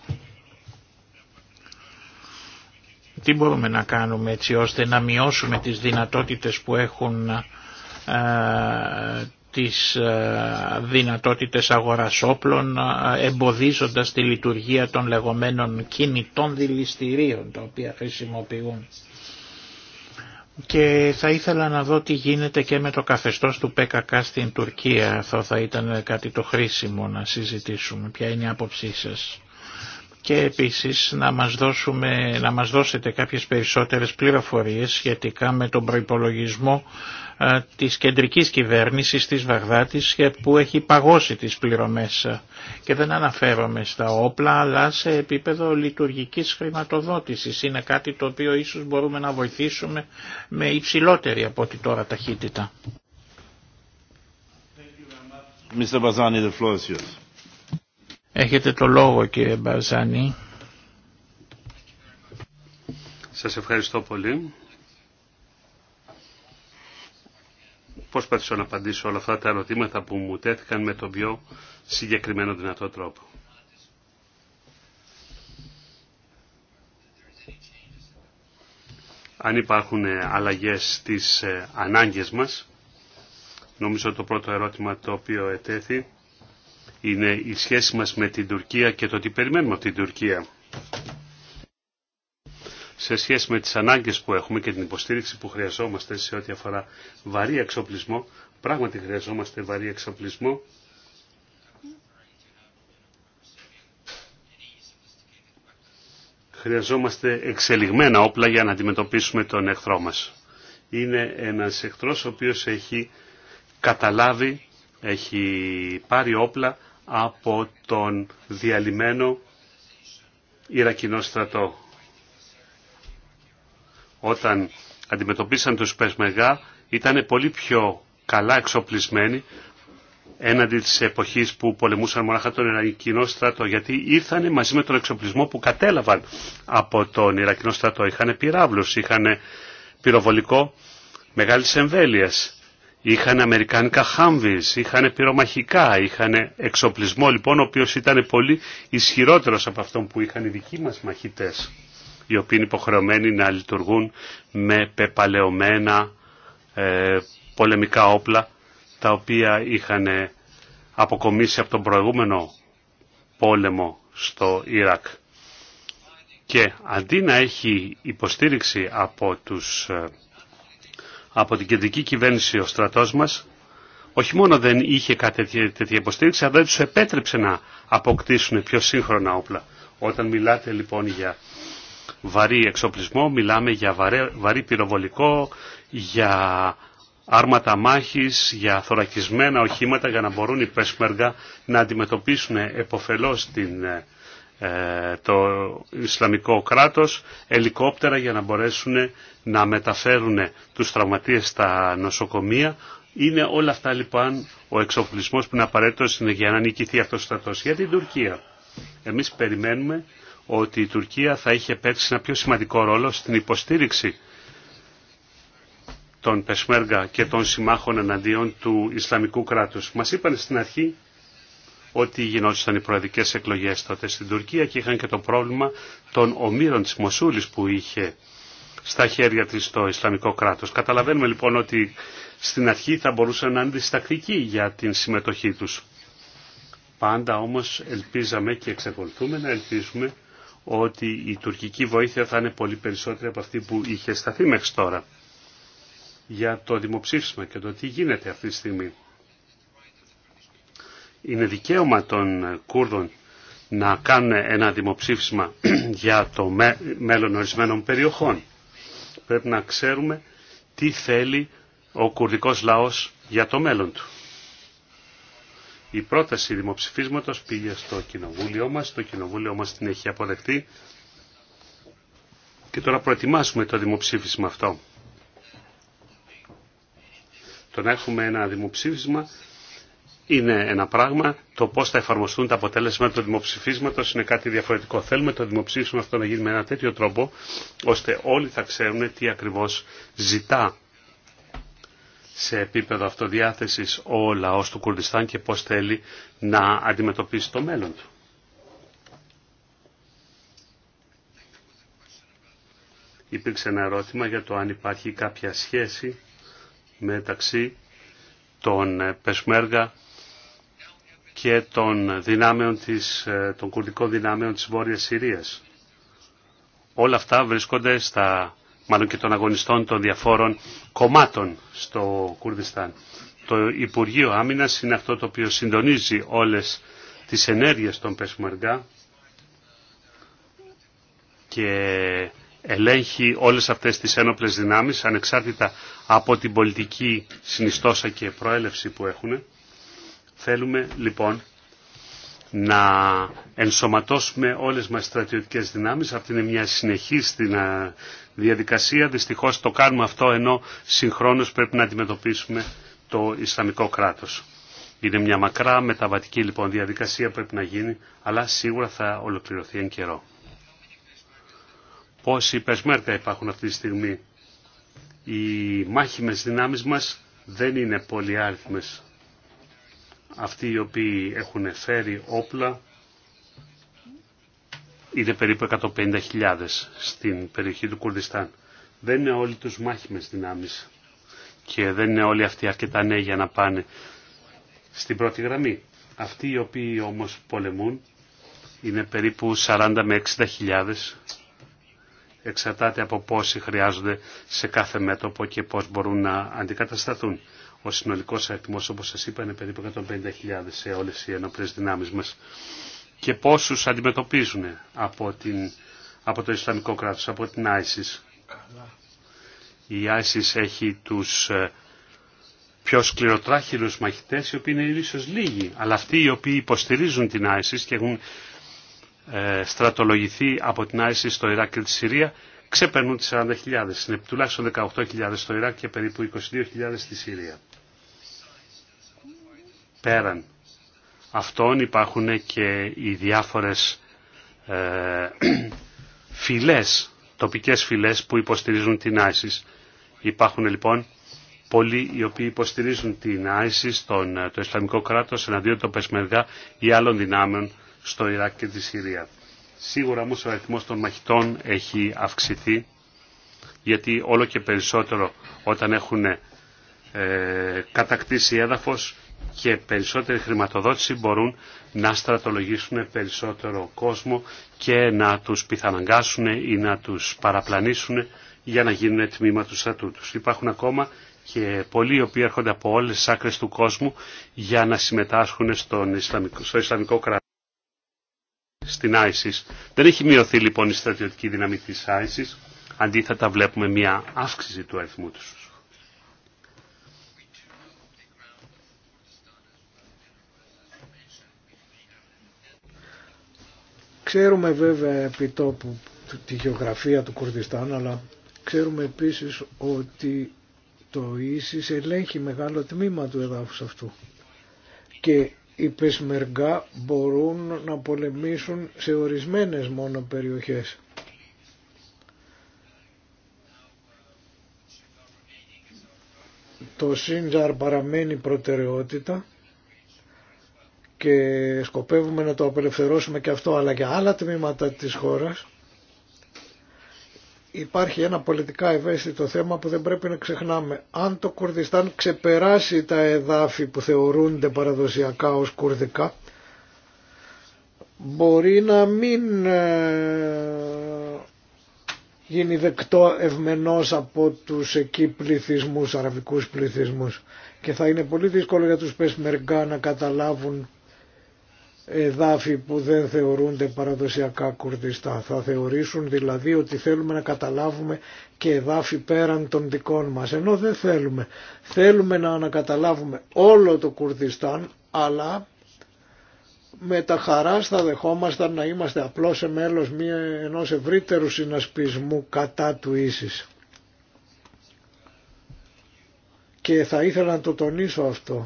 [SPEAKER 4] Τι μπορούμε να κάνουμε έτσι ώστε να μειώσουμε τις δυνατότητες που έχουν α, ε, τις ε, δυνατότητες αγοράς όπλων ε, εμποδίζοντας τη λειτουργία των λεγόμενων κινητών δηληστηρίων τα οποία χρησιμοποιούν και θα ήθελα να δω τι γίνεται και με το καθεστώς του ΠΚΚ στην Τουρκία. Αυτό θα ήταν κάτι το χρήσιμο να συζητήσουμε. Ποια είναι η άποψή σας. Και επίσης να μας, δώσουμε, να μας δώσετε κάποιες περισσότερες πληροφορίες σχετικά με τον προϋπολογισμό της κεντρικής κυβέρνησης της Βαγδάτης που έχει παγώσει τις πληρωμές και δεν αναφέρομαι στα όπλα αλλά σε επίπεδο λειτουργικής χρηματοδότησης. Είναι κάτι το οποίο ίσως μπορούμε να βοηθήσουμε με υψηλότερη από ό,τι τώρα ταχύτητα.
[SPEAKER 1] Mr. Bazani, the
[SPEAKER 4] Έχετε το λόγο κύριε Μπαζάνη.
[SPEAKER 1] Σας ευχαριστώ πολύ. Προσπαθήσω να απαντήσω όλα αυτά τα ερωτήματα που μου τέθηκαν με τον πιο συγκεκριμένο δυνατό τρόπο. Αν υπάρχουν ε, αλλαγές στις ε, ανάγκες μας, νομίζω το πρώτο ερώτημα το οποίο ετέθη είναι η σχέση μας με την Τουρκία και το τι περιμένουμε από την Τουρκία σε σχέση με τις ανάγκες που έχουμε και την υποστήριξη που χρειαζόμαστε σε ό,τι αφορά βαρύ εξοπλισμό. Πράγματι χρειαζόμαστε βαρύ εξοπλισμό. Χρειαζόμαστε εξελιγμένα όπλα για να αντιμετωπίσουμε τον εχθρό μας. Είναι ένας εχθρός ο οποίος έχει καταλάβει, έχει πάρει όπλα από τον διαλυμένο Ιρακινό στρατό όταν αντιμετωπίσαν τους Πεσμεγά ήταν πολύ πιο καλά εξοπλισμένοι έναντι της εποχής που πολεμούσαν μονάχα τον Ιρακινό στρατό, γιατί ήρθαν μαζί με τον εξοπλισμό που κατέλαβαν από τον Ιρακινό στρατό. Είχαν πυράβλους, είχαν πυροβολικό μεγάλης εμβέλειας, είχαν αμερικάνικα χάμβις, είχαν πυρομαχικά, είχαν εξοπλισμό λοιπόν, ο οποίος ήταν πολύ ισχυρότερος από αυτόν που είχαν οι δικοί μας μαχητές οι οποίοι είναι υποχρεωμένοι να λειτουργούν με πεπαλαιωμένα ε, πολεμικά όπλα τα οποία είχαν αποκομίσει από τον προηγούμενο πόλεμο στο Ιράκ. Και αντί να έχει υποστήριξη από, τους, ε, από την κεντρική κυβέρνηση ο στρατός μας, όχι μόνο δεν είχε κάτι τέτοια υποστήριξη, αλλά δεν τους επέτρεψε να αποκτήσουν πιο σύγχρονα όπλα. Όταν μιλάτε λοιπόν για βαρύ εξοπλισμό, μιλάμε για βαρύ πυροβολικό, για άρματα μάχης, για θωρακισμένα οχήματα για να μπορούν οι Πεσμεργά να αντιμετωπίσουν εποφελώς την, ε, το Ισλαμικό κράτος, ελικόπτερα για να μπορέσουν να μεταφέρουν τους τραυματίες στα νοσοκομεία. Είναι όλα αυτά λοιπόν ο εξοπλισμός που είναι απαραίτητος για να νικηθεί αυτός ο στρατός για την Τουρκία. Εμείς περιμένουμε ότι η Τουρκία θα είχε παίξει ένα πιο σημαντικό ρόλο στην υποστήριξη των Πεσμέργα και των συμμάχων εναντίον του Ισλαμικού κράτους. Μας είπαν στην αρχή ότι γινόντουσαν οι προεδρικές εκλογές τότε στην Τουρκία και είχαν και το πρόβλημα των ομήρων της Μοσούλης που είχε στα χέρια της το Ισλαμικό κράτος. Καταλαβαίνουμε λοιπόν ότι στην αρχή θα μπορούσαν να είναι διστακτικοί για την συμμετοχή τους. Πάντα όμως ελπίζαμε και εξακολουθούμε να ελπίζουμε ότι η τουρκική βοήθεια θα είναι πολύ περισσότερη από αυτή που είχε σταθεί μέχρι τώρα για το δημοψήφισμα και το τι γίνεται αυτή τη στιγμή. Είναι δικαίωμα των Κούρδων να κάνουν ένα δημοψήφισμα <clears throat> για το μέλλον ορισμένων περιοχών. Πρέπει να ξέρουμε τι θέλει ο κουρδικός λαός για το μέλλον του. Η πρόταση δημοψηφίσματος πήγε στο κοινοβούλιο μας, το κοινοβούλιο μας την έχει αποδεχτεί και τώρα προετοιμάσουμε το δημοψήφισμα αυτό. Το να έχουμε ένα δημοψήφισμα είναι ένα πράγμα, το πώς θα εφαρμοστούν τα αποτέλεσματα του δημοψηφίσματος είναι κάτι διαφορετικό. Θέλουμε το δημοψήφισμα αυτό να γίνει με ένα τέτοιο τρόπο, ώστε όλοι θα ξέρουν τι ακριβώς ζητά σε επίπεδο αυτοδιάθεσης ο λαός του Κουρδιστάν και πώς θέλει να αντιμετωπίσει το μέλλον του. Υπήρξε ένα ερώτημα για το αν υπάρχει κάποια σχέση μεταξύ των ε, Πεσμέργα και των, δυνάμεων της, ε, των κουρδικών δυνάμεων της Βόρειας Συρίας. Όλα αυτά βρίσκονται στα μάλλον και των αγωνιστών των διαφόρων κομμάτων στο Κουρδιστάν. Το Υπουργείο Άμυνας είναι αυτό το οποίο συντονίζει όλες τις ενέργειες των Πεσμεργά και ελέγχει όλες αυτές τις ένοπλες δυνάμεις ανεξάρτητα από την πολιτική συνιστόσα και προέλευση που έχουν. Θέλουμε λοιπόν να ενσωματώσουμε όλες μας στρατιωτικές δυνάμεις. Αυτή είναι μια συνεχής ε, διαδικασία. Δυστυχώς το κάνουμε αυτό ενώ συγχρόνως πρέπει να αντιμετωπίσουμε το Ισλαμικό κράτος. Είναι μια μακρά μεταβατική λοιπόν διαδικασία που πρέπει να γίνει, αλλά σίγουρα θα ολοκληρωθεί εν καιρό. Πόσοι υπεσμέρκα υπάρχουν αυτή τη στιγμή. Οι μάχημες δυνάμεις μας δεν είναι πολύ αυτοί οι οποίοι έχουν φέρει όπλα είναι περίπου 150.000 στην περιοχή του Κουρδιστάν. Δεν είναι όλοι τους μάχημες δυνάμεις και δεν είναι όλοι αυτοί αρκετά νέοι για να πάνε στην πρώτη γραμμή. Αυτοί οι οποίοι όμως πολεμούν είναι περίπου 40 με 60.000 εξαρτάται από πόσοι χρειάζονται σε κάθε μέτωπο και πώς μπορούν να αντικατασταθούν. Ο συνολικό αριθμό, όπω σα είπα, είναι περίπου 150.000 σε όλε οι ενόπλε δυνάμει μα Και πόσου αντιμετωπίζουν από, την, από το Ισλαμικό κράτο, από την ISIS. Η ISIS έχει τους ε, πιο σκληροτράχυλου μαχητέ, οι οποίοι είναι ίσω λίγοι, αλλά αυτοί οι οποίοι υποστηρίζουν την ISIS και έχουν ε, στρατολογηθεί από την ISIS στο Ιράκ και τη Συρία, ξεπερνούν τι 40.000. Είναι τουλάχιστον 18.000 στο Ιράκ και περίπου 22.000 στη Συρία πέραν αυτών υπάρχουν και οι διάφορες ε, φυλές, τοπικές φυλές που υποστηρίζουν την ISIS. Υπάρχουν λοιπόν πολλοί οι οποίοι υποστηρίζουν την ISIS, τον, ε, το Ισλαμικό κράτος εναντίον των Πεσμεργά ή άλλων δυνάμεων στο Ιράκ και τη Συρία. Σίγουρα όμως ο αριθμό των μαχητών έχει αυξηθεί γιατί όλο και περισσότερο όταν έχουν ε, κατακτήσει έδαφος και περισσότερη χρηματοδότηση μπορούν να στρατολογήσουν περισσότερο κόσμο και να τους πιθαναγκάσουν ή να τους παραπλανήσουν για να γίνουν τμήμα του στρατού Υπάρχουν ακόμα και πολλοί οι οποίοι έρχονται από όλες τις άκρες του κόσμου για να συμμετάσχουν στον Ισλαμικό, στο Ισλαμικό κράτος στην ISIS. Δεν έχει μειωθεί λοιπόν η στρατιωτική δύναμη της ISIS, αντίθετα βλέπουμε μια αύξηση του αριθμού τους. Ξέρουμε
[SPEAKER 2] βέβαια επί τόπου τη γεωγραφία του Κουρδιστάν, αλλά ξέρουμε επίσης ότι το ίσις ελέγχει μεγάλο τμήμα του εδάφους αυτού. Και οι πεσμεργά μπορούν να πολεμήσουν σε ορισμένες μόνο περιοχές. Το Σίντζαρ παραμένει προτεραιότητα και σκοπεύουμε να το απελευθερώσουμε και αυτό αλλά για άλλα τμήματα της χώρας υπάρχει ένα πολιτικά ευαίσθητο θέμα που δεν πρέπει να ξεχνάμε. Αν το Κουρδιστάν ξεπεράσει τα εδάφη που θεωρούνται παραδοσιακά ως κουρδικά μπορεί να μην ε, γίνει δεκτό ευμενός από τους εκεί πληθυσμούς, αραβικούς πληθυσμούς και θα είναι πολύ δύσκολο για τους Πεσμεργκά να καταλάβουν εδάφη που δεν θεωρούνται παραδοσιακά Κουρδιστά. Θα θεωρήσουν δηλαδή ότι θέλουμε να καταλάβουμε και εδάφη πέραν των δικών μας. Ενώ δεν θέλουμε. Θέλουμε να ανακαταλάβουμε όλο το Κουρδιστάν αλλά με τα χαρά θα δεχόμασταν να είμαστε απλώς μέλος μια, ενός ευρύτερου συνασπισμού κατά του ίσης. Και θα ήθελα να το τονίσω αυτό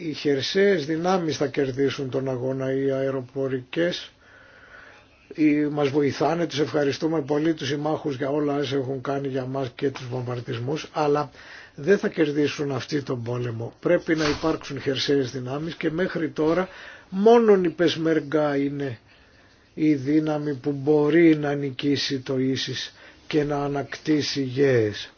[SPEAKER 2] οι χερσαίες δυνάμεις θα κερδίσουν τον αγώνα, οι αεροπορικές οι, μας βοηθάνε, τους ευχαριστούμε πολύ τους συμμάχους για όλα όσα έχουν κάνει για μας και τους βομβαρδισμούς, αλλά δεν θα κερδίσουν αυτοί τον πόλεμο. Πρέπει να υπάρξουν χερσαίες δυνάμεις και μέχρι τώρα μόνο η Πεσμεργά είναι η δύναμη που μπορεί να νικήσει το ίσις και να ανακτήσει γέες.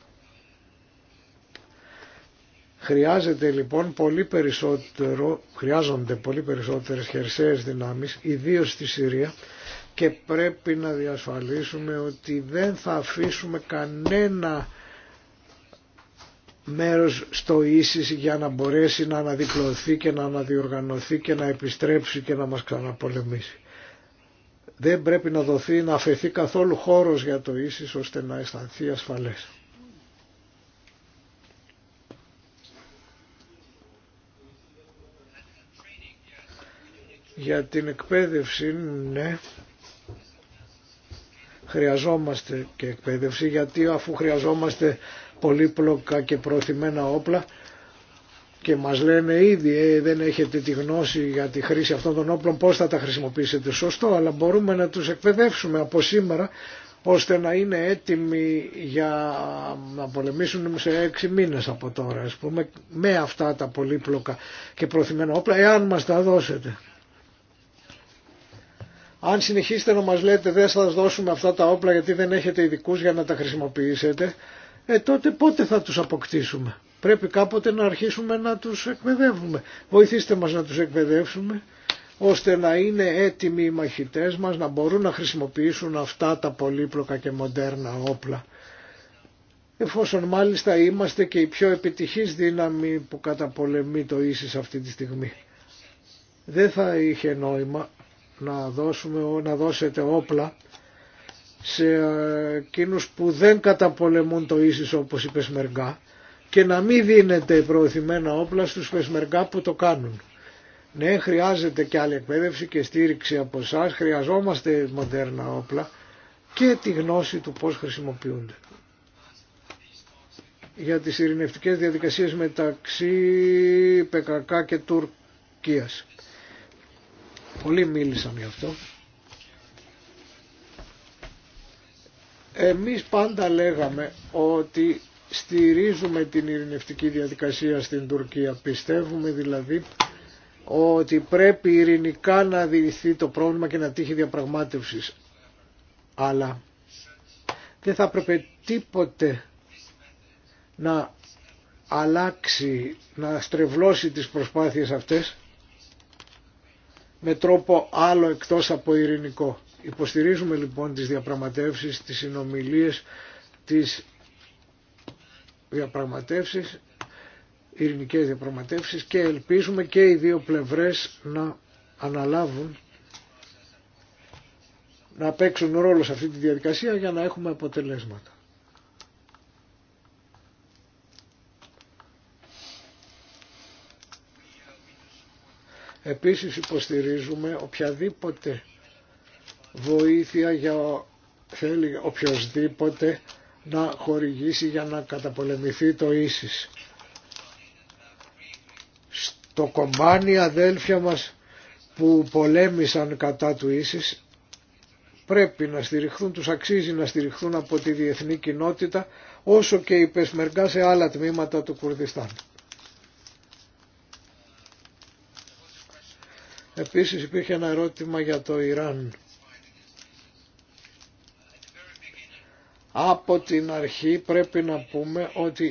[SPEAKER 2] Χρειάζεται λοιπόν πολύ περισσότερο, χρειάζονται πολύ περισσότερες χερσαίες δυνάμεις, ιδίως στη Συρία, και πρέπει να διασφαλίσουμε ότι δεν θα αφήσουμε κανένα μέρος στο ίσις για να μπορέσει να αναδιπλωθεί και να αναδιοργανωθεί και να επιστρέψει και να μας ξαναπολεμήσει. Δεν πρέπει να δοθεί, να αφαιθεί καθόλου χώρος για το ίσις ώστε να αισθανθεί ασφαλές. Για την εκπαίδευση, ναι, χρειαζόμαστε και εκπαίδευση γιατί αφού χρειαζόμαστε πολύπλοκα και προθυμένα όπλα και μας λένε ήδη «Ε, δεν έχετε τη γνώση για τη χρήση αυτών των όπλων πώς θα τα χρησιμοποιήσετε σωστό αλλά μπορούμε να τους εκπαιδεύσουμε από σήμερα ώστε να είναι έτοιμοι για να πολεμήσουν σε έξι μήνες από τώρα ας πούμε με αυτά τα πολύπλοκα και προθυμένα όπλα εάν μας τα δώσετε. Αν συνεχίσετε να μας λέτε δεν σας δώσουμε αυτά τα όπλα γιατί δεν έχετε ειδικού για να τα χρησιμοποιήσετε, ε, τότε πότε θα τους αποκτήσουμε. Πρέπει κάποτε να αρχίσουμε να τους εκπαιδεύουμε. Βοηθήστε μας να τους εκπαιδεύσουμε ώστε να είναι έτοιμοι οι μαχητές μας να μπορούν να χρησιμοποιήσουν αυτά τα πολύπλοκα και μοντέρνα όπλα. Εφόσον μάλιστα είμαστε και η πιο επιτυχής δύναμη που καταπολεμεί το ίσως αυτή τη στιγμή. Δεν θα είχε νόημα να, δώσουμε, να δώσετε όπλα σε εκείνους που δεν καταπολεμούν το ίσις όπως οι Πεσμεργά και να μην δίνετε προωθημένα όπλα στους Πεσμεργά που το κάνουν. Ναι, χρειάζεται και άλλη εκπαίδευση και στήριξη από εσά, χρειαζόμαστε μοντέρνα όπλα και τη γνώση του πώς χρησιμοποιούνται. Για τις ειρηνευτικές διαδικασίες μεταξύ ΠΚΚ και Τουρκίας. Πολλοί μίλησαν γι' αυτό. Εμείς πάντα λέγαμε ότι στηρίζουμε την ειρηνευτική διαδικασία στην Τουρκία. Πιστεύουμε δηλαδή ότι πρέπει ειρηνικά να διηθεί το πρόβλημα και να τύχει διαπραγμάτευσης. Αλλά δεν θα έπρεπε τίποτε να αλλάξει, να στρεβλώσει τις προσπάθειες αυτές με τρόπο άλλο εκτός από ειρηνικό. Υποστηρίζουμε λοιπόν τις διαπραγματεύσεις, τις συνομιλίες, τις διαπραγματεύσεις, ειρηνικές διαπραγματεύσεις και ελπίζουμε και οι δύο πλευρές να αναλάβουν να παίξουν ρόλο σε αυτή τη διαδικασία για να έχουμε αποτελέσματα. Επίσης υποστηρίζουμε οποιαδήποτε βοήθεια για θέλει οποιοδήποτε να χορηγήσει για να καταπολεμηθεί το ίσις. Στο κομμάνι αδέλφια μας που πολέμησαν κατά του ίσις πρέπει να στηριχθούν, τους αξίζει να στηριχθούν από τη διεθνή κοινότητα όσο και η Πεσμεργά σε άλλα τμήματα του Κουρδιστάν. Επίσης υπήρχε ένα ερώτημα για το Ιράν. Από την αρχή πρέπει να πούμε ότι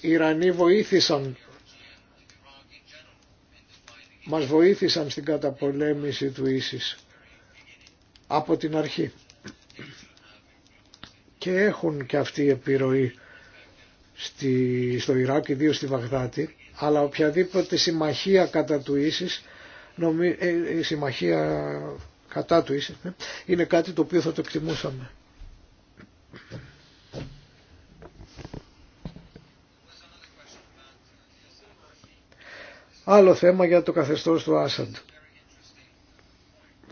[SPEAKER 2] οι Ιρανοί βοήθησαν μας βοήθησαν στην καταπολέμηση του ίσης από την αρχή και έχουν και αυτή η επιρροή στη, στο Ιράκ, ιδίως στη Βαγδάτη αλλά οποιαδήποτε συμμαχία κατά του ίσης νομι... Ε, ε, η συμμαχία κατά του ε, είναι κάτι το οποίο θα το εκτιμούσαμε. Άλλο θέμα για το καθεστώς του Άσαντ.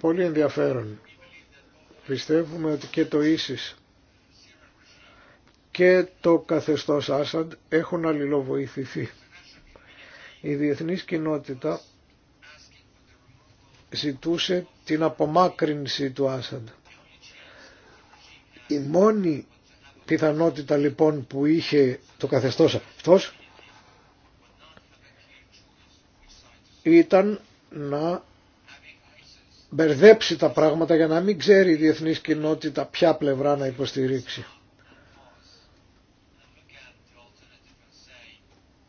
[SPEAKER 2] Πολύ ενδιαφέρον. Πιστεύουμε ότι και το Ίσης και το καθεστώς Άσαντ έχουν αλληλοβοηθηθεί. Η διεθνής κοινότητα ζητούσε την απομάκρυνση του Άσαντ. Η μόνη πιθανότητα λοιπόν που είχε το καθεστώς αυτός ήταν να μπερδέψει τα πράγματα για να μην ξέρει η διεθνής κοινότητα ποια πλευρά να υποστηρίξει.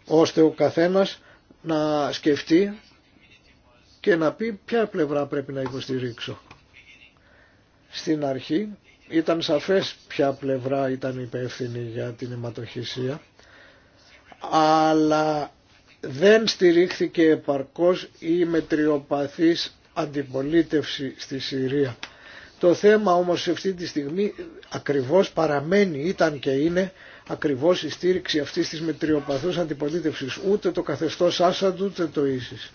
[SPEAKER 2] Ώστε ο καθένας να σκεφτεί και να πει ποια πλευρά πρέπει να υποστηρίξω. Στην αρχή ήταν σαφές ποια πλευρά ήταν υπεύθυνη για την αιματοχυσία, αλλά δεν στηρίχθηκε επαρκώς η μετριοπαθής αντιπολίτευση στη Συρία. Το θέμα όμως αυτή τη στιγμή ακριβώς παραμένει, ήταν και είναι ακριβώς η στήριξη αυτής της μετριοπαθούς αντιπολίτευσης. Ούτε το καθεστώς Άσαντ ούτε το Ίσης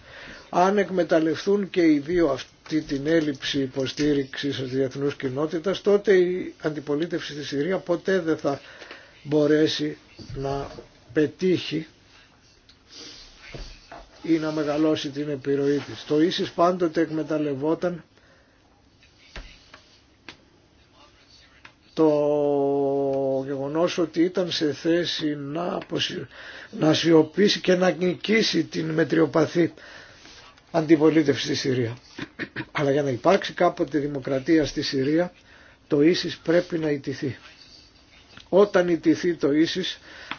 [SPEAKER 2] αν εκμεταλλευτούν και οι δύο αυτή την έλλειψη υποστήριξης τη διεθνούς κοινότητας, τότε η αντιπολίτευση στη Συρία ποτέ δεν θα μπορέσει να πετύχει ή να μεγαλώσει την επιρροή της. Το ίσως πάντοτε εκμεταλλευόταν το γεγονός ότι ήταν σε θέση να, να σιωπήσει και να νικήσει την μετριοπαθή αντιπολίτευση στη Συρία. Αλλά για να υπάρξει κάποτε δημοκρατία στη Συρία το ίσις πρέπει να ιτηθεί. Όταν ιτηθεί το ίσις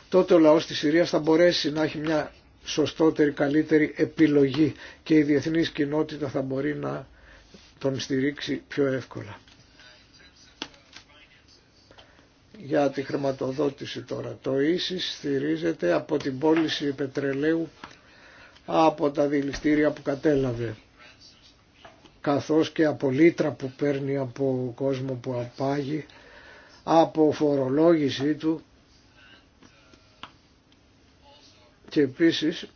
[SPEAKER 2] τότε ο λαός της Συρίας θα μπορέσει να έχει μια σωστότερη, καλύτερη επιλογή και η διεθνής κοινότητα θα μπορεί να τον στηρίξει πιο εύκολα. Για τη χρηματοδότηση τώρα. Το ίσις στηρίζεται από την πώληση πετρελαίου από τα δηληστήρια που κατέλαβε καθώς και από λίτρα που παίρνει από κόσμο που απάγει, από φορολόγησή του και επίσης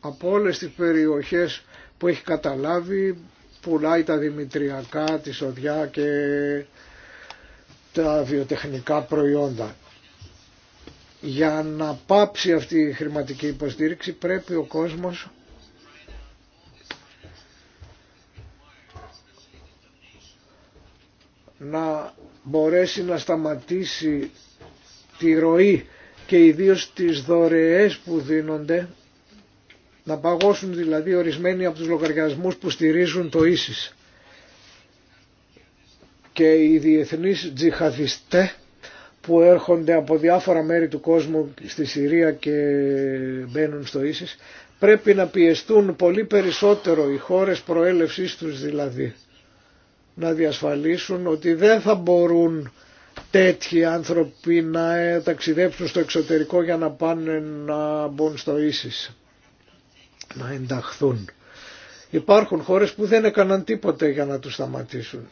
[SPEAKER 2] από όλες τις περιοχές που έχει καταλάβει πουλάει τα δημητριακά, τη σοδιά και τα βιοτεχνικά προϊόντα για να πάψει αυτή η χρηματική υποστήριξη πρέπει ο κόσμος να μπορέσει να σταματήσει τη ροή και ιδίως τις δωρεές που δίνονται να παγώσουν δηλαδή ορισμένοι από τους λογαριασμούς που στηρίζουν το ίσις και οι διεθνείς τζιχαδιστές που έρχονται από διάφορα μέρη του κόσμου στη Συρία και μπαίνουν στο ίσις πρέπει να πιεστούν πολύ περισσότερο οι χώρες προέλευσής τους δηλαδή να διασφαλίσουν ότι δεν θα μπορούν τέτοιοι άνθρωποι να ε, ταξιδέψουν στο εξωτερικό για να πάνε να μπουν στο ίσις να ενταχθούν. Υπάρχουν χώρες που δεν έκαναν τίποτε για να τους σταματήσουν.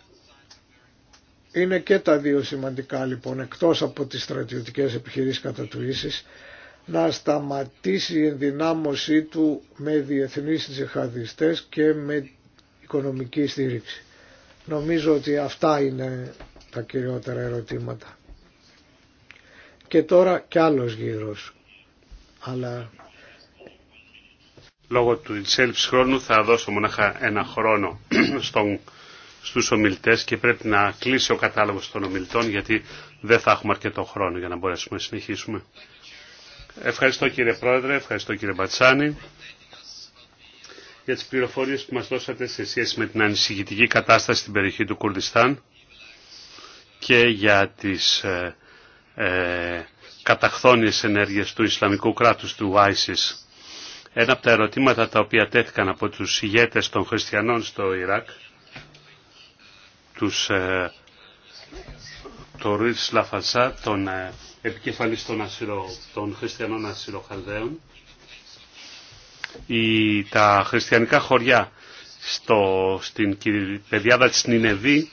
[SPEAKER 2] Είναι και τα δύο σημαντικά λοιπόν, εκτός από τις στρατιωτικές επιχειρήσεις κατά του να σταματήσει η ενδυνάμωσή του με διεθνείς τζεχαδιστές και με οικονομική στήριξη. Νομίζω ότι αυτά είναι τα κυριότερα ερωτήματα. Και τώρα κι άλλος γύρος. Αλλά...
[SPEAKER 1] Λόγω του εισέλιψης χρόνου θα δώσω μονάχα ένα χρόνο <clears throat> στον στους ομιλητές και πρέπει να κλείσει ο κατάλογος των ομιλητών γιατί δεν θα έχουμε αρκετό χρόνο για να μπορέσουμε να συνεχίσουμε. Ευχαριστώ κύριε Πρόεδρε, ευχαριστώ κύριε Μπατσάνη για τις πληροφορίες που μας δώσατε σε σχέση με την ανησυχητική κατάσταση στην περιοχή του Κουρδιστάν και για τις ε, ε, ενέργειες του Ισλαμικού κράτους, του ISIS. Ένα από τα ερωτήματα τα οποία τέθηκαν από τους ηγέτες των χριστιανών στο Ιράκ τους ε, το Ρίτς Λαφασά, τον ε, επικεφαλής των, χριστιανών ασυλοχαλδαίων. Η, τα χριστιανικά χωριά στο, στην πεδιάδα της Νινεβή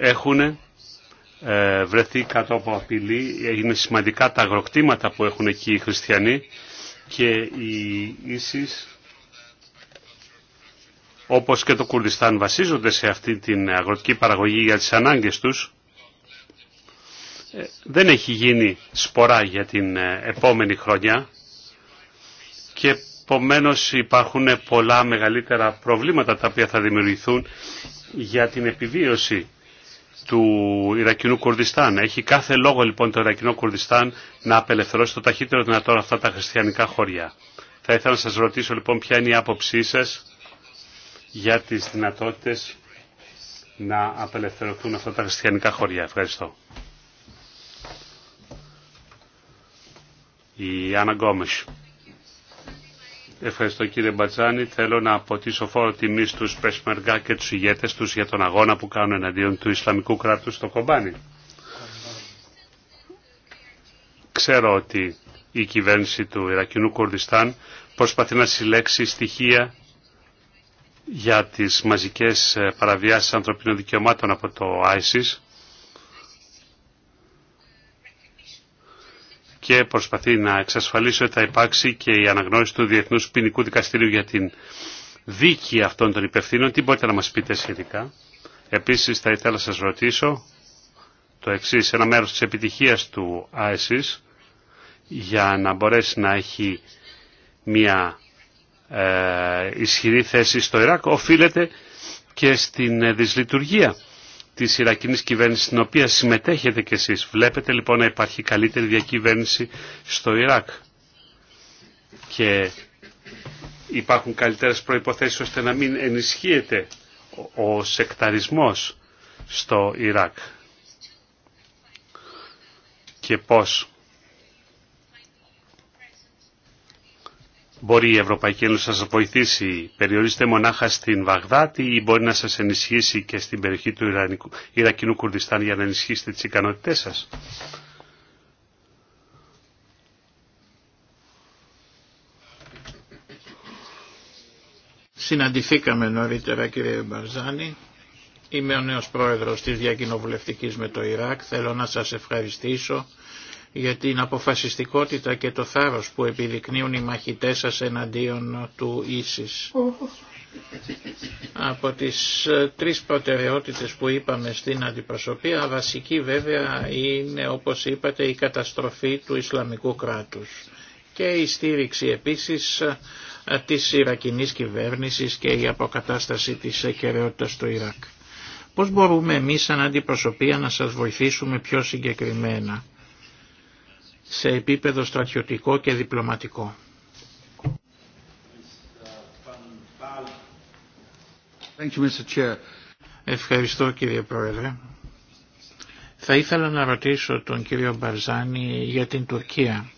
[SPEAKER 1] έχουν ε, βρεθεί κάτω από απειλή. Είναι σημαντικά τα αγροκτήματα που έχουν εκεί οι χριστιανοί και οι ίσης όπως και το Κουρδιστάν βασίζονται σε αυτή την αγροτική παραγωγή για τις ανάγκες τους, ε, δεν έχει γίνει σπορά για την ε, επόμενη χρονιά και επομένω υπάρχουν πολλά μεγαλύτερα προβλήματα τα οποία θα δημιουργηθούν για την επιβίωση του Ιρακινού Κουρδιστάν. Έχει κάθε λόγο λοιπόν το Ιρακινό Κουρδιστάν να απελευθερώσει το ταχύτερο δυνατόν αυτά τα χριστιανικά χωριά. Θα ήθελα να σας ρωτήσω λοιπόν ποια είναι η άποψή σας για τις δυνατότητες να απελευθερωθούν αυτά τα χριστιανικά χωριά. Ευχαριστώ. Η Άννα Γκόμες. Ευχαριστώ κύριε Μπατζάνη. Θέλω να αποτίσω φόρο τιμή στους Πεσμεργά και τους ηγέτες τους για τον αγώνα που κάνουν εναντίον του Ισλαμικού κράτους στο Κομπάνι. Ξέρω ότι η κυβέρνηση του Ιρακινού Κουρδιστάν προσπαθεί να συλλέξει στοιχεία για τις μαζικές ε, παραβιάσεις ανθρωπίνων δικαιωμάτων από το ISIS και προσπαθεί να εξασφαλίσει ότι θα υπάρξει και η αναγνώριση του Διεθνούς Ποινικού Δικαστηρίου για την δίκη αυτών των υπευθύνων. Τι μπορείτε να μας πείτε σχετικά. Επίσης θα ήθελα να σας ρωτήσω το εξής, ένα μέρος της επιτυχίας του ISIS για να μπορέσει να έχει μια ε, ισχυρή θέση στο Ιράκ οφείλεται και στην ε, δυσλειτουργία της Ιρακινής κυβέρνησης στην οποία συμμετέχετε κι εσείς. Βλέπετε λοιπόν να υπάρχει καλύτερη διακυβέρνηση στο Ιράκ και υπάρχουν καλύτερες προϋποθέσεις ώστε να μην ενισχύεται ο σεκταρισμός στο Ιράκ και πώς Μπορεί η Ευρωπαϊκή Ένωση να σας βοηθήσει, περιορίστε μονάχα στην Βαγδάτη ή μπορεί να σας ενισχύσει και στην περιοχή του Ιρανικού, Ιρακινού Κουρδιστάν για να ενισχύσετε τις ικανότητές σας.
[SPEAKER 4] Συναντηθήκαμε νωρίτερα κύριε Μπαρζάνη. Είμαι ο νέος πρόεδρος της Διακοινοβουλευτικής με το Ιράκ. Θέλω να σας ευχαριστήσω για την αποφασιστικότητα και το θάρρος που επιδεικνύουν οι μαχητές σας εναντίον του Ίσης. Από τις ε, τρεις προτεραιότητες που είπαμε στην αντιπροσωπεία, βασική βέβαια είναι όπως είπατε η καταστροφή του Ισλαμικού κράτους και η στήριξη επίσης ε, της Ιρακινής κυβέρνησης και η αποκατάσταση της κεραιότητας του Ιράκ. Πώς μπορούμε εμείς σαν αντιπροσωπεία να σας βοηθήσουμε πιο συγκεκριμένα σε επίπεδο στρατιωτικό και διπλωματικό. Ευχαριστώ κύριε Πρόεδρε. Θα ήθελα να ρωτήσω τον κύριο Μπαρζάνη για την Τουρκία.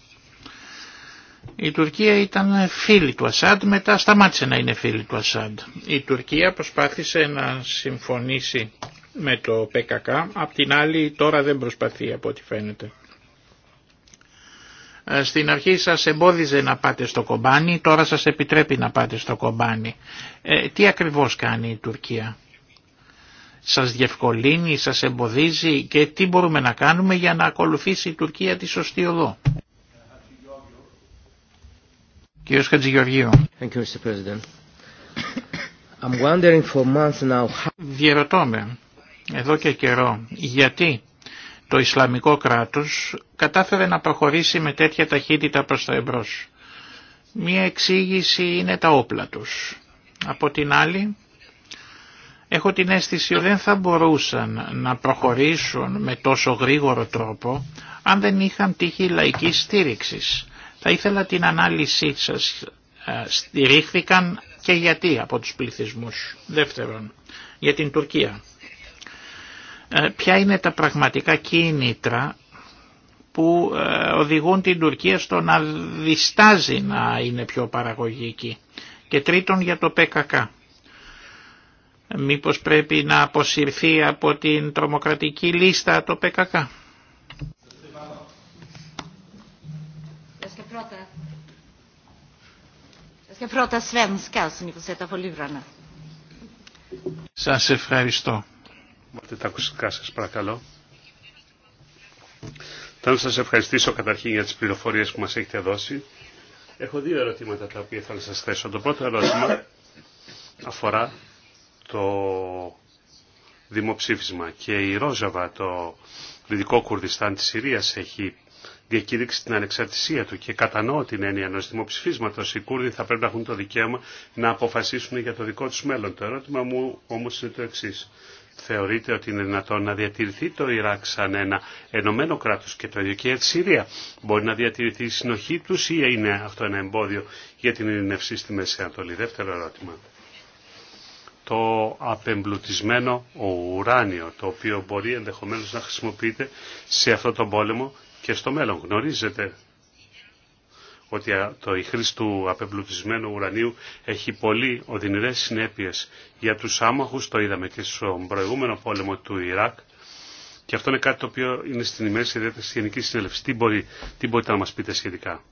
[SPEAKER 4] Η Τουρκία ήταν φίλη του Ασάντ, μετά σταμάτησε να είναι φίλη του Ασάντ. Η Τουρκία προσπάθησε να συμφωνήσει με το ΠΚΚ, απ' την άλλη τώρα δεν προσπαθεί από ό,τι φαίνεται. Ε, στην αρχή σας εμπόδιζε να πάτε στο κομπάνι, τώρα σας επιτρέπει να πάτε στο κομπάνι. Ε, τι ακριβώς κάνει η Τουρκία. Σας διευκολύνει, σας εμποδίζει και τι μπορούμε να κάνουμε για να ακολουθήσει η Τουρκία τη σωστή οδό.
[SPEAKER 3] Κύριος Χατζηγεωργίου.
[SPEAKER 4] Διερωτώ με, εδώ και καιρό, γιατί το Ισλαμικό κράτος κατάφερε να προχωρήσει με τέτοια ταχύτητα προς το εμπρός. Μία εξήγηση είναι τα όπλα τους. Από την άλλη, έχω την αίσθηση ότι δεν θα μπορούσαν να προχωρήσουν με τόσο γρήγορο τρόπο αν δεν είχαν τύχη λαϊκή στήριξης. Θα ήθελα την ανάλυση σας. Ε, στηρίχθηκαν και γιατί από τους πληθυσμούς. Δεύτερον, για την Τουρκία. Ε, ποια είναι τα πραγματικά κίνητρα που ε, οδηγούν την Τουρκία στο να διστάζει να είναι πιο παραγωγική. Και τρίτον για το ΠΚΚ. Μήπως πρέπει να αποσυρθεί από την τρομοκρατική λίστα το ΠΚΚ.
[SPEAKER 1] Σας ευχαριστώ. Μάτε τα ακουστικά σας παρακαλώ. Θέλω να σας ευχαριστήσω καταρχήν για τις πληροφορίες που μας έχετε δώσει. Έχω δύο ερωτήματα τα οποία θα σας θέσω. Το πρώτο ερώτημα αφορά το δημοψήφισμα και η Ρόζαβα, το δυτικό Κουρδιστάν της Συρίας, έχει διακήρυξει την ανεξαρτησία του και κατανοώ την έννοια ενό δημοψήφισματος Οι Κούρδοι θα πρέπει να έχουν το δικαίωμα να αποφασίσουν για το δικό τους μέλλον. Το ερώτημα μου όμω είναι το εξή. Θεωρείτε ότι είναι δυνατόν να διατηρηθεί το Ιράκ σαν ένα ενωμένο κράτος και το ίδιο και η Συρία. Μπορεί να διατηρηθεί η συνοχή τους ή είναι αυτό ένα εμπόδιο για την ειρηνευσή στη Μέση Ανατολή. Δεύτερο ερώτημα. Το απεμπλουτισμένο ουράνιο το οποίο μπορεί ενδεχομένως να χρησιμοποιείται σε αυτό τον πόλεμο και στο μέλλον. Γνωρίζετε ότι το, η χρήση του απεμπλουτισμένου ουρανίου έχει πολύ οδυνηρές συνέπειες για τους άμαχους, το είδαμε και στον προηγούμενο πόλεμο του Ιράκ και αυτό είναι κάτι το οποίο είναι στην ημέρα ιδιαίτερα της Γενικής Συνέλευσης. Τι, μπορεί, τι μπορείτε να μας πείτε σχετικά.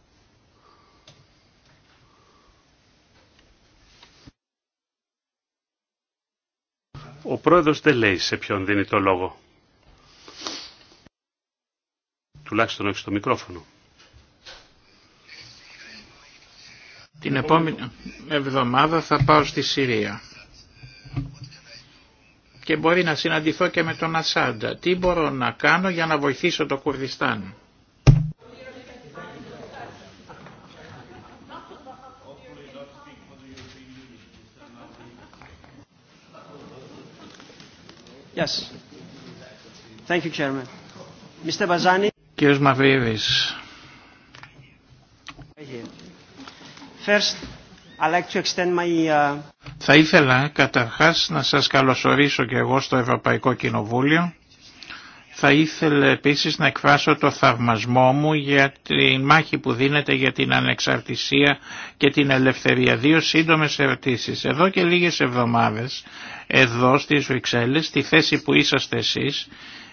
[SPEAKER 1] Ο πρόεδρος δεν λέει σε ποιον δίνει το λόγο. Τουλάχιστον όχι στο μικρόφωνο. Την επόμενη
[SPEAKER 4] εβδομάδα θα πάω στη Συρία και μπορεί να συναντηθώ και με τον Ασάντα. Τι μπορώ να κάνω για να βοηθήσω το Κουρδιστάν.
[SPEAKER 5] Yes. Thank you, Chairman. Mr.
[SPEAKER 4] Bazani. Κύριος Μαυρίδης,
[SPEAKER 3] First, uh,
[SPEAKER 4] Θα ήθελα καταρχάς να σας καλωσορίσω και εγώ στο Ευρωπαϊκό Κοινοβούλιο. Θα ήθελα επίσης να εκφράσω το θαυμασμό μου για τη μάχη που δίνεται για την ανεξαρτησία και την ελευθερία. Δύο σύντομες ερωτήσεις. Εδώ και λίγες εβδομάδες, εδώ στις Βρυξέλλες, στη θέση που είσαστε εσείς,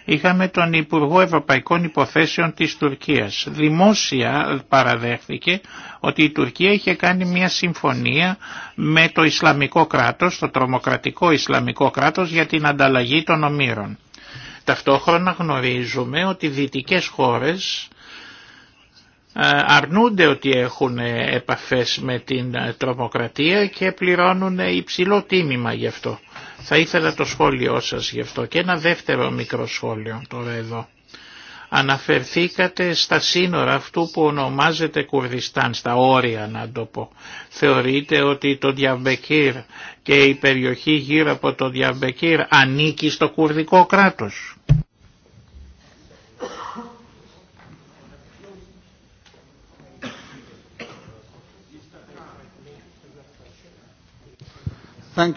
[SPEAKER 4] είχαμε τον Υπουργό Ευρωπαϊκών Υποθέσεων της Τουρκίας. Δημόσια παραδέχθηκε ότι η Τουρκία είχε κάνει μια συμφωνία με το Ισλαμικό κράτος, το τρομοκρατικό Ισλαμικό κράτος για την ανταλλαγή των ομήρων. Ταυτόχρονα γνωρίζουμε ότι δυτικές χώρες ε, αρνούνται ότι έχουν επαφές με την τρομοκρατία και πληρώνουν υψηλό τίμημα γι' αυτό. Θα ήθελα το σχόλιο σας γι' αυτό και ένα δεύτερο μικρό σχόλιο τώρα εδώ. Αναφερθήκατε στα σύνορα αυτού που ονομάζεται Κουρδιστάν, στα όρια να το πω. Θεωρείτε ότι το Διαμπεκύρ και η περιοχή γύρω από το Διαμπεκύρ ανήκει στο κουρδικό κράτος. Uh,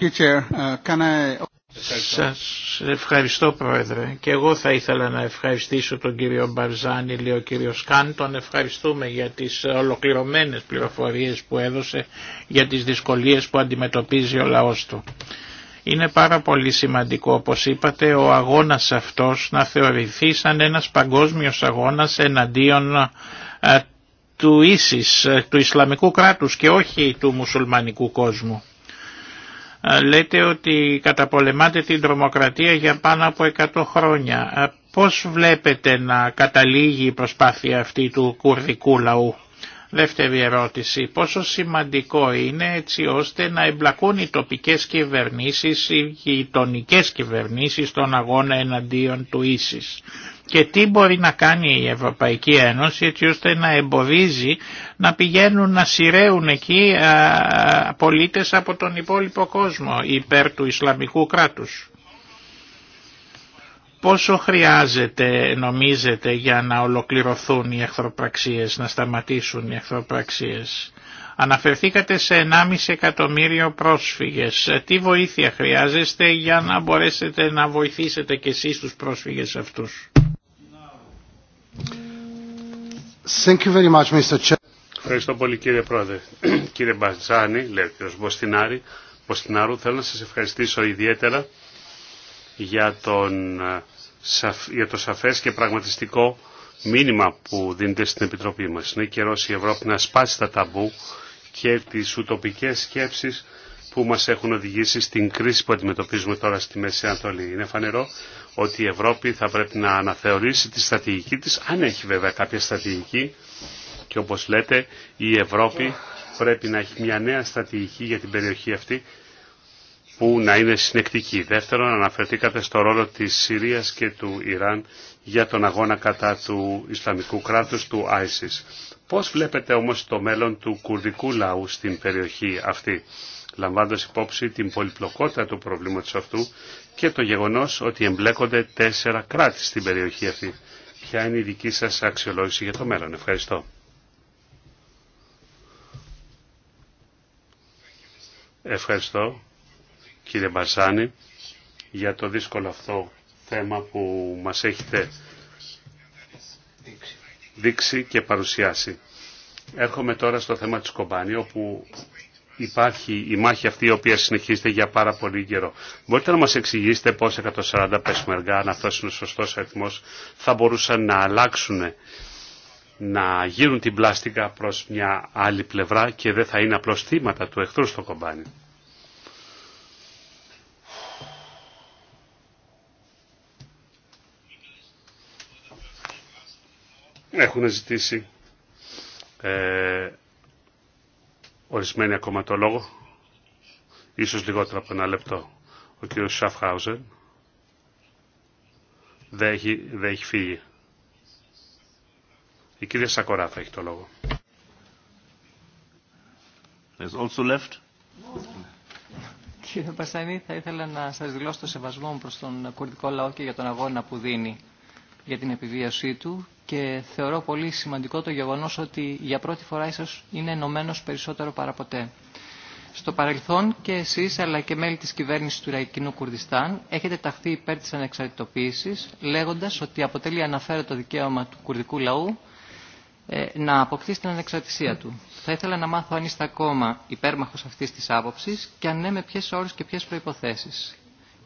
[SPEAKER 4] Σας ευχαριστώ Πρόεδρε και εγώ θα ήθελα να ευχαριστήσω τον κύριο Μπαρζάνη, ή ο κύριο Σκάν τον ευχαριστούμε για τις ολοκληρωμένες πληροφορίες που έδωσε για τις δυσκολίες που αντιμετωπίζει ο λαός του. Είναι πάρα πολύ σημαντικό όπως είπατε ο αγώνας αυτός να θεωρηθεί σαν ένας παγκόσμιος αγώνας εναντίον του ίσης, ε, του Ισλαμικού κράτους και όχι του μουσουλμανικού κόσμου λέτε ότι καταπολεμάτε την τρομοκρατία για πάνω από 100 χρόνια. Πώς βλέπετε να καταλήγει η προσπάθεια αυτή του κουρδικού λαού. Δεύτερη ερώτηση. Πόσο σημαντικό είναι έτσι ώστε να εμπλακούν οι τοπικές κυβερνήσεις, οι γειτονικέ κυβερνήσεις στον αγώνα εναντίον του ίσης και τι μπορεί να κάνει η Ευρωπαϊκή Ένωση έτσι ώστε να εμποδίζει να πηγαίνουν να σειραίουν εκεί α, πολίτες από τον υπόλοιπο κόσμο υπέρ του Ισλαμικού κράτους. Πόσο χρειάζεται νομίζετε για να ολοκληρωθούν οι εχθροπραξίες, να σταματήσουν οι εχθροπραξίες. Αναφερθήκατε σε 1,5 εκατομμύριο πρόσφυγες. Ε, τι βοήθεια χρειάζεστε για να μπορέσετε να βοηθήσετε και εσείς τους πρόσφυγες αυτούς.
[SPEAKER 2] Thank
[SPEAKER 1] Ευχαριστώ πολύ κύριε Πρόεδρε. <clears throat> κύριε Μπατζάνη, λέει ο κύριος Μποστινάρη, Μποστινάρου, θέλω να σας ευχαριστήσω ιδιαίτερα για, τον, ε, για το σαφές και πραγματιστικό μήνυμα που δίνετε στην Επιτροπή μας. Είναι καιρό η Ευρώπη να σπάσει τα ταμπού και τις ουτοπικές σκέψεις που μας έχουν οδηγήσει στην κρίση που αντιμετωπίζουμε τώρα στη Μέση Ανατολή. Είναι φανερό ότι η Ευρώπη θα πρέπει να αναθεωρήσει τη στρατηγική της, αν έχει βέβαια κάποια στρατηγική και όπως λέτε η Ευρώπη πρέπει να έχει μια νέα στρατηγική για την περιοχή αυτή που να είναι συνεκτική. Δεύτερον, αναφερθήκατε στο ρόλο της Συρίας και του Ιράν για τον αγώνα κατά του Ισλαμικού κράτους του ISIS. Πώς βλέπετε όμως το μέλλον του κουρδικού λαού στην περιοχή αυτή, λαμβάνοντας υπόψη την πολυπλοκότητα του προβλήματος αυτού και το γεγονός ότι εμπλέκονται τέσσερα κράτη στην περιοχή αυτή. Ποια είναι η δική σας αξιολόγηση για το μέλλον. Ευχαριστώ. Ευχαριστώ κύριε Μπαρζάνη για το δύσκολο αυτό θέμα που μας έχετε δείξει και παρουσιάσει. Έρχομαι τώρα στο θέμα της Κομπάνη, όπου υπάρχει η μάχη αυτή η οποία συνεχίζεται για πάρα πολύ καιρό. Μπορείτε να μας εξηγήσετε πώς 140 πεσμεργά, αν αυτός είναι ο σωστός αριθμός, θα μπορούσαν να αλλάξουν, να γίνουν την πλάστικα προς μια άλλη πλευρά και δεν θα είναι απλώς θύματα του εχθρού στο κομπάνι. Έχουν ζητήσει ε, Ορισμένοι ακόμα το λόγο. Ίσως λιγότερο από ένα λεπτό. Ο κύριος Σαφχάουζεν δεν έχει, φύγει. Η κυρία Σακορά θα έχει το λόγο.
[SPEAKER 3] Κύριε Πασανή, θα ήθελα να σας δηλώσω το σεβασμό μου προς τον κουρδικό λαό και για τον αγώνα που δίνει για την επιβίωσή του και θεωρώ πολύ σημαντικό το γεγονός ότι για πρώτη φορά ίσως είναι ενωμένο περισσότερο παραποτέ. Στο παρελθόν και εσείς αλλά και μέλη της κυβέρνησης του Ιρακινού Κουρδιστάν έχετε ταχθεί υπέρ της ανεξαρτητοποίησης λέγοντας ότι αποτελεί το δικαίωμα του κουρδικού λαού ε, να αποκτήσει την ανεξαρτησία του. Θα ήθελα να μάθω αν είστε ακόμα υπέρμαχος αυτής της άποψης και αν ναι με ποιες όρους και ποιες προϋποθέσεις.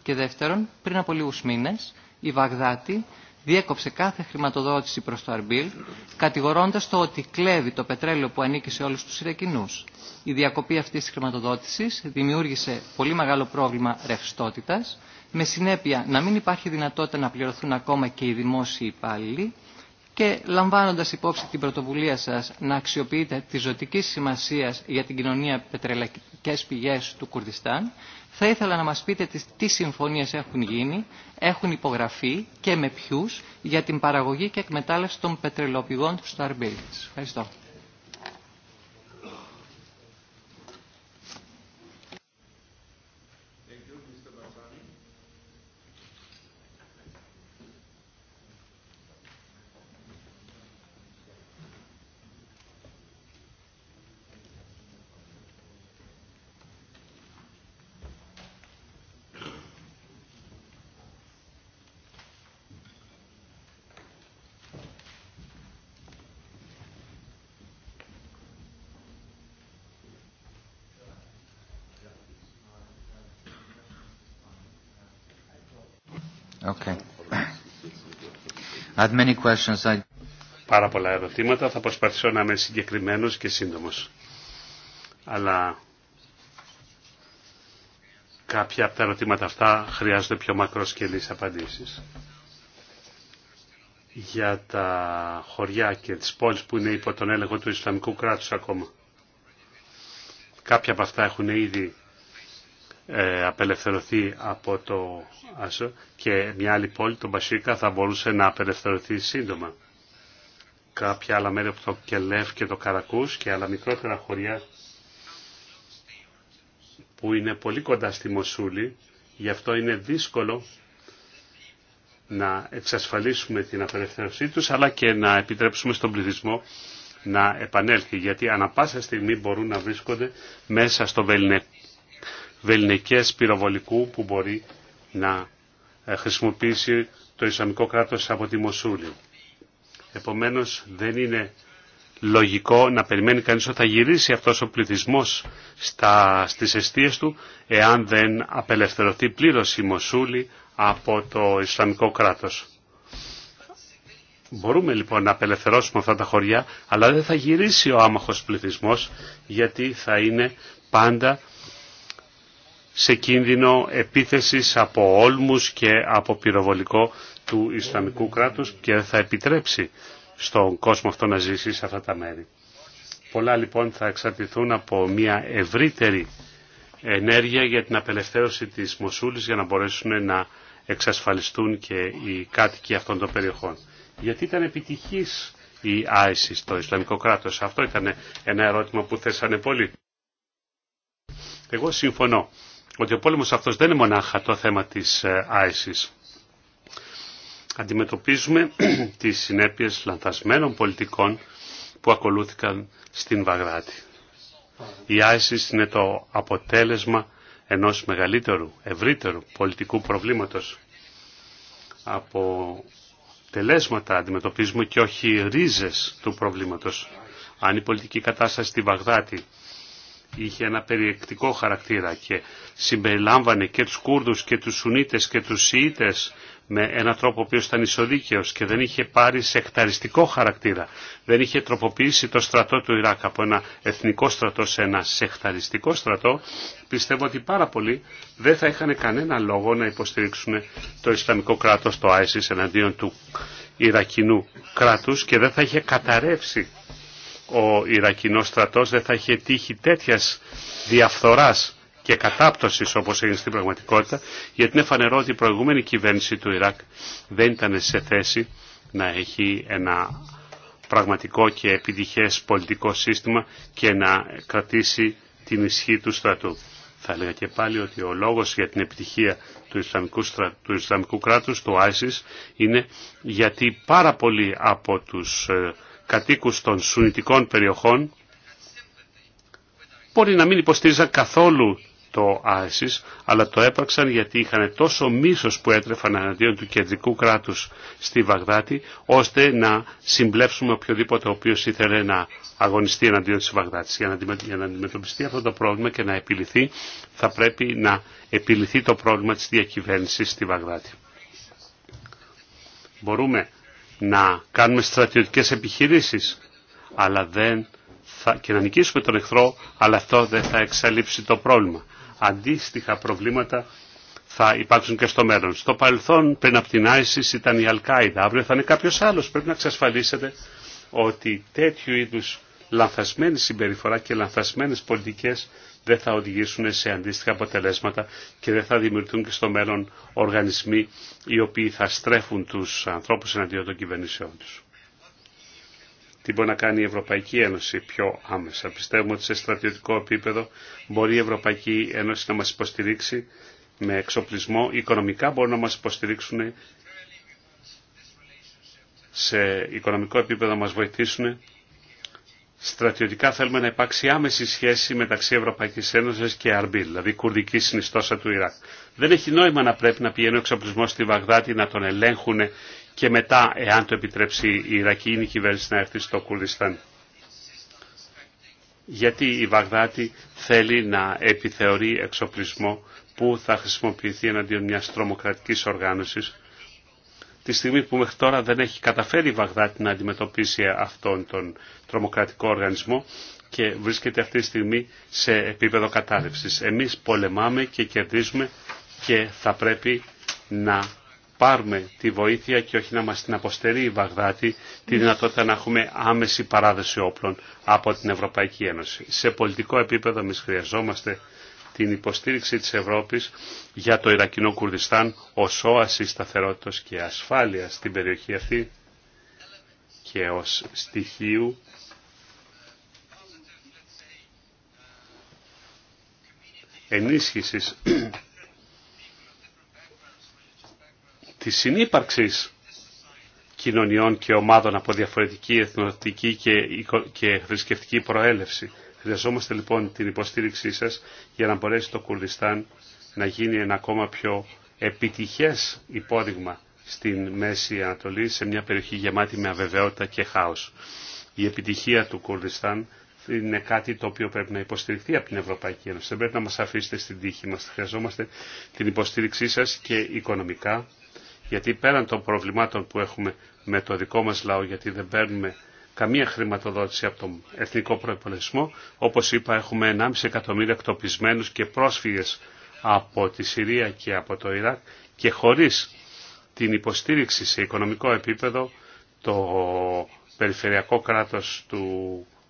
[SPEAKER 3] Και δεύτερον, πριν από λίγους μήνες, η Βαγδάτη διέκοψε κάθε χρηματοδότηση προς το Αρμπίλ, κατηγορώντας το ότι κλέβει το πετρέλαιο που ανήκει σε όλους τους Ιρακινούς. Η διακοπή αυτής της χρηματοδότησης δημιούργησε πολύ μεγάλο πρόβλημα ρευστότητας, με συνέπεια να μην υπάρχει δυνατότητα να πληρωθούν ακόμα και οι δημόσιοι υπάλληλοι και λαμβάνοντας υπόψη την πρωτοβουλία σας να αξιοποιείτε τη ζωτική σημασία για την κοινωνία πετρελαϊκές πηγές του Κουρδιστάν, θα ήθελα να μας πείτε τι συμφωνίες έχουν γίνει, έχουν υπογραφεί και με ποιους για την παραγωγή και εκμετάλλευση των πετρελοπηγών του Αρμπίλης. Ευχαριστώ.
[SPEAKER 1] Πάρα πολλά ερωτήματα. Θα προσπαθήσω να είμαι συγκεκριμένο και σύντομο. Αλλά κάποια από τα ερωτήματα αυτά χρειάζονται πιο μακροσκελείς απαντήσεις. Για τα χωριά και τις πόλεις που είναι υπό τον έλεγχο του Ισλαμικού κράτους ακόμα. Κάποια από αυτά έχουν ήδη ε, απελευθερωθεί από το Άσο και μια άλλη πόλη, το Μπασίκα, θα μπορούσε να απελευθερωθεί σύντομα. Κάποια άλλα μέρη από το Κελεύ και το Καρακούς και άλλα μικρότερα χωριά που είναι πολύ κοντά στη Μοσούλη, γι' αυτό είναι δύσκολο να εξασφαλίσουμε την απελευθέρωσή τους, αλλά και να επιτρέψουμε στον πληθυσμό να επανέλθει, γιατί ανα πάσα στιγμή μπορούν να βρίσκονται μέσα στο βεληνικές πυροβολικού που μπορεί να ε, χρησιμοποιήσει το Ισλαμικό κράτος από τη Μοσούλη. Επομένως δεν είναι λογικό να περιμένει κανείς ότι θα γυρίσει αυτός ο πληθυσμός στα, στις αιστείες του εάν δεν απελευθερωθεί πλήρως η Μοσούλη από το Ισλαμικό κράτος. Μπορούμε λοιπόν να απελευθερώσουμε αυτά τα χωριά αλλά δεν θα γυρίσει ο άμαχος πληθυσμός γιατί θα είναι πάντα σε κίνδυνο επίθεσης από όλμους και από πυροβολικό του Ισλαμικού κράτους και θα επιτρέψει στον κόσμο αυτό να ζήσει σε αυτά τα μέρη. Πολλά λοιπόν θα εξαρτηθούν από μια ευρύτερη ενέργεια για την απελευθέρωση της Μοσούλης για να μπορέσουν να εξασφαλιστούν και οι κάτοικοι αυτών των περιοχών. Γιατί ήταν επιτυχής η ΆΕΣΙ στο Ισλαμικό κράτος. Αυτό ήταν ένα ερώτημα που θέσανε πολύ. Εγώ συμφωνώ ότι ο πόλεμος αυτός δεν είναι μονάχα το θέμα της ISIS. Ε, αντιμετωπίζουμε <clears throat> τις συνέπειες λανθασμένων πολιτικών που ακολούθηκαν στην Βαγράτη. Η ISIS είναι το αποτέλεσμα ενός μεγαλύτερου, ευρύτερου πολιτικού προβλήματος. Από τελέσματα αντιμετωπίζουμε και όχι ρίζες του προβλήματος. Αν η πολιτική κατάσταση στη Βαγδάτη είχε ένα περιεκτικό χαρακτήρα και συμπεριλάμβανε και τους Κούρδους και τους Σουνίτες και τους Σιήτες με έναν τρόπο ο οποίος ήταν ισοδίκαιος και δεν είχε πάρει σεκταριστικό χαρακτήρα. Δεν είχε τροποποιήσει το στρατό του Ιράκ από ένα εθνικό στρατό σε ένα σεκταριστικό στρατό. Πιστεύω ότι πάρα πολλοί δεν θα είχαν κανένα λόγο να υποστηρίξουν το Ισλαμικό κράτος, το ISIS εναντίον του Ιρακινού κράτους και δεν θα είχε καταρρεύσει ο Ιρακινός στρατός δεν θα είχε τύχει τέτοιας διαφθοράς και κατάπτωσης όπως έγινε στην πραγματικότητα, γιατί είναι φανερό ότι η προηγούμενη κυβέρνηση του Ιράκ δεν ήταν σε θέση να έχει ένα πραγματικό και επιτυχές πολιτικό σύστημα και να κρατήσει την ισχύ του στρατού. Θα έλεγα και πάλι ότι ο λόγος για την επιτυχία του Ισλαμικού, στρα... του Ισλαμικού κράτους, του ISIS, είναι γιατί πάρα πολλοί από τους ε, κατοίκους των σουνητικών περιοχών μπορεί να μην υποστήριζαν καθόλου το ΆΕΣΙΣ, αλλά το έπραξαν γιατί είχαν τόσο μίσος που έτρεφαν εναντίον του κεντρικού κράτους στη Βαγδάτη, ώστε να συμπλέψουμε οποιοδήποτε ο οποίος ήθελε να αγωνιστεί εναντίον της Βαγδάτης. Για να αντιμετωπιστεί αυτό το πρόβλημα και να επιληθεί, θα πρέπει να επιληθεί το πρόβλημα της διακυβέρνησης στη Βαγδάτη. Μπορούμε να κάνουμε στρατιωτικές επιχειρήσεις αλλά δεν θα, και να νικήσουμε τον εχθρό, αλλά αυτό δεν θα εξαλείψει το πρόβλημα. Αντίστοιχα προβλήματα θα υπάρξουν και στο μέλλον. Στο παρελθόν, πριν από την ISIS ήταν η Αλκάιδα, αύριο θα είναι κάποιος άλλος. Πρέπει να εξασφαλίσετε ότι τέτοιου είδους λανθασμένη συμπεριφορά και λανθασμένες πολιτικές δεν θα οδηγήσουν σε αντίστοιχα αποτελέσματα και δεν θα δημιουργηθούν και στο μέλλον οργανισμοί οι οποίοι θα στρέφουν τους ανθρώπους εναντίον των κυβερνήσεών τους. Τι μπορεί να κάνει η Ευρωπαϊκή Ένωση πιο άμεσα. Πιστεύουμε ότι σε στρατιωτικό επίπεδο μπορεί η Ευρωπαϊκή Ένωση να μας υποστηρίξει με εξοπλισμό. Οικονομικά μπορούν να μας υποστηρίξουν σε οικονομικό επίπεδο να μας βοηθήσουν στρατιωτικά θέλουμε να υπάρξει άμεση σχέση μεταξύ Ευρωπαϊκή Ένωση και Αρμπίλ, δηλαδή κουρδική συνιστόσα του Ιράκ. Δεν έχει νόημα να πρέπει να πηγαίνει ο εξοπλισμό στη Βαγδάτη να τον ελέγχουν και μετά, εάν το επιτρέψει η Ιρακίνη κυβέρνηση να έρθει στο Κουρδιστάν. Γιατί η Βαγδάτη θέλει να επιθεωρεί εξοπλισμό που θα χρησιμοποιηθεί εναντίον μια τρομοκρατικής οργάνωση τη στιγμή που μέχρι τώρα δεν έχει καταφέρει η Βαγδάτη να αντιμετωπίσει αυτόν τον τρομοκρατικό οργανισμό και βρίσκεται αυτή τη στιγμή σε επίπεδο κατάρρευσης. Εμείς πολεμάμε και κερδίζουμε και θα πρέπει να πάρουμε τη βοήθεια και όχι να μας την αποστερεί η Βαγδάτη τη δυνατότητα να έχουμε άμεση παράδοση όπλων από την Ευρωπαϊκή Ένωση. Σε πολιτικό επίπεδο εμεί χρειαζόμαστε την υποστήριξη της Ευρώπης για το Ιρακινό Κουρδιστάν ως όαση σταθερότητας και ασφάλειας στην περιοχή αυτή και ως στοιχείου ενίσχυσης της συνύπαρξης κοινωνιών και ομάδων από διαφορετική εθνοτική και θρησκευτική προέλευση. Χρειαζόμαστε λοιπόν την υποστήριξή σας για να μπορέσει το Κουρδιστάν να γίνει ένα ακόμα πιο επιτυχές υπόδειγμα στην Μέση Ανατολή, σε μια περιοχή γεμάτη με αβεβαιότητα και χάος. Η επιτυχία του Κουρδιστάν είναι κάτι το οποίο πρέπει να υποστηριχθεί από την Ευρωπαϊκή Ένωση. Δεν πρέπει να μας αφήσετε στην τύχη μας. Χρειαζόμαστε την υποστήριξή σας και οικονομικά, γιατί πέραν των προβλημάτων που έχουμε με το δικό μας λαό, γιατί δεν παίρνουμε καμία χρηματοδότηση από τον εθνικό προπολογισμό. Όπως είπα έχουμε 1,5 εκατομμύρια εκτοπισμένους και πρόσφυγες από τη Συρία και από το Ιράκ και χωρίς την υποστήριξη σε οικονομικό επίπεδο το περιφερειακό κράτος του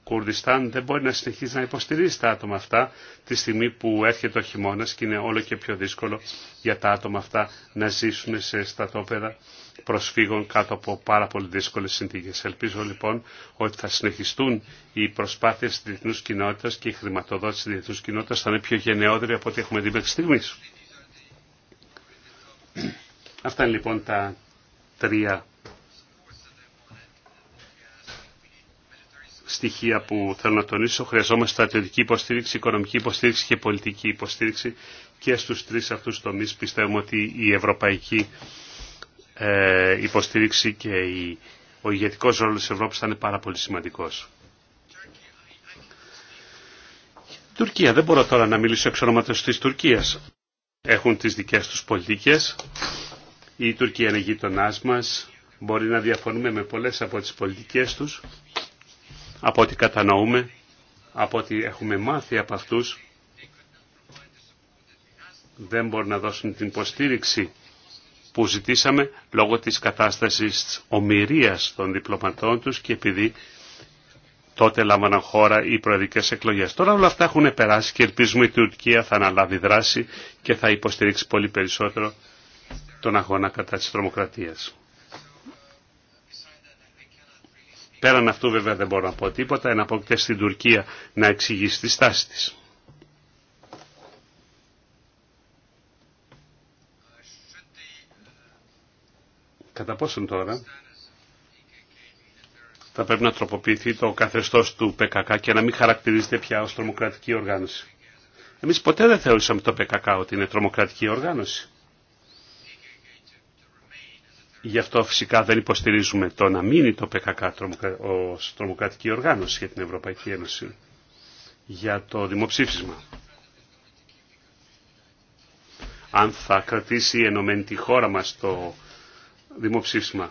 [SPEAKER 1] Κουρδιστάν δεν μπορεί να συνεχίσει να υποστηρίζει τα άτομα αυτά τη στιγμή που έρχεται ο χειμώνα και είναι όλο και πιο δύσκολο για τα άτομα αυτά να ζήσουν σε στατόπεδα προσφύγων κάτω από πάρα πολύ δύσκολες συνθήκες. Ελπίζω λοιπόν ότι θα συνεχιστούν οι προσπάθειες της διεθνού κοινότητας και η χρηματοδότηση της διεθνού κοινότητας θα είναι πιο γενναιόδορη από ό,τι έχουμε δει μέχρι στιγμής. Αυτά είναι λοιπόν τα τρία στοιχεία που θέλω να τονίσω. Χρειαζόμαστε στρατιωτική υποστήριξη, οικονομική υποστήριξη και πολιτική υποστήριξη και στους τρεις αυτούς τομείς πιστεύουμε ότι η Ευρωπαϊκή ε, υποστήριξη και ο ηγετικός ρόλος της Ευρώπη θα είναι πάρα πολύ σημαντικός. Τουρκία, δεν μπορώ τώρα να μιλήσω εξ ονόματος της Τουρκίας. Έχουν τις δικές τους πολιτικές. Η Τουρκία είναι γείτονά μα. Μπορεί να διαφωνούμε με πολλές από τις πολιτικές τους, από ό,τι κατανοούμε, από ό,τι έχουμε μάθει από αυτούς. Δεν μπορούν να δώσουν την υποστήριξη που ζητήσαμε λόγω της κατάστασης ομοιρίας των διπλωματών τους και επειδή τότε λάμβαναν χώρα οι προεδρικές εκλογές. Τώρα όλα αυτά έχουν περάσει και ελπίζουμε ότι η Τουρκία θα αναλάβει δράση και θα υποστηρίξει πολύ περισσότερο τον αγώνα κατά της τρομοκρατίας. Πέραν αυτού βέβαια δεν μπορώ να πω τίποτα, εναπόκειται στην Τουρκία να εξηγήσει τη στάση της. Κατά πόσον τώρα θα πρέπει να τροποποιηθεί το καθεστώς του ΠΚΚ και να μην χαρακτηρίζεται πια ως τρομοκρατική οργάνωση. Εμείς ποτέ δεν θεωρούσαμε το ΠΚΚ ότι είναι τρομοκρατική οργάνωση. Γι' αυτό φυσικά δεν υποστηρίζουμε το να μείνει το ΠΚΚ ως τρομοκρατική οργάνωση για την Ευρωπαϊκή Ένωση για το δημοψήφισμα. Αν θα κρατήσει ενωμένη τη χώρα μας το δημοψήφισμα.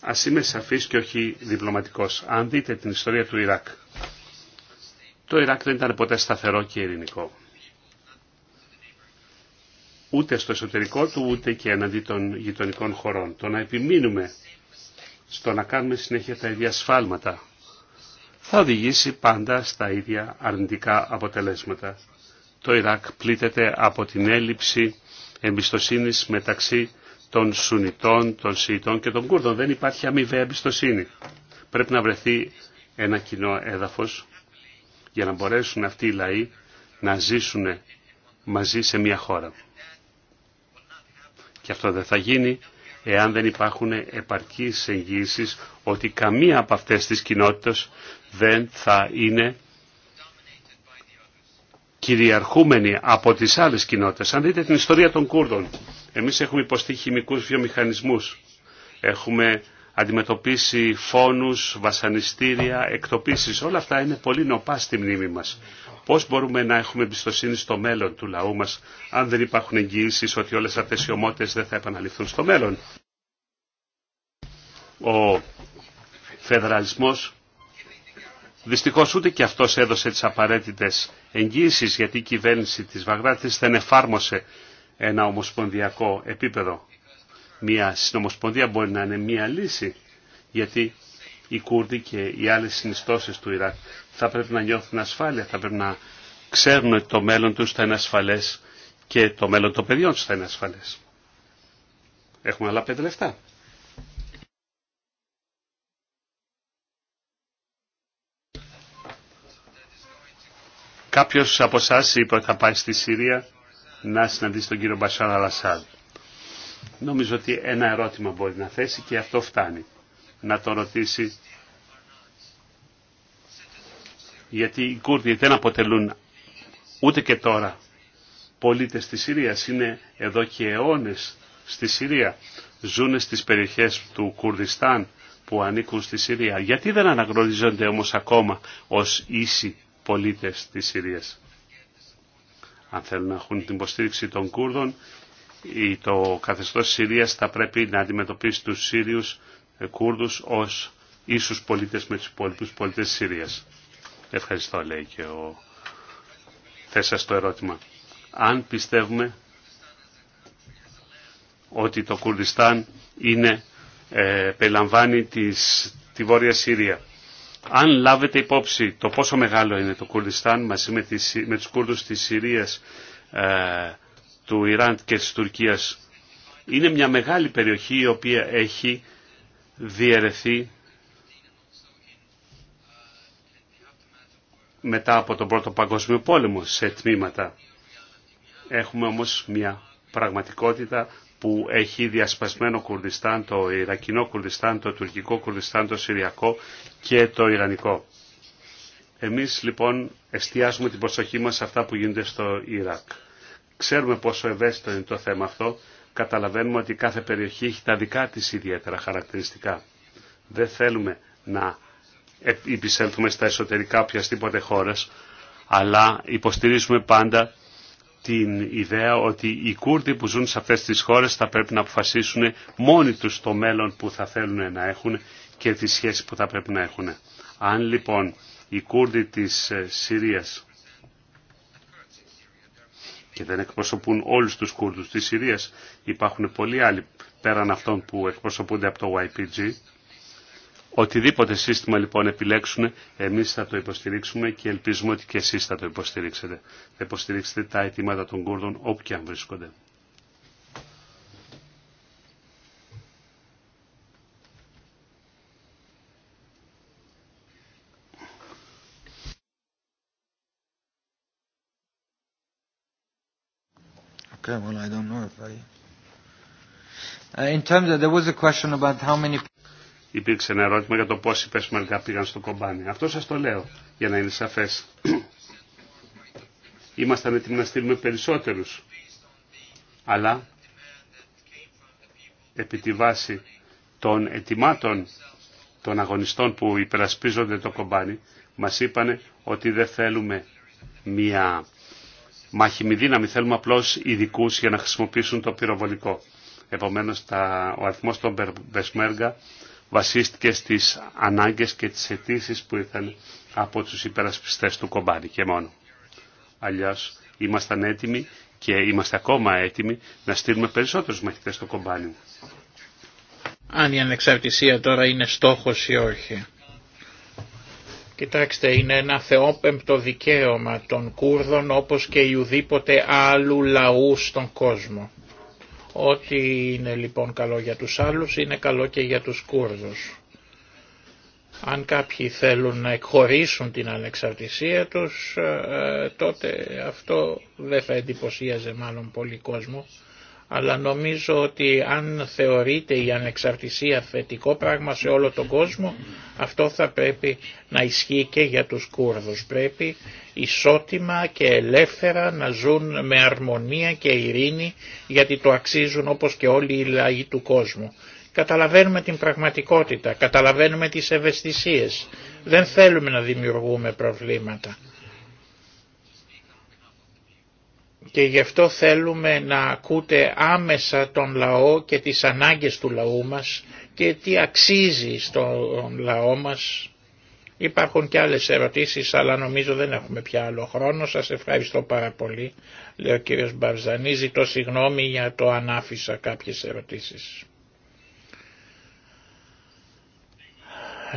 [SPEAKER 1] Α είμαι σαφή και όχι διπλωματικό. Αν δείτε την ιστορία του Ιράκ, το Ιράκ δεν ήταν ποτέ σταθερό και ειρηνικό. Ούτε στο εσωτερικό του, ούτε και εναντί των γειτονικών χωρών. Το να επιμείνουμε στο να κάνουμε συνέχεια τα ίδια σφάλματα θα οδηγήσει πάντα στα ίδια αρνητικά αποτελέσματα. Το Ιράκ πλήττεται από την έλλειψη εμπιστοσύνης μεταξύ των Σουνιτών, των Σιητών και των Κούρδων. Δεν υπάρχει αμοιβαία εμπιστοσύνη. Πρέπει να βρεθεί ένα κοινό έδαφος για να μπορέσουν αυτοί οι λαοί να ζήσουν μαζί σε μια χώρα. Και αυτό δεν θα γίνει εάν δεν υπάρχουν επαρκείς εγγύησεις ότι καμία από αυτές τις κοινότητες δεν θα είναι κυριαρχούμενη από τις άλλες κοινότητες. Αν δείτε την ιστορία των Κούρδων, εμείς έχουμε υποστεί χημικούς βιομηχανισμούς. Έχουμε αντιμετωπίσει φόνους, βασανιστήρια, εκτοπίσεις. Όλα αυτά είναι πολύ νοπά στη μνήμη μας. Πώς μπορούμε να έχουμε εμπιστοσύνη στο μέλλον του λαού μας, αν δεν υπάρχουν εγγυήσεις ότι όλες αυτές οι ομότητες δεν θα επαναληφθούν στο μέλλον. Ο φεδραλισμός δυστυχώ ούτε και αυτό έδωσε τι απαραίτητε εγγύησει, γιατί η κυβέρνηση τη Βαγράτης δεν εφάρμοσε ένα ομοσπονδιακό επίπεδο. Μια συνομοσπονδία μπορεί να είναι μια λύση, γιατί οι Κούρδοι και οι άλλες συνιστώσεις του Ιράκ θα πρέπει να νιώθουν ασφάλεια, θα πρέπει να ξέρουν ότι το μέλλον τους θα είναι ασφαλές και το μέλλον των παιδιών τους θα είναι ασφαλές. Έχουμε άλλα πέντε λεφτά. Κάποιος από εσάς είπε ότι θα πάει στη Συρία να συναντήσει τον κύριο Μπασάρα Λασάδ. Νομίζω ότι ένα ερώτημα μπορεί να θέσει και αυτό φτάνει. Να το ρωτήσει γιατί οι Κούρδοι δεν αποτελούν ούτε και τώρα πολίτες της Συρίας. Είναι εδώ και αιώνες στη Συρία. Ζούνε στις περιοχές του Κουρδιστάν που ανήκουν στη Συρία. Γιατί δεν αναγνωρίζονται όμως ακόμα ως ίσοι πολίτες της Συρίας αν θέλουν να έχουν την υποστήριξη των Κούρδων, το καθεστώς της Συρίας θα πρέπει να αντιμετωπίσει τους Σύριους ε, Κούρδους ως ίσους πολίτες με τους υπόλοιπους πολίτες της Συρίας. Ευχαριστώ, λέει και ο θέσα το ερώτημα. Αν πιστεύουμε ότι το Κουρδιστάν είναι, ε, περιλαμβάνει τη Βόρεια Συρία. Αν λάβετε υπόψη το πόσο μεγάλο είναι το Κουρδιστάν μαζί με, τη, με τους Κούρδους της Συρίας, ε, του Ιράν και της Τουρκίας, είναι μια μεγάλη περιοχή η οποία έχει διαιρεθεί μετά από τον Πρώτο Παγκόσμιο Πόλεμο σε τμήματα. Έχουμε όμως μια πραγματικότητα που έχει διασπασμένο Κουρδιστάν, το Ιρακινό Κουρδιστάν, το Τουρκικό Κουρδιστάν, το Συριακό και το Ιρανικό. Εμείς λοιπόν εστιάζουμε την προσοχή μας σε αυτά που γίνονται στο Ιράκ. Ξέρουμε πόσο ευαίσθητο είναι το θέμα αυτό. Καταλαβαίνουμε ότι κάθε περιοχή έχει τα δικά της ιδιαίτερα χαρακτηριστικά. Δεν θέλουμε να επισέλθουμε στα εσωτερικά οποιασδήποτε χώρας, αλλά υποστηρίζουμε πάντα την ιδέα ότι οι Κούρδοι που ζουν σε αυτές τις χώρες θα πρέπει να αποφασίσουν μόνοι τους το μέλλον που θα θέλουν να έχουν και τη σχέση που θα πρέπει να έχουν. Αν λοιπόν οι Κούρδοι της ε, Συρίας και δεν εκπροσωπούν όλους τους Κούρδους της Συρίας, υπάρχουν πολλοί άλλοι πέραν αυτών που εκπροσωπούνται από το YPG, Οτιδήποτε σύστημα λοιπόν επιλέξουν, εμείς θα το υποστηρίξουμε και ελπίζουμε ότι και εσείς θα το υποστηρίξετε. Θα υποστηρίξετε τα αιτήματα των Κούρδων όπου και αν βρίσκονται.
[SPEAKER 3] Okay, well, I don't know if
[SPEAKER 1] uh, In terms of, there was a question about how many υπήρξε ένα ερώτημα για το οι πεσμαλικά πήγαν στο κομπάνι. Αυτό σας το λέω για να είναι σαφές. Ήμασταν <clears throat> έτοιμοι να στείλουμε περισσότερους. Αλλά επί τη βάση των ετοιμάτων των αγωνιστών που υπερασπίζονται το κομπάνι, μας είπανε ότι δεν θέλουμε μία μάχημη δύναμη, θέλουμε απλώς ειδικού για να χρησιμοποιήσουν το πυροβολικό. Επομένως ο αριθμός των Πεσμέργα βασίστηκε στις ανάγκες και τις αιτήσει που ήταν από τους υπερασπιστές του κομπάνι και μόνο. Αλλιώς ήμασταν έτοιμοι και είμαστε ακόμα έτοιμοι να στείλουμε περισσότερους μαχητές στο κομπάνι.
[SPEAKER 4] Αν η ανεξαρτησία τώρα είναι στόχος ή όχι. Κοιτάξτε, είναι ένα θεόπεμπτο δικαίωμα των Κούρδων όπως και ουδήποτε άλλου λαού στον κόσμο. Ό,τι είναι λοιπόν καλό για τους άλλους είναι καλό και για τους Κούρδους. Αν κάποιοι θέλουν να εκχωρήσουν την ανεξαρτησία τους, ε, ε, τότε αυτό δεν θα εντυπωσίαζε μάλλον πολύ κόσμο αλλά νομίζω ότι αν θεωρείται η ανεξαρτησία θετικό πράγμα σε όλο τον κόσμο, αυτό θα πρέπει να ισχύει και για τους Κούρδους. Πρέπει ισότιμα και ελεύθερα να ζουν με αρμονία και ειρήνη, γιατί το αξίζουν όπως και όλοι οι λαοί του κόσμου. Καταλαβαίνουμε την πραγματικότητα, καταλαβαίνουμε τις ευαισθησίες. Δεν θέλουμε να δημιουργούμε προβλήματα και γι' αυτό θέλουμε να ακούτε άμεσα τον λαό και τις ανάγκες του λαού μας και τι αξίζει στον λαό μας. Υπάρχουν και άλλες ερωτήσεις αλλά νομίζω δεν έχουμε πια άλλο χρόνο. Σας ευχαριστώ πάρα πολύ. Λέω ο κύριος Μπαρζανή ζητώ συγγνώμη για το ανάφησα κάποιες ερωτήσεις.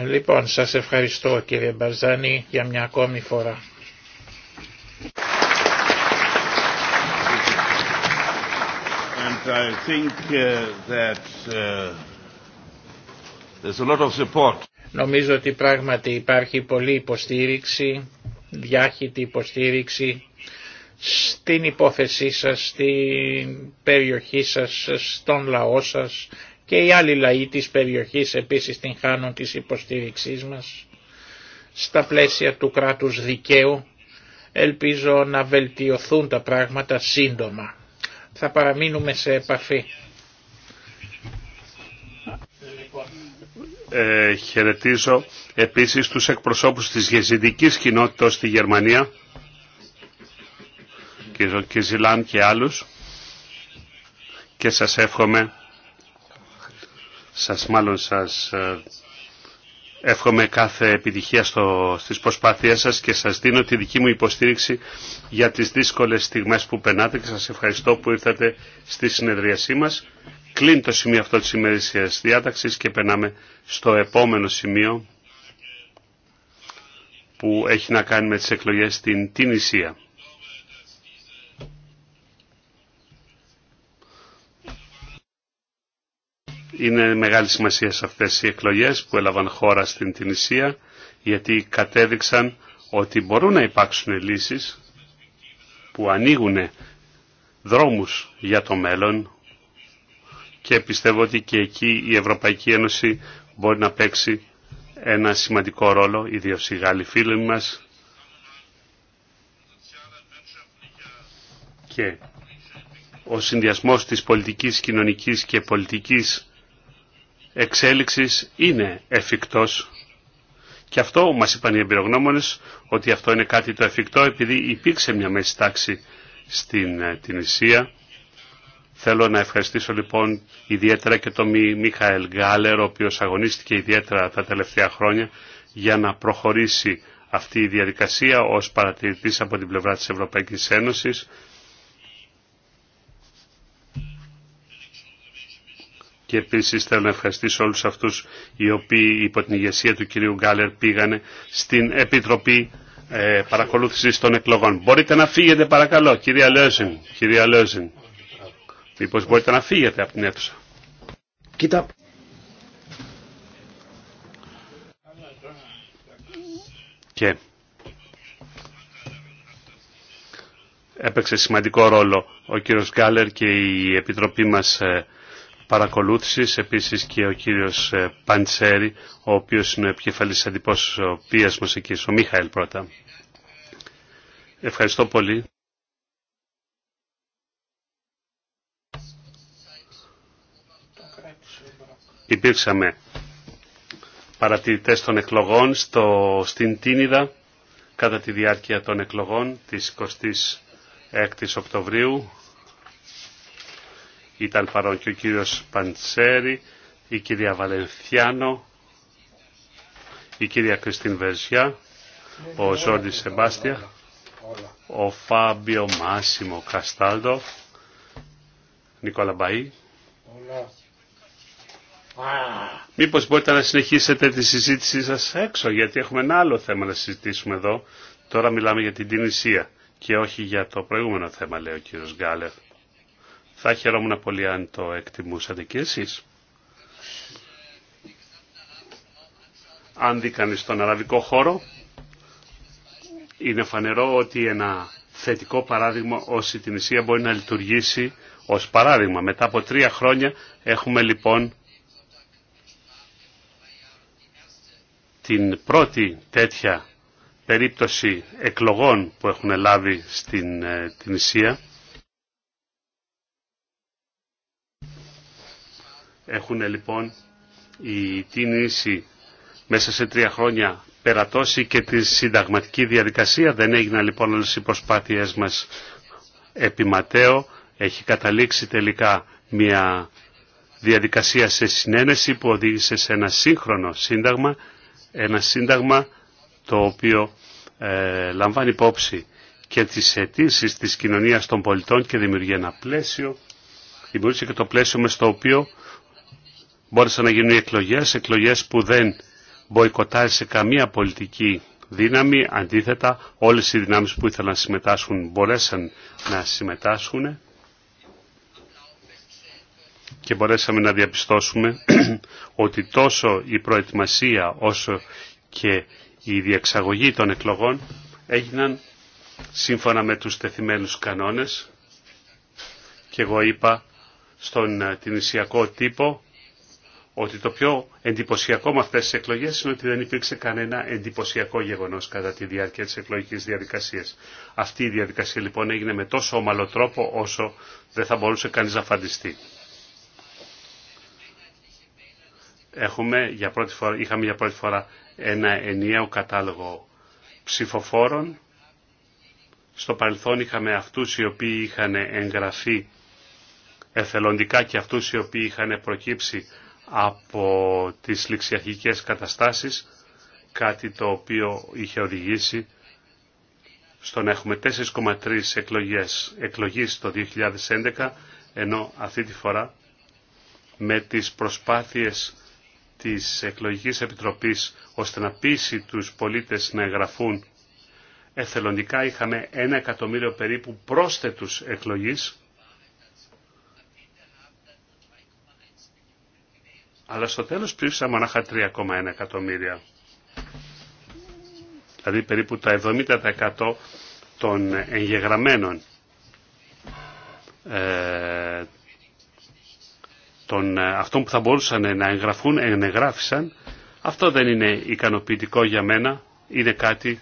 [SPEAKER 4] Λοιπόν, σας ευχαριστώ κύριε Μπαρζανή για μια ακόμη φορά.
[SPEAKER 5] I think uh, that uh, there's Νομίζω
[SPEAKER 4] ότι πράγματι υπάρχει πολύ υποστήριξη, διάχυτη υποστήριξη στην υπόθεσή σας, στην περιοχή σας, στον λαό σας και οι άλλοι λαοί της περιοχής επίσης την χάνουν της υποστήριξής μας στα πλαίσια του κράτους δικαίου. Ελπίζω να βελτιωθούν τα πράγματα σύντομα θα παραμείνουμε σε επαφή.
[SPEAKER 1] Ε, χαιρετίζω επίσης τους εκπροσώπους της γεζιδικής κοινότητας στη Γερμανία και τον Κιζιλάν και άλλους και σας εύχομαι σας μάλλον σας ε, Εύχομαι κάθε επιτυχία στο, στις προσπάθειές σας και σας δίνω τη δική μου υποστήριξη για τις δύσκολες στιγμές που περνάτε και σας ευχαριστώ που ήρθατε στη συνεδρίασή μας. Κλείνει το σημείο αυτό της ημερησίας διάταξης και περνάμε στο επόμενο σημείο που έχει να κάνει με τις εκλογές στην Τινησία. Είναι μεγάλη σημασία σε αυτές οι εκλογές που έλαβαν χώρα στην Τινησία γιατί κατέδειξαν ότι μπορούν να υπάρξουν λύσεις που ανοίγουν δρόμους για το μέλλον και πιστεύω ότι και εκεί η Ευρωπαϊκή Ένωση μπορεί να παίξει ένα σημαντικό ρόλο, ιδίως οι Γάλλοι φίλοι μας και ο συνδυασμός της πολιτικής, κοινωνικής και πολιτικής εξέλιξης είναι εφικτός. Και αυτό μας είπαν οι εμπειρογνώμονες ότι αυτό είναι κάτι το εφικτό επειδή υπήρξε μια μέση τάξη στην ε, την Ισία. Θέλω να ευχαριστήσω λοιπόν ιδιαίτερα και τον Μιχαελ Γκάλερ, ο οποίος αγωνίστηκε ιδιαίτερα τα τελευταία χρόνια για να προχωρήσει αυτή η διαδικασία ως παρατηρητής από την πλευρά της Ευρωπαϊκής Ένωσης. και επίση θέλω να ευχαριστήσω όλου αυτού οι οποίοι υπό την ηγεσία του κυρίου Γκάλερ πήγανε στην Επιτροπή ε, Παρακολούθησης των Εκλογών. Μπορείτε να φύγετε παρακαλώ, κυρία Λέζιν. Κυρία Μήπως μπορείτε να φύγετε από την αίθουσα. Κοίτα. Και έπαιξε σημαντικό ρόλο ο κύριος Γκάλερ και η Επιτροπή μας ε, Παρακολούθηση επίσης και ο κύριος ε, Παντσέρη, ο οποίος είναι ο επικεφαλής αντιπρόσωπείας μα εκεί, ο Μίχαελ πρώτα. Ευχαριστώ πολύ. Υπήρξαμε παρατηρητές των εκλογών στο, στην Τίνιδα κατά τη διάρκεια των εκλογών της 26ης Οκτωβρίου ήταν παρόν και ο κύριος Παντσέρη, η κυρία Βαλενθιάνο, η κυρία Κριστίν Βερσιά, ο Ζόρντι Σεμπάστια, ο Φάμπιο Μάσιμο Καστάλτο, Νικόλα Μπαΐ. Μήπως μπορείτε να συνεχίσετε τη συζήτησή σας έξω, γιατί έχουμε ένα άλλο θέμα να συζητήσουμε εδώ. Τώρα μιλάμε για την Τινησία και όχι για το προηγούμενο θέμα, λέει ο κύριος Γκάλερ. Θα χαιρόμουν πολύ αν το εκτιμούσατε και εσείς. Αν δει στον αραβικό χώρο, είναι φανερό ότι ένα θετικό παράδειγμα ως η Ισία μπορεί να λειτουργήσει ως παράδειγμα. Μετά από τρία χρόνια έχουμε λοιπόν την πρώτη τέτοια περίπτωση εκλογών που έχουν λάβει στην ε, Τινησία Έχουν λοιπόν η τίνηση μέσα σε τρία χρόνια περατώσει και τη συνταγματική διαδικασία. Δεν έγιναν λοιπόν όλε οι προσπάθειές μας επιματέω. Έχει καταλήξει τελικά μια διαδικασία σε συνένεση που οδήγησε σε ένα σύγχρονο σύνταγμα, ένα σύνταγμα το οποίο ε, λαμβάνει υπόψη και τις αιτήσει της κοινωνίας των πολιτών και δημιουργεί ένα πλαίσιο, δημιουργήσε και το πλαίσιο με στο οποίο Μπόρεσαν να γίνουν εκλογές, εκλογές που δεν μποϊκοτάρισε καμία πολιτική δύναμη, αντίθετα όλες οι δυνάμεις που ήθελαν να συμμετάσχουν μπορέσαν να συμμετάσχουν και μπορέσαμε να διαπιστώσουμε <clears throat> ότι τόσο η προετοιμασία όσο και η διεξαγωγή των εκλογών έγιναν σύμφωνα με τους τεθειμένους κανόνες και εγώ είπα στον ε, τινησιακό τύπο ότι το πιο εντυπωσιακό με αυτές τις εκλογές είναι ότι δεν υπήρξε κανένα εντυπωσιακό γεγονός κατά τη διάρκεια της εκλογικής διαδικασίας. Αυτή η διαδικασία λοιπόν έγινε με τόσο ομαλό τρόπο όσο δεν θα μπορούσε κανείς να φαντιστεί. Έχουμε για πρώτη φορά, είχαμε για πρώτη φορά ένα ενιαίο κατάλογο ψηφοφόρων. Στο παρελθόν είχαμε αυτούς οι οποίοι είχαν εγγραφεί εθελοντικά και αυτούς οι οποίοι είχαν προκύψει από τις ληξιαρχικές καταστάσεις, κάτι το οποίο είχε οδηγήσει στο να έχουμε 4,3 εκλογές, εκλογής το 2011, ενώ αυτή τη φορά με τις προσπάθειες της Εκλογικής Επιτροπής ώστε να πείσει τους πολίτες να εγγραφούν εθελοντικά είχαμε ένα εκατομμύριο περίπου πρόσθετους εκλογής αλλά στο τέλος ψήφισαν μονάχα 3,1 εκατομμύρια. Δηλαδή περίπου τα 70% των εγγεγραμμένων ε, των ε, αυτών που θα μπορούσαν να εγγραφούν, εγγράφησαν. Αυτό δεν είναι ικανοποιητικό για μένα. Είναι κάτι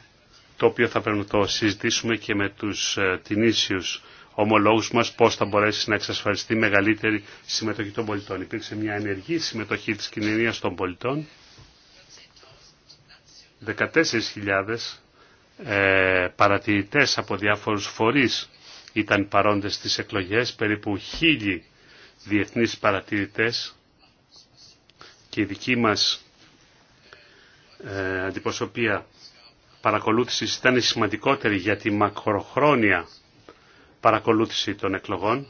[SPEAKER 1] το οποίο θα πρέπει να το συζητήσουμε και με τους ε, τινήσιους ομολόγους μας πώς θα μπορέσει να εξασφαλιστεί μεγαλύτερη συμμετοχή των πολιτών. Υπήρξε μια ενεργή συμμετοχή της κοινωνίας των πολιτών. 14.000 ε, παρατηρητές από διάφορους φορείς ήταν παρόντες στις εκλογές, περίπου χίλιοι διεθνείς παρατηρητές και η δική μας ε, αντιπροσωπεία παρακολούθησης ήταν η σημαντικότερη για τη μακροχρόνια παρακολούθηση των εκλογών.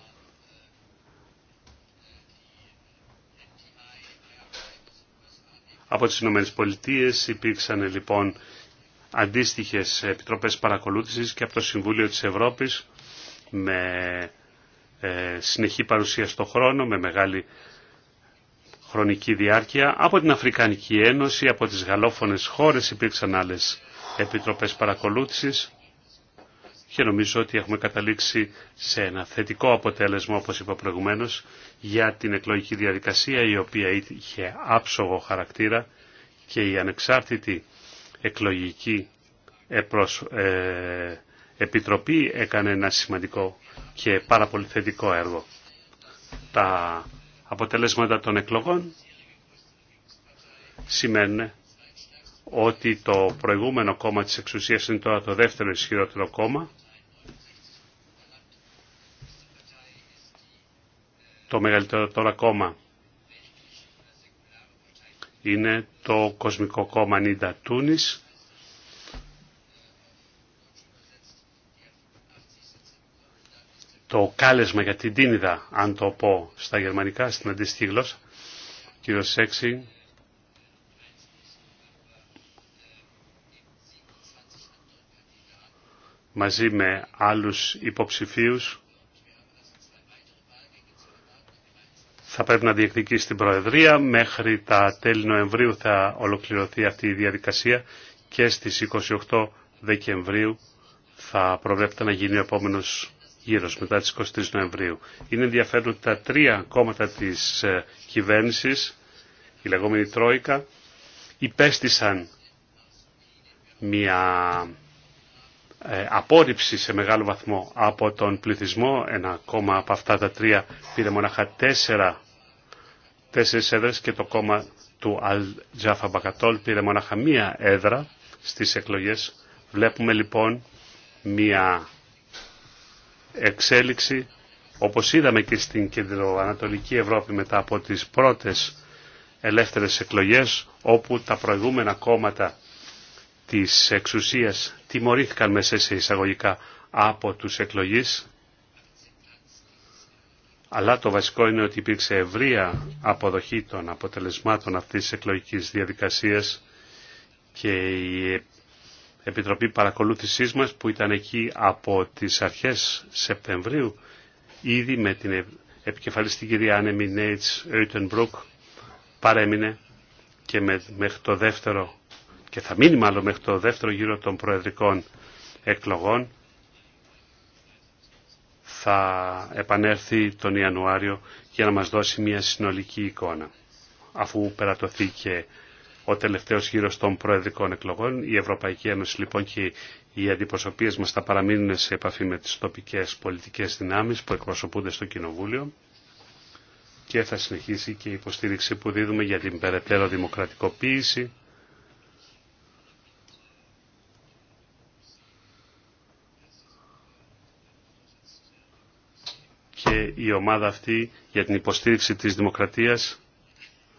[SPEAKER 1] Από τις Ηνωμένες Πολιτείες υπήρξαν λοιπόν αντίστοιχες επιτροπές παρακολούθησης και από το Συμβούλιο της Ευρώπης με ε, συνεχή παρουσία στο χρόνο, με μεγάλη χρονική διάρκεια. Από την Αφρικανική Ένωση, από τις γαλλόφωνες χώρες υπήρξαν άλλες επιτροπές παρακολούθησης και νομίζω ότι έχουμε καταλήξει σε ένα θετικό αποτέλεσμα, όπως είπα προηγουμένως, για την εκλογική διαδικασία η οποία είχε άψογο χαρακτήρα και η ανεξάρτητη εκλογική ε, επιτροπή έκανε ένα σημαντικό και πάρα πολύ θετικό έργο. Τα αποτελέσματα των εκλογών σημαίνουν ότι το προηγούμενο κόμμα της εξουσίας είναι τώρα το δεύτερο ισχυρότερο κόμμα. Το μεγαλύτερο τώρα κόμμα είναι το Κοσμικό Κόμμα Νίντα Τούνης. Το κάλεσμα για την Τίνιδα, αν το πω στα γερμανικά, στην αντίστοιχη γλώσσα, κύριο Σέξι, μαζί με άλλους υποψηφίους θα πρέπει να διεκδικήσει την Προεδρία. Μέχρι τα τέλη Νοεμβρίου θα ολοκληρωθεί αυτή η διαδικασία και στις 28 Δεκεμβρίου θα προβλέπεται να γίνει ο επόμενος γύρος μετά τις 23 Νοεμβρίου. Είναι ενδιαφέρον τα τρία κόμματα της ε, κυβέρνησης, η λεγόμενη Τρόικα, υπέστησαν μια ε, απόρριψη σε μεγάλο βαθμό από τον πληθυσμό. Ένα κόμμα από αυτά τα τρία πήρε μοναχα τέσσερα, τέσσερις έδρες και το κόμμα του Τζάφα Μπακατόλ πήρε μοναχα μία έδρα στις εκλογές. Βλέπουμε λοιπόν μία εξέλιξη όπως είδαμε και στην κεντροανατολική Ευρώπη μετά από τις πρώτες ελεύθερες εκλογές όπου τα προηγούμενα κόμματα της εξουσίας τιμωρήθηκαν μέσα σε εισαγωγικά από τους εκλογείς. Αλλά το βασικό είναι ότι υπήρξε ευρεία αποδοχή των αποτελεσμάτων αυτής της εκλογικής διαδικασίας και η Επιτροπή Παρακολούθησής μας που ήταν εκεί από τις αρχές Σεπτεμβρίου ήδη με την επικεφαλής την κυρία Άνεμι Νέιτς Ρίτενμπρουκ παρέμεινε και με, μέχρι το δεύτερο και θα μείνει μάλλον μέχρι το δεύτερο γύρο των προεδρικών εκλογών θα επανέλθει τον Ιανουάριο για να μας δώσει μια συνολική εικόνα. Αφού περατωθεί και ο τελευταίος γύρος των προεδρικών εκλογών, η Ευρωπαϊκή Ένωση λοιπόν και οι αντιπροσωπείες μας θα παραμείνουν σε επαφή με τις τοπικές πολιτικές δυνάμεις που εκπροσωπούνται στο Κοινοβούλιο και θα συνεχίσει και η υποστήριξη που δίδουμε για την περαιτέρω δημοκρατικοποίηση και η ομάδα αυτή για την υποστήριξη της δημοκρατίας.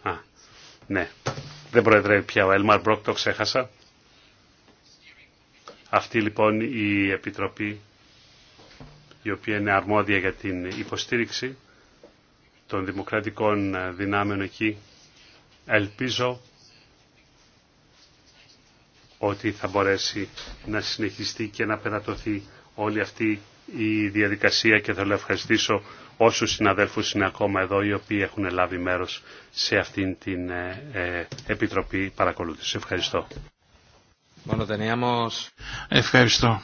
[SPEAKER 1] Α, ναι, δεν προεδρεύει πια ο Έλμαρ Μπρόκ, το ξέχασα. Αυτή λοιπόν η επιτροπή η οποία είναι αρμόδια για την υποστήριξη των δημοκρατικών δυνάμεων εκεί. Ελπίζω ότι θα μπορέσει να συνεχιστεί και να περατωθεί όλη αυτή η διαδικασία και θέλω να ευχαριστήσω όσους συναδέλφους είναι ακόμα εδώ οι οποίοι έχουν λάβει μέρος σε αυτήν την ε, ε, Επιτροπή Παρακολούθησης. Ευχαριστώ.
[SPEAKER 4] Ευχαριστώ.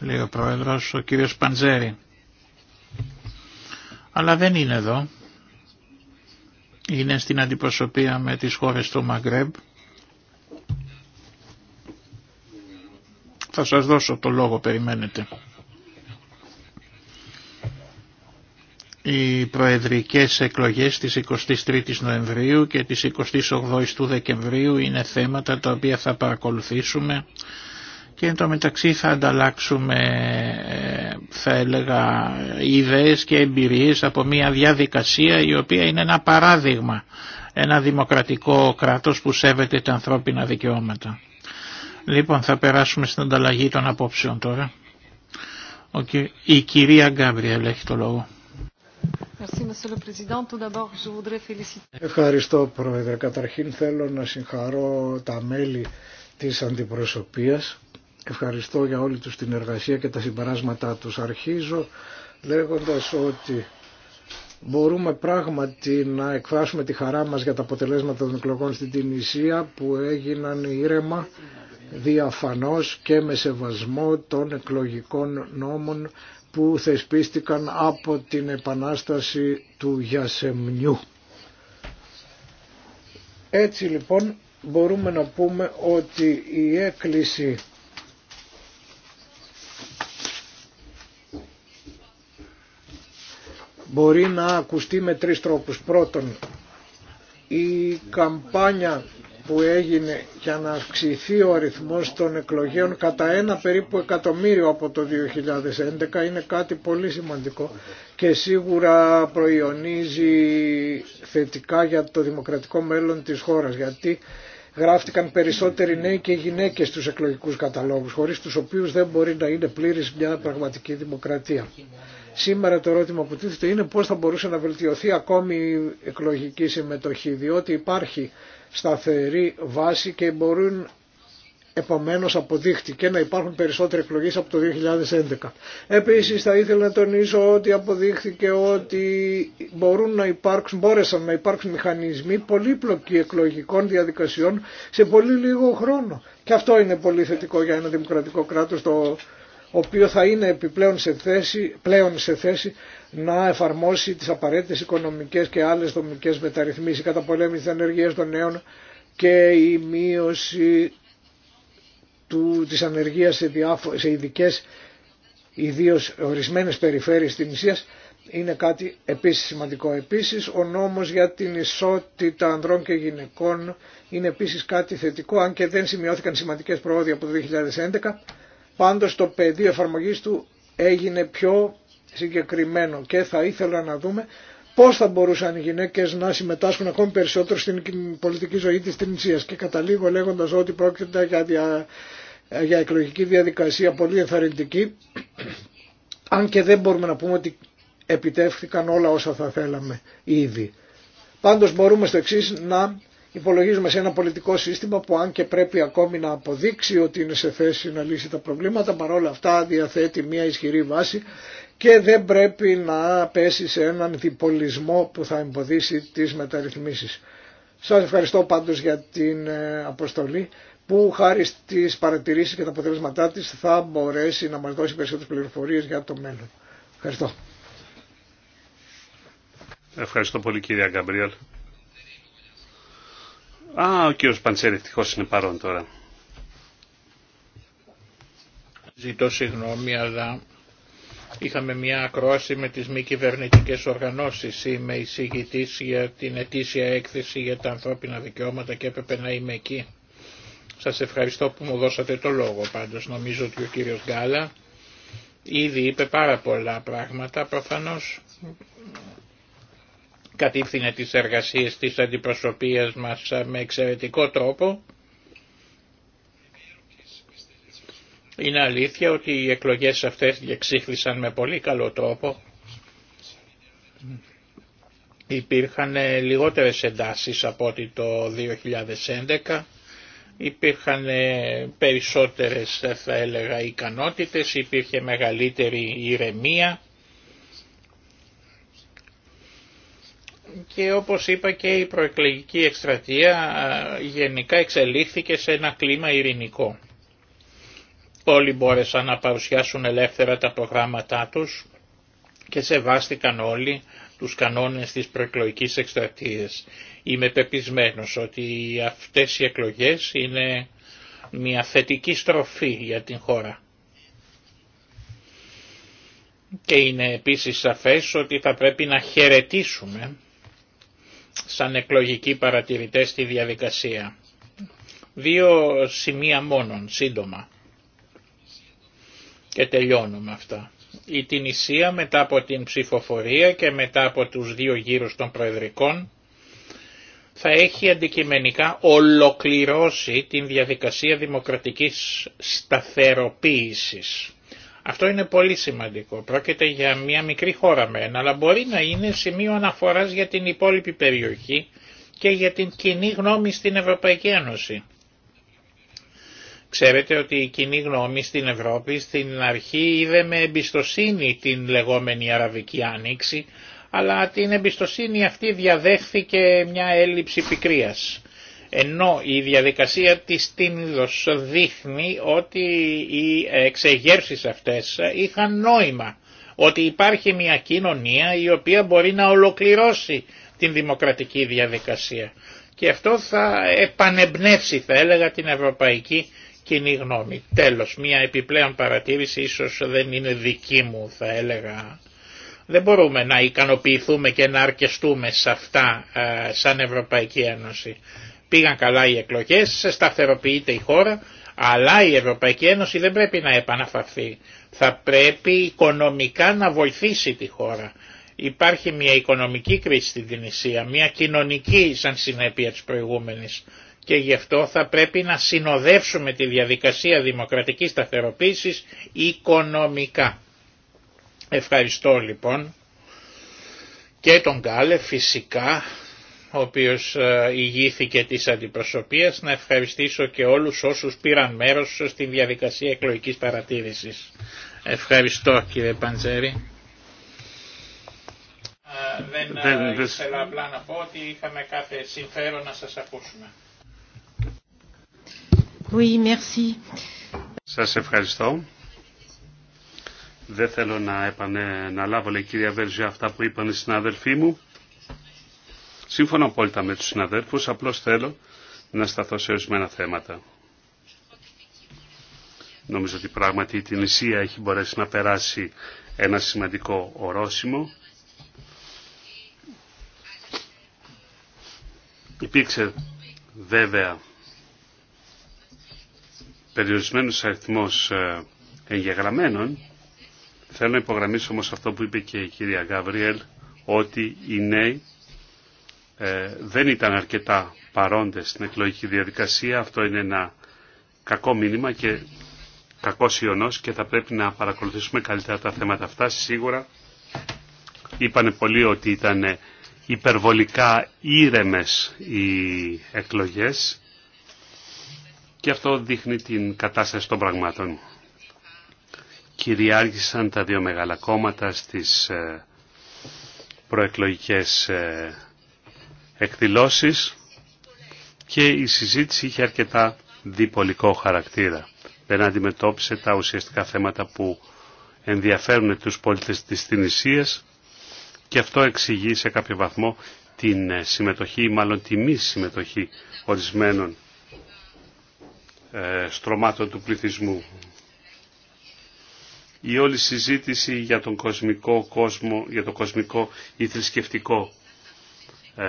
[SPEAKER 4] Λέει ο Πρόεδρος, ο κύριος Παντζέρη. Αλλά δεν είναι εδώ. Είναι στην αντιπροσωπεία με τις χώρες του Μαγκρέμπ. Θα σας δώσω το λόγο, περιμένετε. οι προεδρικές εκλογές της 23ης Νοεμβρίου και της 28ης του Δεκεμβρίου είναι θέματα τα οποία θα παρακολουθήσουμε και εν τω μεταξύ θα ανταλλάξουμε ε, θα έλεγα ιδέες και εμπειρίες από μια διαδικασία η οποία είναι ένα παράδειγμα ένα δημοκρατικό κράτος που σέβεται τα ανθρώπινα δικαιώματα. Λοιπόν θα περάσουμε στην ανταλλαγή των απόψεων τώρα. Η κυρία Γκάμπριελ έχει το λόγο.
[SPEAKER 2] Ευχαριστώ Πρόεδρε. Καταρχήν θέλω να συγχαρώ τα μέλη της αντιπροσωπείας. Ευχαριστώ για όλη τους την εργασία και τα συμπεράσματά τους. Αρχίζω λέγοντας ότι μπορούμε πράγματι να εκφράσουμε τη χαρά μας για τα αποτελέσματα των εκλογών στην Τινησία που έγιναν ήρεμα, διαφανώς και με σεβασμό των εκλογικών νόμων που θεσπίστηκαν από την επανάσταση του Γιασεμνιού. Έτσι λοιπόν μπορούμε να πούμε ότι η έκκληση μπορεί να ακουστεί με τρεις τρόπους. Πρώτον, η καμπάνια που έγινε για να αυξηθεί ο αριθμός των εκλογέων κατά ένα περίπου εκατομμύριο από το 2011 είναι κάτι πολύ σημαντικό και σίγουρα προϊονίζει θετικά για το δημοκρατικό μέλλον της χώρας γιατί γράφτηκαν περισσότεροι νέοι και γυναίκες στους εκλογικούς καταλόγους χωρίς τους οποίους δεν μπορεί να είναι πλήρη μια πραγματική δημοκρατία. Σήμερα το ερώτημα που τίθεται είναι πώς θα μπορούσε να βελτιωθεί ακόμη η εκλογική συμμετοχή διότι υπάρχει σταθερή βάση και μπορούν επομένως αποδείχτηκε να υπάρχουν περισσότερες εκλογές από το 2011. Επίσης θα ήθελα να τονίσω ότι αποδείχθηκε ότι μπορούν να υπάρξουν, μπόρεσαν να υπάρξουν μηχανισμοί πολύπλοκοι εκλογικών διαδικασιών σε πολύ λίγο χρόνο. Και αυτό είναι πολύ θετικό για ένα δημοκρατικό κράτος το οποίο θα είναι επιπλέον σε θέση, πλέον σε θέση να εφαρμόσει τις απαραίτητες οικονομικές και άλλες δομικές μεταρρυθμίσεις, κατά καταπολέμηση της ανεργίας των νέων και η μείωση του, της ανεργίας σε, διάφο, σε ειδικές, ιδίως ορισμένες περιφέρειες της νησίας, είναι κάτι επίσης σημαντικό. Επίσης ο νόμος για την ισότητα ανδρών και γυναικών είναι επίσης κάτι θετικό αν και δεν σημειώθηκαν σημαντικές προόδια από το 2011. Πάντως το πεδίο εφαρμογής του έγινε πιο συγκεκριμένο και θα ήθελα να δούμε πώς θα μπορούσαν οι γυναίκες να συμμετάσχουν ακόμη περισσότερο στην πολιτική ζωή της Τινησίας και καταλήγω λέγοντας ότι πρόκειται για, για εκλογική διαδικασία πολύ ενθαρρυντική αν και δεν μπορούμε να πούμε ότι επιτεύχθηκαν όλα όσα θα θέλαμε ήδη. Πάντως μπορούμε στο εξή να υπολογίζουμε σε ένα πολιτικό σύστημα που αν και πρέπει ακόμη να αποδείξει ότι είναι σε θέση να λύσει τα προβλήματα παρόλα αυτά διαθέτει μια ισχυρή βάση και δεν πρέπει να πέσει σε έναν διπολισμό που θα εμποδίσει τις μεταρρυθμίσεις. Σας ευχαριστώ πάντως για την ε, αποστολή που χάρη στις παρατηρήσεις και τα αποτελέσματά της θα μπορέσει να μας δώσει περισσότερες πληροφορίες για το μέλλον. Ευχαριστώ.
[SPEAKER 1] Ευχαριστώ πολύ κυρία Γκαμπριέλ. Α, ο κύριος Παντσέρη είναι παρόν τώρα.
[SPEAKER 4] Ζητώ συγγνώμη αλλά Είχαμε μια ακρόαση με τις μη κυβερνητικέ οργανώσεις. Είμαι εισηγητή για την ετήσια έκθεση για τα ανθρώπινα δικαιώματα και έπρεπε να είμαι εκεί. Σας ευχαριστώ που μου δώσατε το λόγο πάντως. Νομίζω ότι ο κύριος Γκάλα ήδη είπε πάρα πολλά πράγματα. Προφανώς κατήφθηνε τις εργασίες της αντιπροσωπείας μας με εξαιρετικό τρόπο. Είναι αλήθεια ότι οι εκλογές αυτές διεξήχθησαν με πολύ καλό τρόπο. Υπήρχαν ε, λιγότερες εντάσεις από ότι το 2011. Υπήρχαν ε, περισσότερες ε, θα έλεγα ικανότητες, υπήρχε μεγαλύτερη ηρεμία. και όπως είπα και η προεκλογική εκστρατεία γενικά εξελίχθηκε σε ένα κλίμα ειρηνικό. Όλοι μπόρεσαν να παρουσιάσουν ελεύθερα τα προγράμματά τους και σεβάστηκαν όλοι τους κανόνες της προεκλογικής εκστρατείας. Είμαι πεπισμένος ότι αυτές οι εκλογές είναι μια θετική στροφή για την χώρα. Και είναι επίσης σαφές ότι θα πρέπει να χαιρετήσουμε σαν εκλογικοί παρατηρητές τη διαδικασία. Δύο σημεία μόνον, σύντομα. Και τελειώνουμε αυτά. Η Τινησία μετά από την ψηφοφορία και μετά από τους δύο γύρους των προεδρικών θα έχει αντικειμενικά ολοκληρώσει την διαδικασία δημοκρατικής σταθεροποίησης. Αυτό είναι πολύ σημαντικό. Πρόκειται για μια μικρή χώρα μένα, αλλά μπορεί να είναι σημείο αναφοράς για την υπόλοιπη περιοχή και για την κοινή γνώμη στην Ευρωπαϊκή Ένωση. Ξέρετε ότι η κοινή γνώμη στην Ευρώπη στην αρχή είδε με εμπιστοσύνη την λεγόμενη Αραβική Άνοιξη, αλλά την εμπιστοσύνη αυτή διαδέχθηκε μια έλλειψη πικρίας. Ενώ η διαδικασία της Τίνιδος δείχνει ότι οι εξεγέρσεις αυτές είχαν νόημα, ότι υπάρχει μια κοινωνία η οποία μπορεί να ολοκληρώσει την δημοκρατική διαδικασία. Και αυτό θα επανεμπνεύσει θα έλεγα την ευρωπαϊκή κοινή Τέλος, μια επιπλέον παρατήρηση ίσως δεν είναι δική μου θα έλεγα. Δεν μπορούμε να ικανοποιηθούμε και να αρκεστούμε σε αυτά ε, σαν Ευρωπαϊκή Ένωση. Πήγαν καλά οι εκλογές, σταθεροποιείται η χώρα, αλλά η Ευρωπαϊκή Ένωση δεν πρέπει να επαναφαθεί. Θα πρέπει οικονομικά να βοηθήσει τη χώρα. Υπάρχει μια οικονομική κρίση στην Τινησία, μια κοινωνική σαν συνέπεια της προηγούμενης και γι' αυτό θα πρέπει να συνοδεύσουμε τη διαδικασία δημοκρατικής σταθεροποίησης οικονομικά. Ευχαριστώ λοιπόν και τον Κάλε φυσικά ο οποίος ε, ηγήθηκε της αντιπροσωπείας, να ευχαριστήσω και όλους όσους πήραν μέρος στη διαδικασία εκλογικής παρατήρησης. Ευχαριστώ κύριε Παντζέρη. Ε, ε, δεν, δεν ήθελα απλά να πω ότι
[SPEAKER 5] είχαμε κάθε συμφέρον να σας ακούσουμε.
[SPEAKER 1] Σας ευχαριστώ. Δεν θέλω να, επανε, λάβω, λέει κυρία Βέρζη, αυτά που είπαν οι συνάδελφοί μου. Σύμφωνα απόλυτα με τους συναδέλφους, απλώς θέλω να σταθώ σε ορισμένα θέματα. Νομίζω ότι πράγματι η Τινησία έχει μπορέσει να περάσει ένα σημαντικό ορόσημο. Υπήρξε βέβαια περιορισμένος αριθμός ε, εγγεγραμμένων, θέλω να υπογραμμίσω όμω αυτό που είπε και η κυρία Γκαβριέλ, ότι οι νέοι ε, δεν ήταν αρκετά παρόντες στην εκλογική διαδικασία. Αυτό είναι ένα κακό μήνυμα και κακό ιονός και θα πρέπει να παρακολουθήσουμε καλύτερα τα θέματα αυτά. Σίγουρα είπανε πολλοί ότι ήταν υπερβολικά ήρεμες οι εκλογές και αυτό δείχνει την κατάσταση των πραγμάτων. Κυριάρχησαν τα δύο μεγάλα κόμματα στις ε, προεκλογικές ε, εκδηλώσεις και η συζήτηση είχε αρκετά διπολικό χαρακτήρα. Δεν αντιμετώπισε τα ουσιαστικά θέματα που ενδιαφέρουν τους πολίτες της Τινησίας και αυτό εξηγεί σε κάποιο βαθμό την ε, συμμετοχή ή μάλλον τη μη συμμετοχή ορισμένων ε, στρωμάτων του πληθυσμού. Η όλη συζήτηση για τον κοσμικό κόσμο, για το κοσμικό ή θρησκευτικό ε,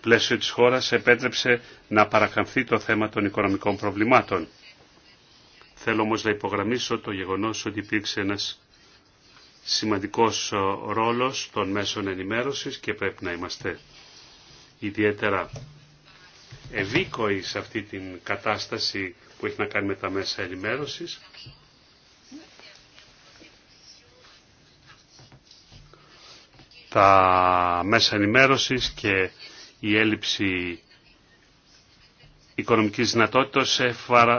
[SPEAKER 1] πλαίσιο της χώρας επέτρεψε να παρακαμφθεί το θέμα των οικονομικών προβλημάτων. Θέλω όμως να υπογραμμίσω το γεγονός ότι υπήρξε ένας σημαντικός ε, ρόλος των μέσων ενημέρωσης και πρέπει να είμαστε ιδιαίτερα ευήκοοι σε αυτή την κατάσταση που έχει να κάνει με τα μέσα ενημέρωσης. Τα μέσα ενημέρωσης και η έλλειψη οικονομικής δυνατότητας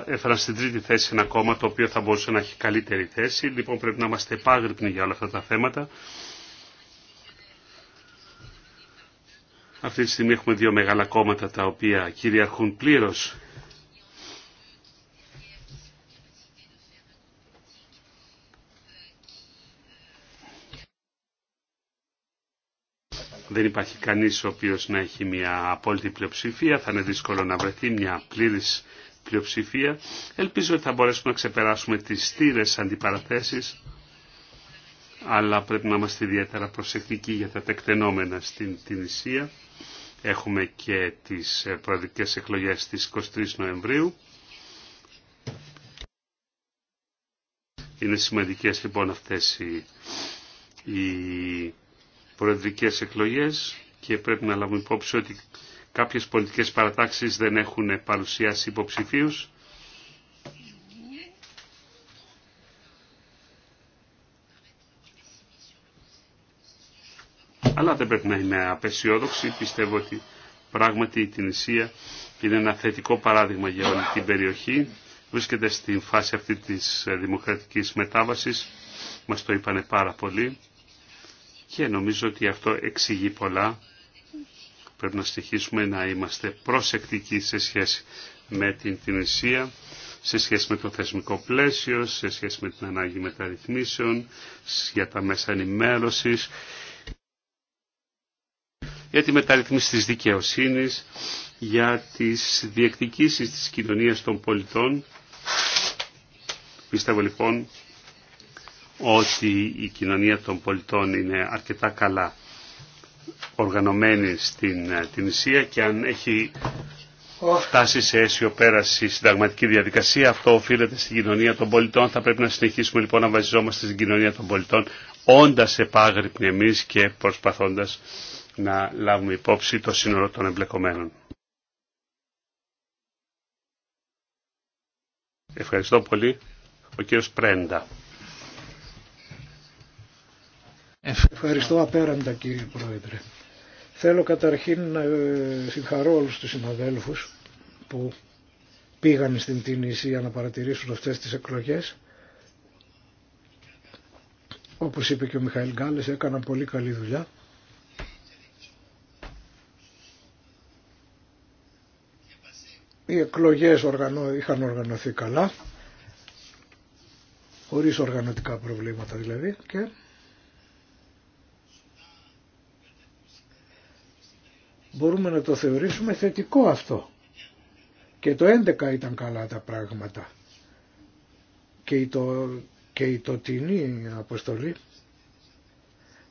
[SPEAKER 1] έφεραν στην τρίτη θέση ένα κόμμα το οποίο θα μπορούσε να έχει καλύτερη θέση. Λοιπόν πρέπει να είμαστε επάγρυπνοι για όλα αυτά τα θέματα. Αυτή τη στιγμή έχουμε δύο μεγάλα κόμματα τα οποία κυριαρχούν πλήρως Δεν υπάρχει κανείς ο οποίος να έχει μια απόλυτη πλειοψηφία. Θα είναι δύσκολο να βρεθεί μια πλήρης πλειοψηφία. Ελπίζω ότι θα μπορέσουμε να ξεπεράσουμε τις στήρες αντιπαραθέσεις αλλά πρέπει να είμαστε ιδιαίτερα προσεκτικοί για τα τεκτενόμενα στην ισία. Έχουμε και τις προεδρικές εκλογές στις 23 Νοεμβρίου. Είναι σημαντικές λοιπόν αυτές οι προεδρικές εκλογές και πρέπει να λάβουμε υπόψη ότι κάποιες πολιτικές παρατάξεις δεν έχουν παρουσιάσει υποψηφίους. Αλλά δεν πρέπει να είμαι απεσιόδοξη. Πιστεύω ότι πράγματι η Τινησία είναι ένα θετικό παράδειγμα για όλη την περιοχή. Βρίσκεται στην φάση αυτή της δημοκρατικής μετάβασης. Μας το είπανε πάρα πολύ και νομίζω ότι αυτό εξηγεί πολλά. Πρέπει να στοιχίσουμε να είμαστε προσεκτικοί σε σχέση με την Τινησία, σε σχέση με το θεσμικό πλαίσιο, σε σχέση με την ανάγκη μεταρρυθμίσεων, για τα μέσα ενημέρωσης, για τη μεταρρύθμιση της δικαιοσύνης, για τις διεκδικήσεις της κοινωνίας των πολιτών. Πιστεύω λοιπόν ότι η κοινωνία των πολιτών είναι αρκετά καλά οργανωμένη στην ε, Ισία και αν έχει φτάσει σε αίσιο πέραση η συνταγματική διαδικασία, αυτό οφείλεται στην κοινωνία των πολιτών. Θα πρέπει να συνεχίσουμε λοιπόν να βασιζόμαστε στην κοινωνία των πολιτών, όντα επάγρυπνοι εμεί και προσπαθώντας να λάβουμε υπόψη το σύνολο των εμπλεκομένων. Ευχαριστώ πολύ. Ο κύριος Πρέντα.
[SPEAKER 2] Ευχαριστώ απέραντα κύριε Πρόεδρε. Θέλω καταρχήν να ε, συγχαρώ όλους τους συναδέλφους που πήγαν στην Τινησία να παρατηρήσουν αυτές τις εκλογές. Όπως είπε και ο Μιχαήλ Γκάλες έκαναν πολύ καλή δουλειά. Οι εκλογές οργανώ, είχαν οργανωθεί καλά, χωρίς οργανωτικά προβλήματα δηλαδή και μπορούμε να το θεωρήσουμε θετικό αυτό. Και το 11 ήταν καλά τα πράγματα. Και η, το, και η τοτινή αποστολή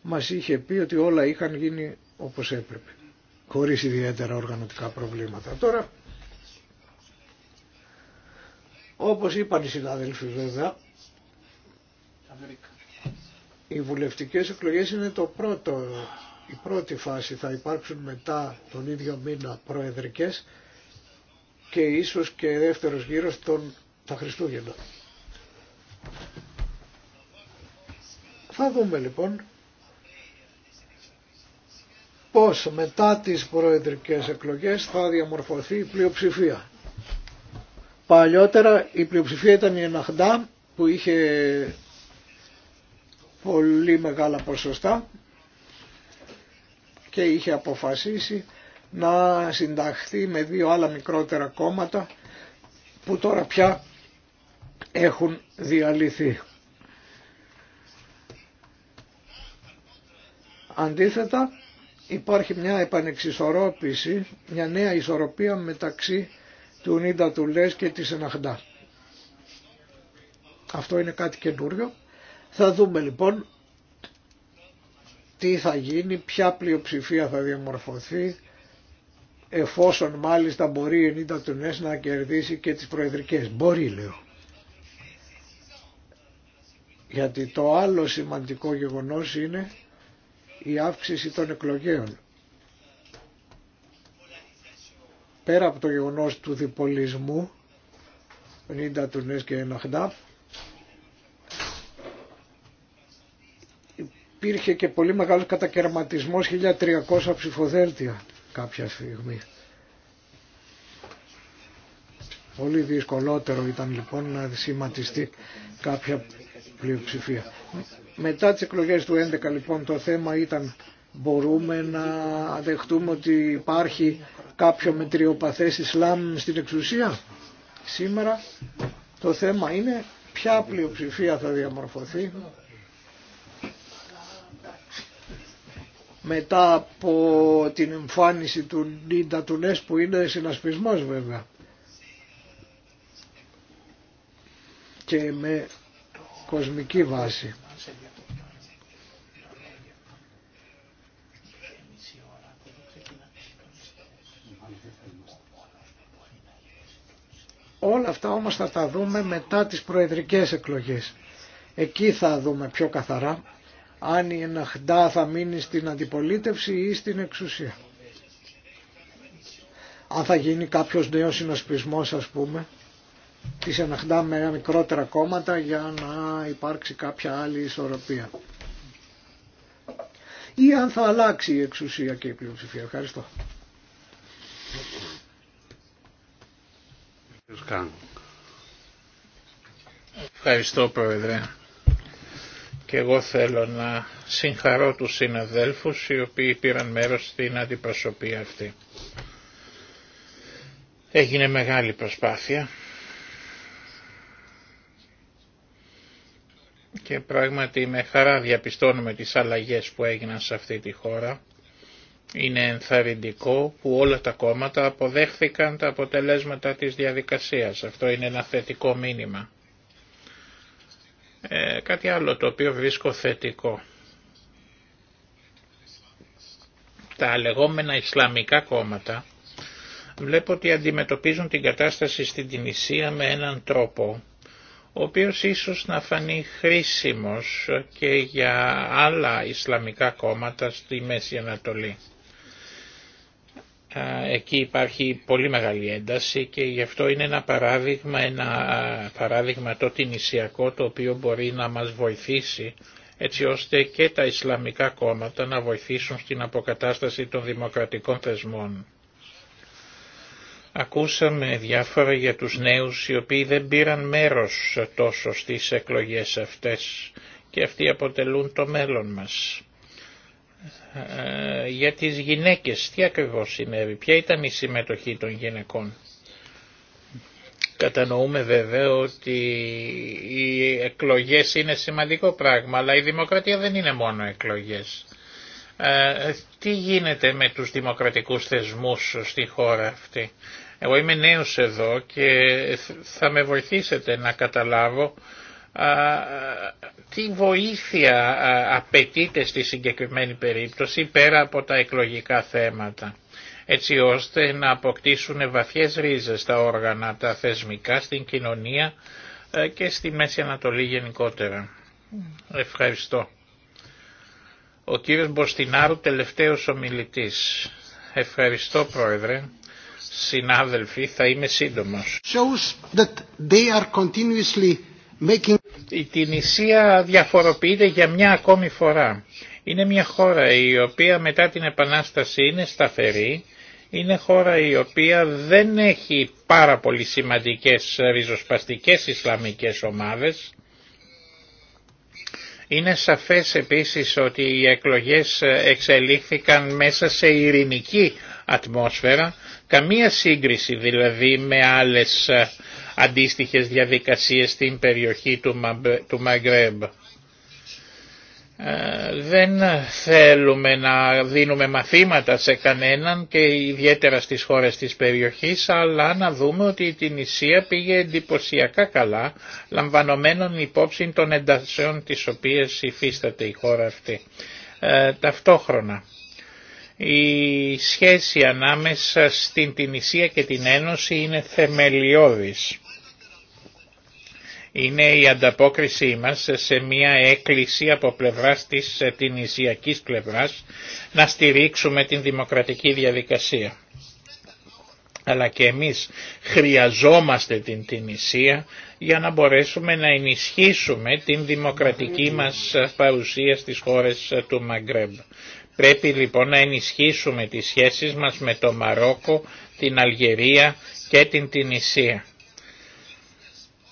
[SPEAKER 2] μας είχε πει ότι όλα είχαν γίνει όπως έπρεπε. Χωρίς ιδιαίτερα οργανωτικά προβλήματα. Τώρα, όπως είπαν οι συνάδελφοι βέβαια, οι βουλευτικές εκλογές είναι το πρώτο η πρώτη φάση θα υπάρξουν μετά τον ίδιο μήνα προεδρικές και ίσως και δεύτερος γύρος των, τα Χριστούγεννα. Θα δούμε λοιπόν πώς μετά τις προεδρικές εκλογές θα διαμορφωθεί η πλειοψηφία. Παλιότερα η πλειοψηφία ήταν η Εναχντά που είχε πολύ μεγάλα ποσοστά και είχε αποφασίσει να συνταχθεί με δύο άλλα μικρότερα κόμματα που τώρα πια έχουν διαλυθεί. Αντίθετα υπάρχει μια επανεξισορρόπηση, μια νέα ισορροπία μεταξύ του Νίντα ΛΕΣ και της Εναχντά. Αυτό είναι κάτι καινούριο. Θα δούμε λοιπόν τι θα γίνει, ποια πλειοψηφία θα διαμορφωθεί, εφόσον μάλιστα μπορεί η του ΝΕΣ να κερδίσει και τις προεδρικές. Μπορεί λέω. Γιατί το άλλο σημαντικό γεγονός είναι η αύξηση των εκλογέων. Πέρα από το γεγονός του διπολισμού, 90 του ΝΕΣ και ένα ΧΝΑΠ, υπήρχε και πολύ μεγάλος κατακαιρματισμό 1300 ψηφοδέλτια κάποια στιγμή. Πολύ δυσκολότερο ήταν λοιπόν να σηματιστεί κάποια πλειοψηφία. Μετά τις εκλογές του 11 λοιπόν το θέμα ήταν μπορούμε να δεχτούμε ότι υπάρχει κάποιο μετριοπαθές Ισλάμ στην εξουσία. Σήμερα το θέμα είναι ποια πλειοψηφία θα διαμορφωθεί μετά από την εμφάνιση του Νίντα Τουνές που είναι συνασπισμός βέβαια και με κοσμική βάση. Όλα αυτά όμως θα τα δούμε μετά τις προεδρικές εκλογές. Εκεί θα δούμε πιο καθαρά αν η Εναχντά θα μείνει στην αντιπολίτευση ή στην εξουσία. Αν θα γίνει κάποιος νέος συνασπισμός ας πούμε, της Εναχντά με μικρότερα κόμματα για να υπάρξει κάποια άλλη ισορροπία. Ή αν θα αλλάξει η εξουσία και η πλειοψηφία. Ευχαριστώ.
[SPEAKER 4] Ευχαριστώ Πρόεδρε και εγώ θέλω να συγχαρώ τους συναδέλφους οι οποίοι πήραν μέρος στην αντιπροσωπεία αυτή. Έγινε μεγάλη προσπάθεια και πράγματι με χαρά διαπιστώνουμε τις αλλαγές που έγιναν σε αυτή τη χώρα. Είναι ενθαρρυντικό που όλα τα κόμματα αποδέχθηκαν τα αποτελέσματα της διαδικασίας. Αυτό είναι ένα θετικό μήνυμα. Ε, κάτι άλλο το οποίο βρίσκω θετικό. Τα λεγόμενα Ισλαμικά κόμματα βλέπω ότι αντιμετωπίζουν την κατάσταση στην Τινησία με έναν τρόπο ο οποίος ίσως να φανεί χρήσιμος και για άλλα Ισλαμικά κόμματα στη Μέση Ανατολή εκεί υπάρχει πολύ μεγάλη ένταση και γι' αυτό είναι ένα παράδειγμα, ένα παράδειγμα το τινησιακό το οποίο μπορεί να μας βοηθήσει έτσι ώστε και τα Ισλαμικά κόμματα να βοηθήσουν στην αποκατάσταση των δημοκρατικών θεσμών. Ακούσαμε διάφορα για τους νέους οι οποίοι δεν πήραν μέρος τόσο στις εκλογές αυτές και αυτοί αποτελούν το μέλλον μας. Ε, για τις γυναίκες. Τι ακριβώς συνέβη, ποια ήταν η συμμετοχή των γυναικών. Κατανοούμε βέβαια ότι οι εκλογές είναι σημαντικό πράγμα, αλλά η δημοκρατία δεν είναι μόνο εκλογές. Ε, τι γίνεται με τους δημοκρατικούς θεσμούς στη χώρα αυτή. Εγώ είμαι νέος εδώ και θα με βοηθήσετε να καταλάβω τι βοήθεια απαιτείται στη συγκεκριμένη περίπτωση πέρα από τα εκλογικά θέματα έτσι ώστε να αποκτήσουν βαθιές ρίζες τα όργανα, τα θεσμικά, στην κοινωνία και στη Μέση Ανατολή γενικότερα. Ευχαριστώ. Ο κύριος Μποστινάρου, τελευταίος ομιλητής. Ευχαριστώ πρόεδρε. Συνάδελφοι, θα είμαι σύντομος. Shows
[SPEAKER 2] that they are
[SPEAKER 4] continuously making... Η Ισία διαφοροποιείται για μια ακόμη φορά. Είναι μια χώρα η οποία μετά την Επανάσταση είναι σταθερή, είναι χώρα η οποία δεν έχει πάρα πολύ σημαντικές ριζοσπαστικές Ισλαμικές ομάδες. Είναι σαφές επίσης ότι οι εκλογές εξελίχθηκαν μέσα σε ειρηνική ατμόσφαιρα, καμία σύγκριση δηλαδή με άλλες αντίστοιχες διαδικασίες στην περιοχή του Μαγκρέμπ. Ε, δεν θέλουμε να δίνουμε μαθήματα σε κανέναν και ιδιαίτερα στις χώρες της περιοχής αλλά να δούμε ότι η Τινησία πήγε εντυπωσιακά καλά λαμβανομένων υπόψη των εντασσεών τις οποίες υφίσταται η χώρα αυτή. Ε, ταυτόχρονα η σχέση ανάμεσα στην Τινησία και την Ένωση είναι θεμελιώδης είναι η ανταπόκρισή μας σε μια έκκληση από πλευράς της ε, την πλευράς να στηρίξουμε την δημοκρατική διαδικασία. Αλλά και εμείς χρειαζόμαστε την Τινησία για να μπορέσουμε να ενισχύσουμε την δημοκρατική μας παρουσία στις χώρες ε, του Μαγκρέμπ. Πρέπει λοιπόν να ενισχύσουμε τις σχέσεις μας με το Μαρόκο, την Αλγερία και την Τινησία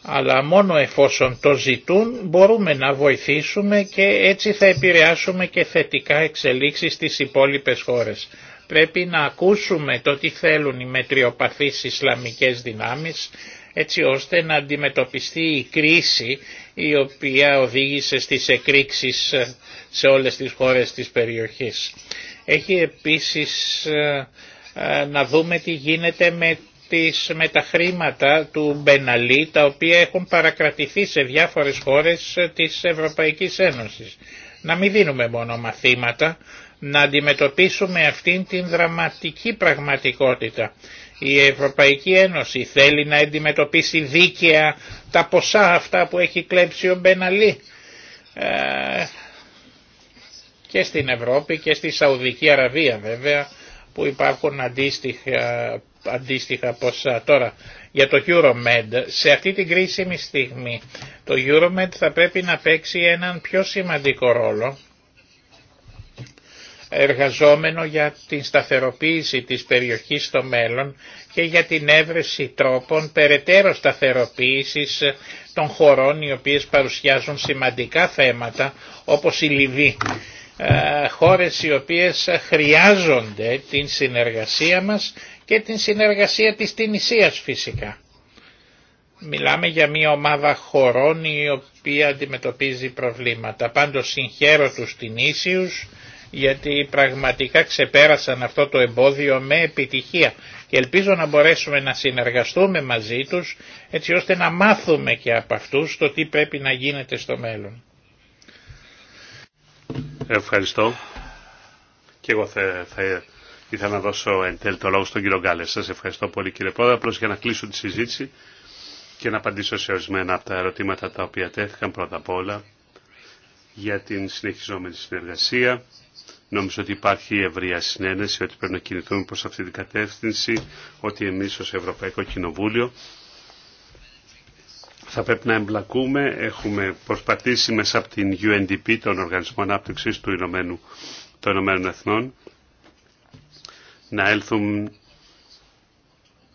[SPEAKER 4] αλλά μόνο εφόσον το ζητούν μπορούμε να βοηθήσουμε και έτσι θα επηρεάσουμε και θετικά εξελίξεις στις υπόλοιπες χώρες. Πρέπει να ακούσουμε το τι θέλουν οι μετριοπαθείς Ισλαμικές δυνάμεις έτσι ώστε να αντιμετωπιστεί η κρίση η οποία οδήγησε στις εκρήξεις ε, σε όλες τις χώρες της περιοχής. Έχει επίσης ε, ε, να δούμε τι γίνεται με με τα χρήματα του Μπεναλή τα οποία έχουν παρακρατηθεί σε διάφορες χώρες της Ευρωπαϊκής Ένωσης. Να μην δίνουμε μόνο μαθήματα, να αντιμετωπίσουμε αυτήν την δραματική πραγματικότητα. Η Ευρωπαϊκή Ένωση θέλει να αντιμετωπίσει δίκαια τα ποσά αυτά που έχει κλέψει ο Μπεναλή. Ε, και στην Ευρώπη και στη Σαουδική Αραβία βέβαια που υπάρχουν αντίστοιχα αντίστοιχα πως Τώρα, για το Euromed, σε αυτή την κρίσιμη στιγμή, το Euromed θα πρέπει να παίξει έναν πιο σημαντικό ρόλο, εργαζόμενο για την σταθεροποίηση της περιοχής στο μέλλον και για την έβρεση τρόπων περαιτέρω σταθεροποίησης των χωρών οι οποίες παρουσιάζουν σημαντικά θέματα όπως η Λιβύη. Ε, χώρες οι οποίες χρειάζονται την συνεργασία μας και την συνεργασία της Τινησίας φυσικά. Μιλάμε για μια ομάδα χωρών η οποία αντιμετωπίζει προβλήματα. Πάντως συγχαίρω τους Τινήσιους γιατί πραγματικά ξεπέρασαν αυτό το εμπόδιο με επιτυχία και ελπίζω να μπορέσουμε να συνεργαστούμε μαζί τους έτσι ώστε να μάθουμε και από αυτούς το τι πρέπει να γίνεται στο μέλλον.
[SPEAKER 1] Ευχαριστώ. Και εγώ θα, θα Ήθελα να δώσω εν τέλει το λόγο στον κύριο Γκάλε. Σα. ευχαριστώ πολύ κύριε Πρόεδρε. Απλώ για να κλείσω τη συζήτηση και να απαντήσω σε ορισμένα από τα ερωτήματα τα οποία τέθηκαν πρώτα απ' όλα για την συνεχιζόμενη συνεργασία. Νομίζω ότι υπάρχει ευρεία συνένεση ότι πρέπει να κινηθούμε προς αυτή την κατεύθυνση, ότι εμείς ως Ευρωπαϊκό Κοινοβούλιο θα πρέπει να εμπλακούμε. Έχουμε προσπαθήσει μέσα από την UNDP, τον Οργανισμό ανάπτυξη του Ηνωμένου, των Ηνωμένων Εθνών, να έλθουν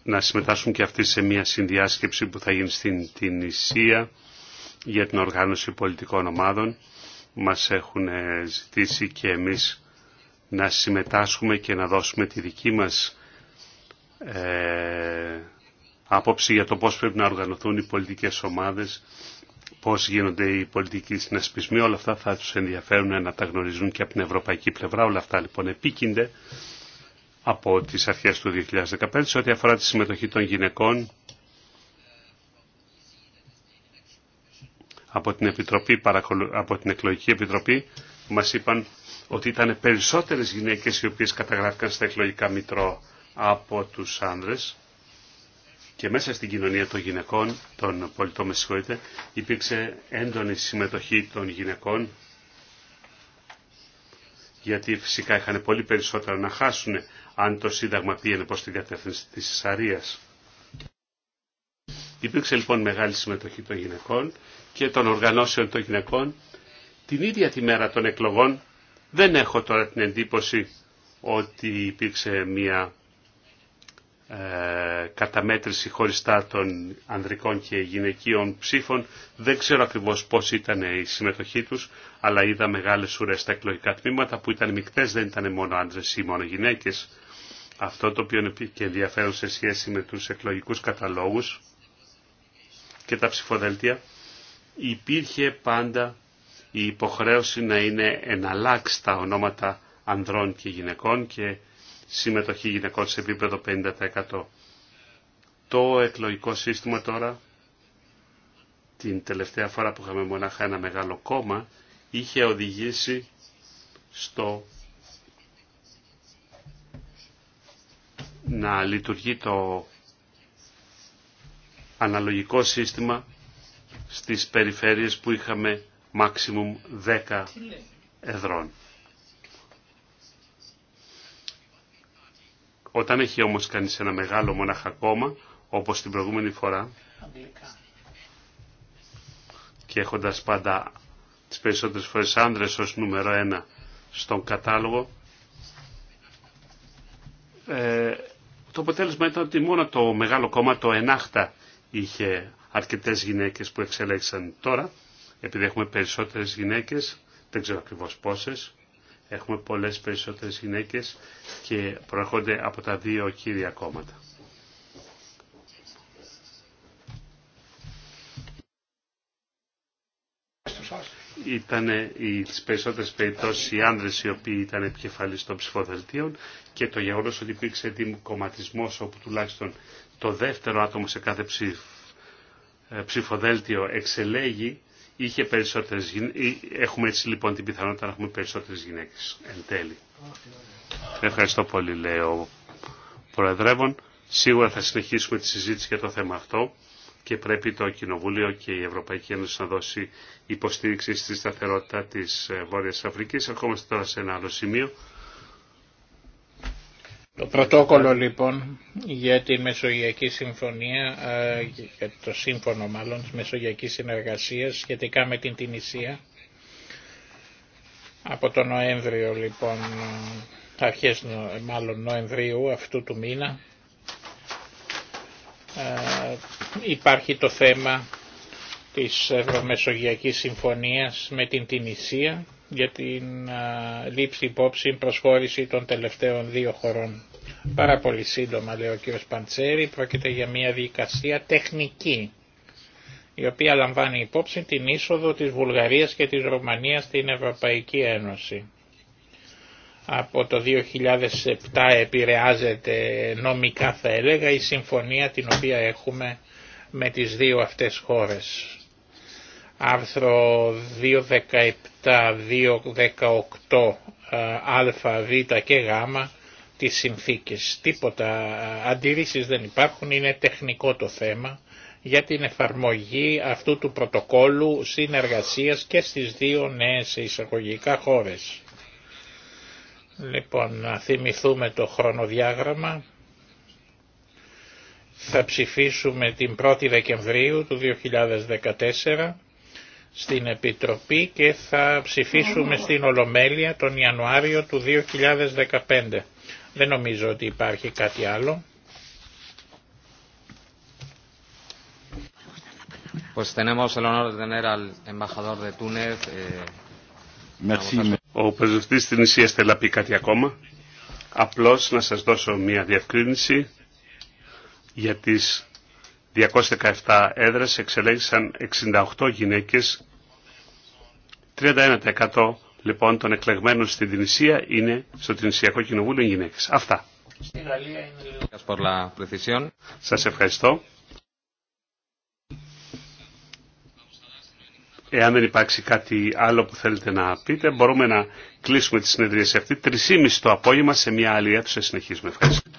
[SPEAKER 1] να συμμετάσχουν και αυτοί σε μια συνδιάσκεψη που θα γίνει στην Ισία για την οργάνωση πολιτικών ομάδων. Μας έχουν ε, ζητήσει και εμείς να συμμετάσχουμε και να δώσουμε τη δική μας ε, άποψη για το πώς πρέπει να οργανωθούν οι πολιτικές ομάδες, πώς γίνονται οι πολιτικοί συνασπισμοί. Όλα αυτά θα τους ενδιαφέρουν να τα γνωρίζουν και από την ευρωπαϊκή πλευρά. Όλα αυτά λοιπόν επίκυνται από τις αρχές του 2015 σε ό,τι αφορά τη συμμετοχή των γυναικών από την, Επιτροπή, από την Εκλογική Επιτροπή μας είπαν ότι ήταν περισσότερες γυναίκες οι οποίες καταγράφηκαν στα εκλογικά μητρό από τους άνδρες και μέσα στην κοινωνία των γυναικών, των πολιτών με υπήρξε έντονη συμμετοχή των γυναικών γιατί φυσικά είχαν πολύ περισσότερα να χάσουν αν το Σύνταγμα πήγαινε προς τη διατεύθυνση της Ισαρίας. Υπήρξε λοιπόν μεγάλη συμμετοχή των γυναικών και των οργανώσεων των γυναικών. Την ίδια τη μέρα των εκλογών δεν έχω τώρα την εντύπωση ότι υπήρξε μια ε, καταμέτρηση χωριστά των ανδρικών και γυναικείων ψήφων. Δεν ξέρω ακριβώς πώς ήταν η συμμετοχή τους, αλλά είδα μεγάλες ουρές στα εκλογικά τμήματα που ήταν μικτές, δεν ήταν μόνο άντρες ή μόνο γυναίκες. Αυτό το οποίο είναι και ενδιαφέρον σε σχέση με τους εκλογικούς καταλόγους και τα ψηφοδέλτια, υπήρχε πάντα η υποχρέωση να είναι εναλλάξ τα ονόματα ανδρών και γυναικών και συμμετοχή γυναικών σε επίπεδο 50%. Το εκλογικό σύστημα τώρα, την τελευταία φορά που είχαμε μονάχα ένα μεγάλο κόμμα, είχε οδηγήσει στο να λειτουργεί το αναλογικό σύστημα στις περιφέρειες που είχαμε maximum 10 εδρών. Όταν έχει όμως κανείς ένα μεγάλο μονάχα κόμμα, όπως την προηγούμενη φορά, και έχοντας πάντα τις περισσότερες φορές άνδρες ως νούμερο ένα στον κατάλογο, ε, το αποτέλεσμα ήταν ότι μόνο το μεγάλο κόμμα, το ενάχτα, είχε αρκετές γυναίκες που εξελέξαν τώρα, επειδή έχουμε περισσότερες γυναίκες, δεν ξέρω ακριβώς πόσες, έχουμε πολλές περισσότερες γυναίκες και προέρχονται από τα δύο κύρια κόμματα. Ήταν οι περισσότερες περιπτώσεις οι άνδρες οι οποίοι ήταν επικεφαλής των ψηφοδελτίων και το γεγονός ότι υπήρξε κομματισμό όπου τουλάχιστον το δεύτερο άτομο σε κάθε ε, ψηφοδέλτιο εξελέγει είχε περισσότερες γυναίκες. Ε, έχουμε έτσι λοιπόν την πιθανότητα να έχουμε περισσότερες γυναίκες εν τέλει. Ευχαριστώ πολύ λέει ο Προεδρεύων. Σίγουρα θα συνεχίσουμε τη συζήτηση για το θέμα αυτό και πρέπει το Κοινοβούλιο και η Ευρωπαϊκή Ένωση να δώσει υποστήριξη στη σταθερότητα της ε, Βόρειας Αφρικής. Ερχόμαστε τώρα σε ένα άλλο σημείο. Το πρωτόκολλο λοιπόν
[SPEAKER 4] για τη Μεσογειακή Συμφωνία, ε, για το σύμφωνο μάλλον της Μεσογειακής Συνεργασίας σχετικά με την Τινησία. Από τον Νοέμβριο λοιπόν, αρχές μάλλον Νοεμβρίου αυτού του μήνα, ε, υπάρχει το θέμα της Ευρωμεσογειακής Συμφωνίας με την Τινησία για την ε, λήψη υπόψη προσχώρηση των τελευταίων δύο χωρών. Πάρα πολύ σύντομα λέει ο κ. Παντσέρη, πρόκειται για μια δικασία τεχνική η οποία λαμβάνει υπόψη την είσοδο της Βουλγαρίας και της Ρωμανίας στην Ευρωπαϊκή Ένωση. Από το 2007 επηρεάζεται νομικά θα έλεγα η συμφωνία την οποία έχουμε με τις δύο αυτές χώρες. Άρθρο 217, 218, ε, α, β και γ τις συνθήκες. Τίποτα αντιρρήσεις δεν υπάρχουν, είναι τεχνικό το θέμα για την εφαρμογή αυτού του πρωτοκόλου συνεργασίας και στις δύο νέες εισαγωγικά χώρες. Λοιπόν, να θυμηθούμε το χρονοδιάγραμμα. Θα ψηφίσουμε την 1η Δεκεμβρίου του 2014 στην Επιτροπή και θα ψηφίσουμε στην Ολομέλεια τον Ιανουάριο του 2015. Δεν νομίζω ότι υπάρχει κάτι άλλο.
[SPEAKER 1] Ο πρεσβευτής τη Νησία θέλει να πει κάτι ακόμα. Απλώ να σα δώσω μια διευκρίνηση για τι 217 έδρε εξελέγησαν 68 γυναίκε, 31% λοιπόν των εκλεγμένων στην Τινησία είναι στο Τινησιακό Κοινοβούλιο οι γυναίκες. Αυτά. Στη Σας ευχαριστώ. Εάν δεν υπάρξει κάτι άλλο που θέλετε να πείτε, μπορούμε να κλείσουμε τη συνεδρία σε αυτή. Τρισήμιση το απόγευμα σε μια άλλη αίθουσα συνεχίζουμε. Ευχαριστώ.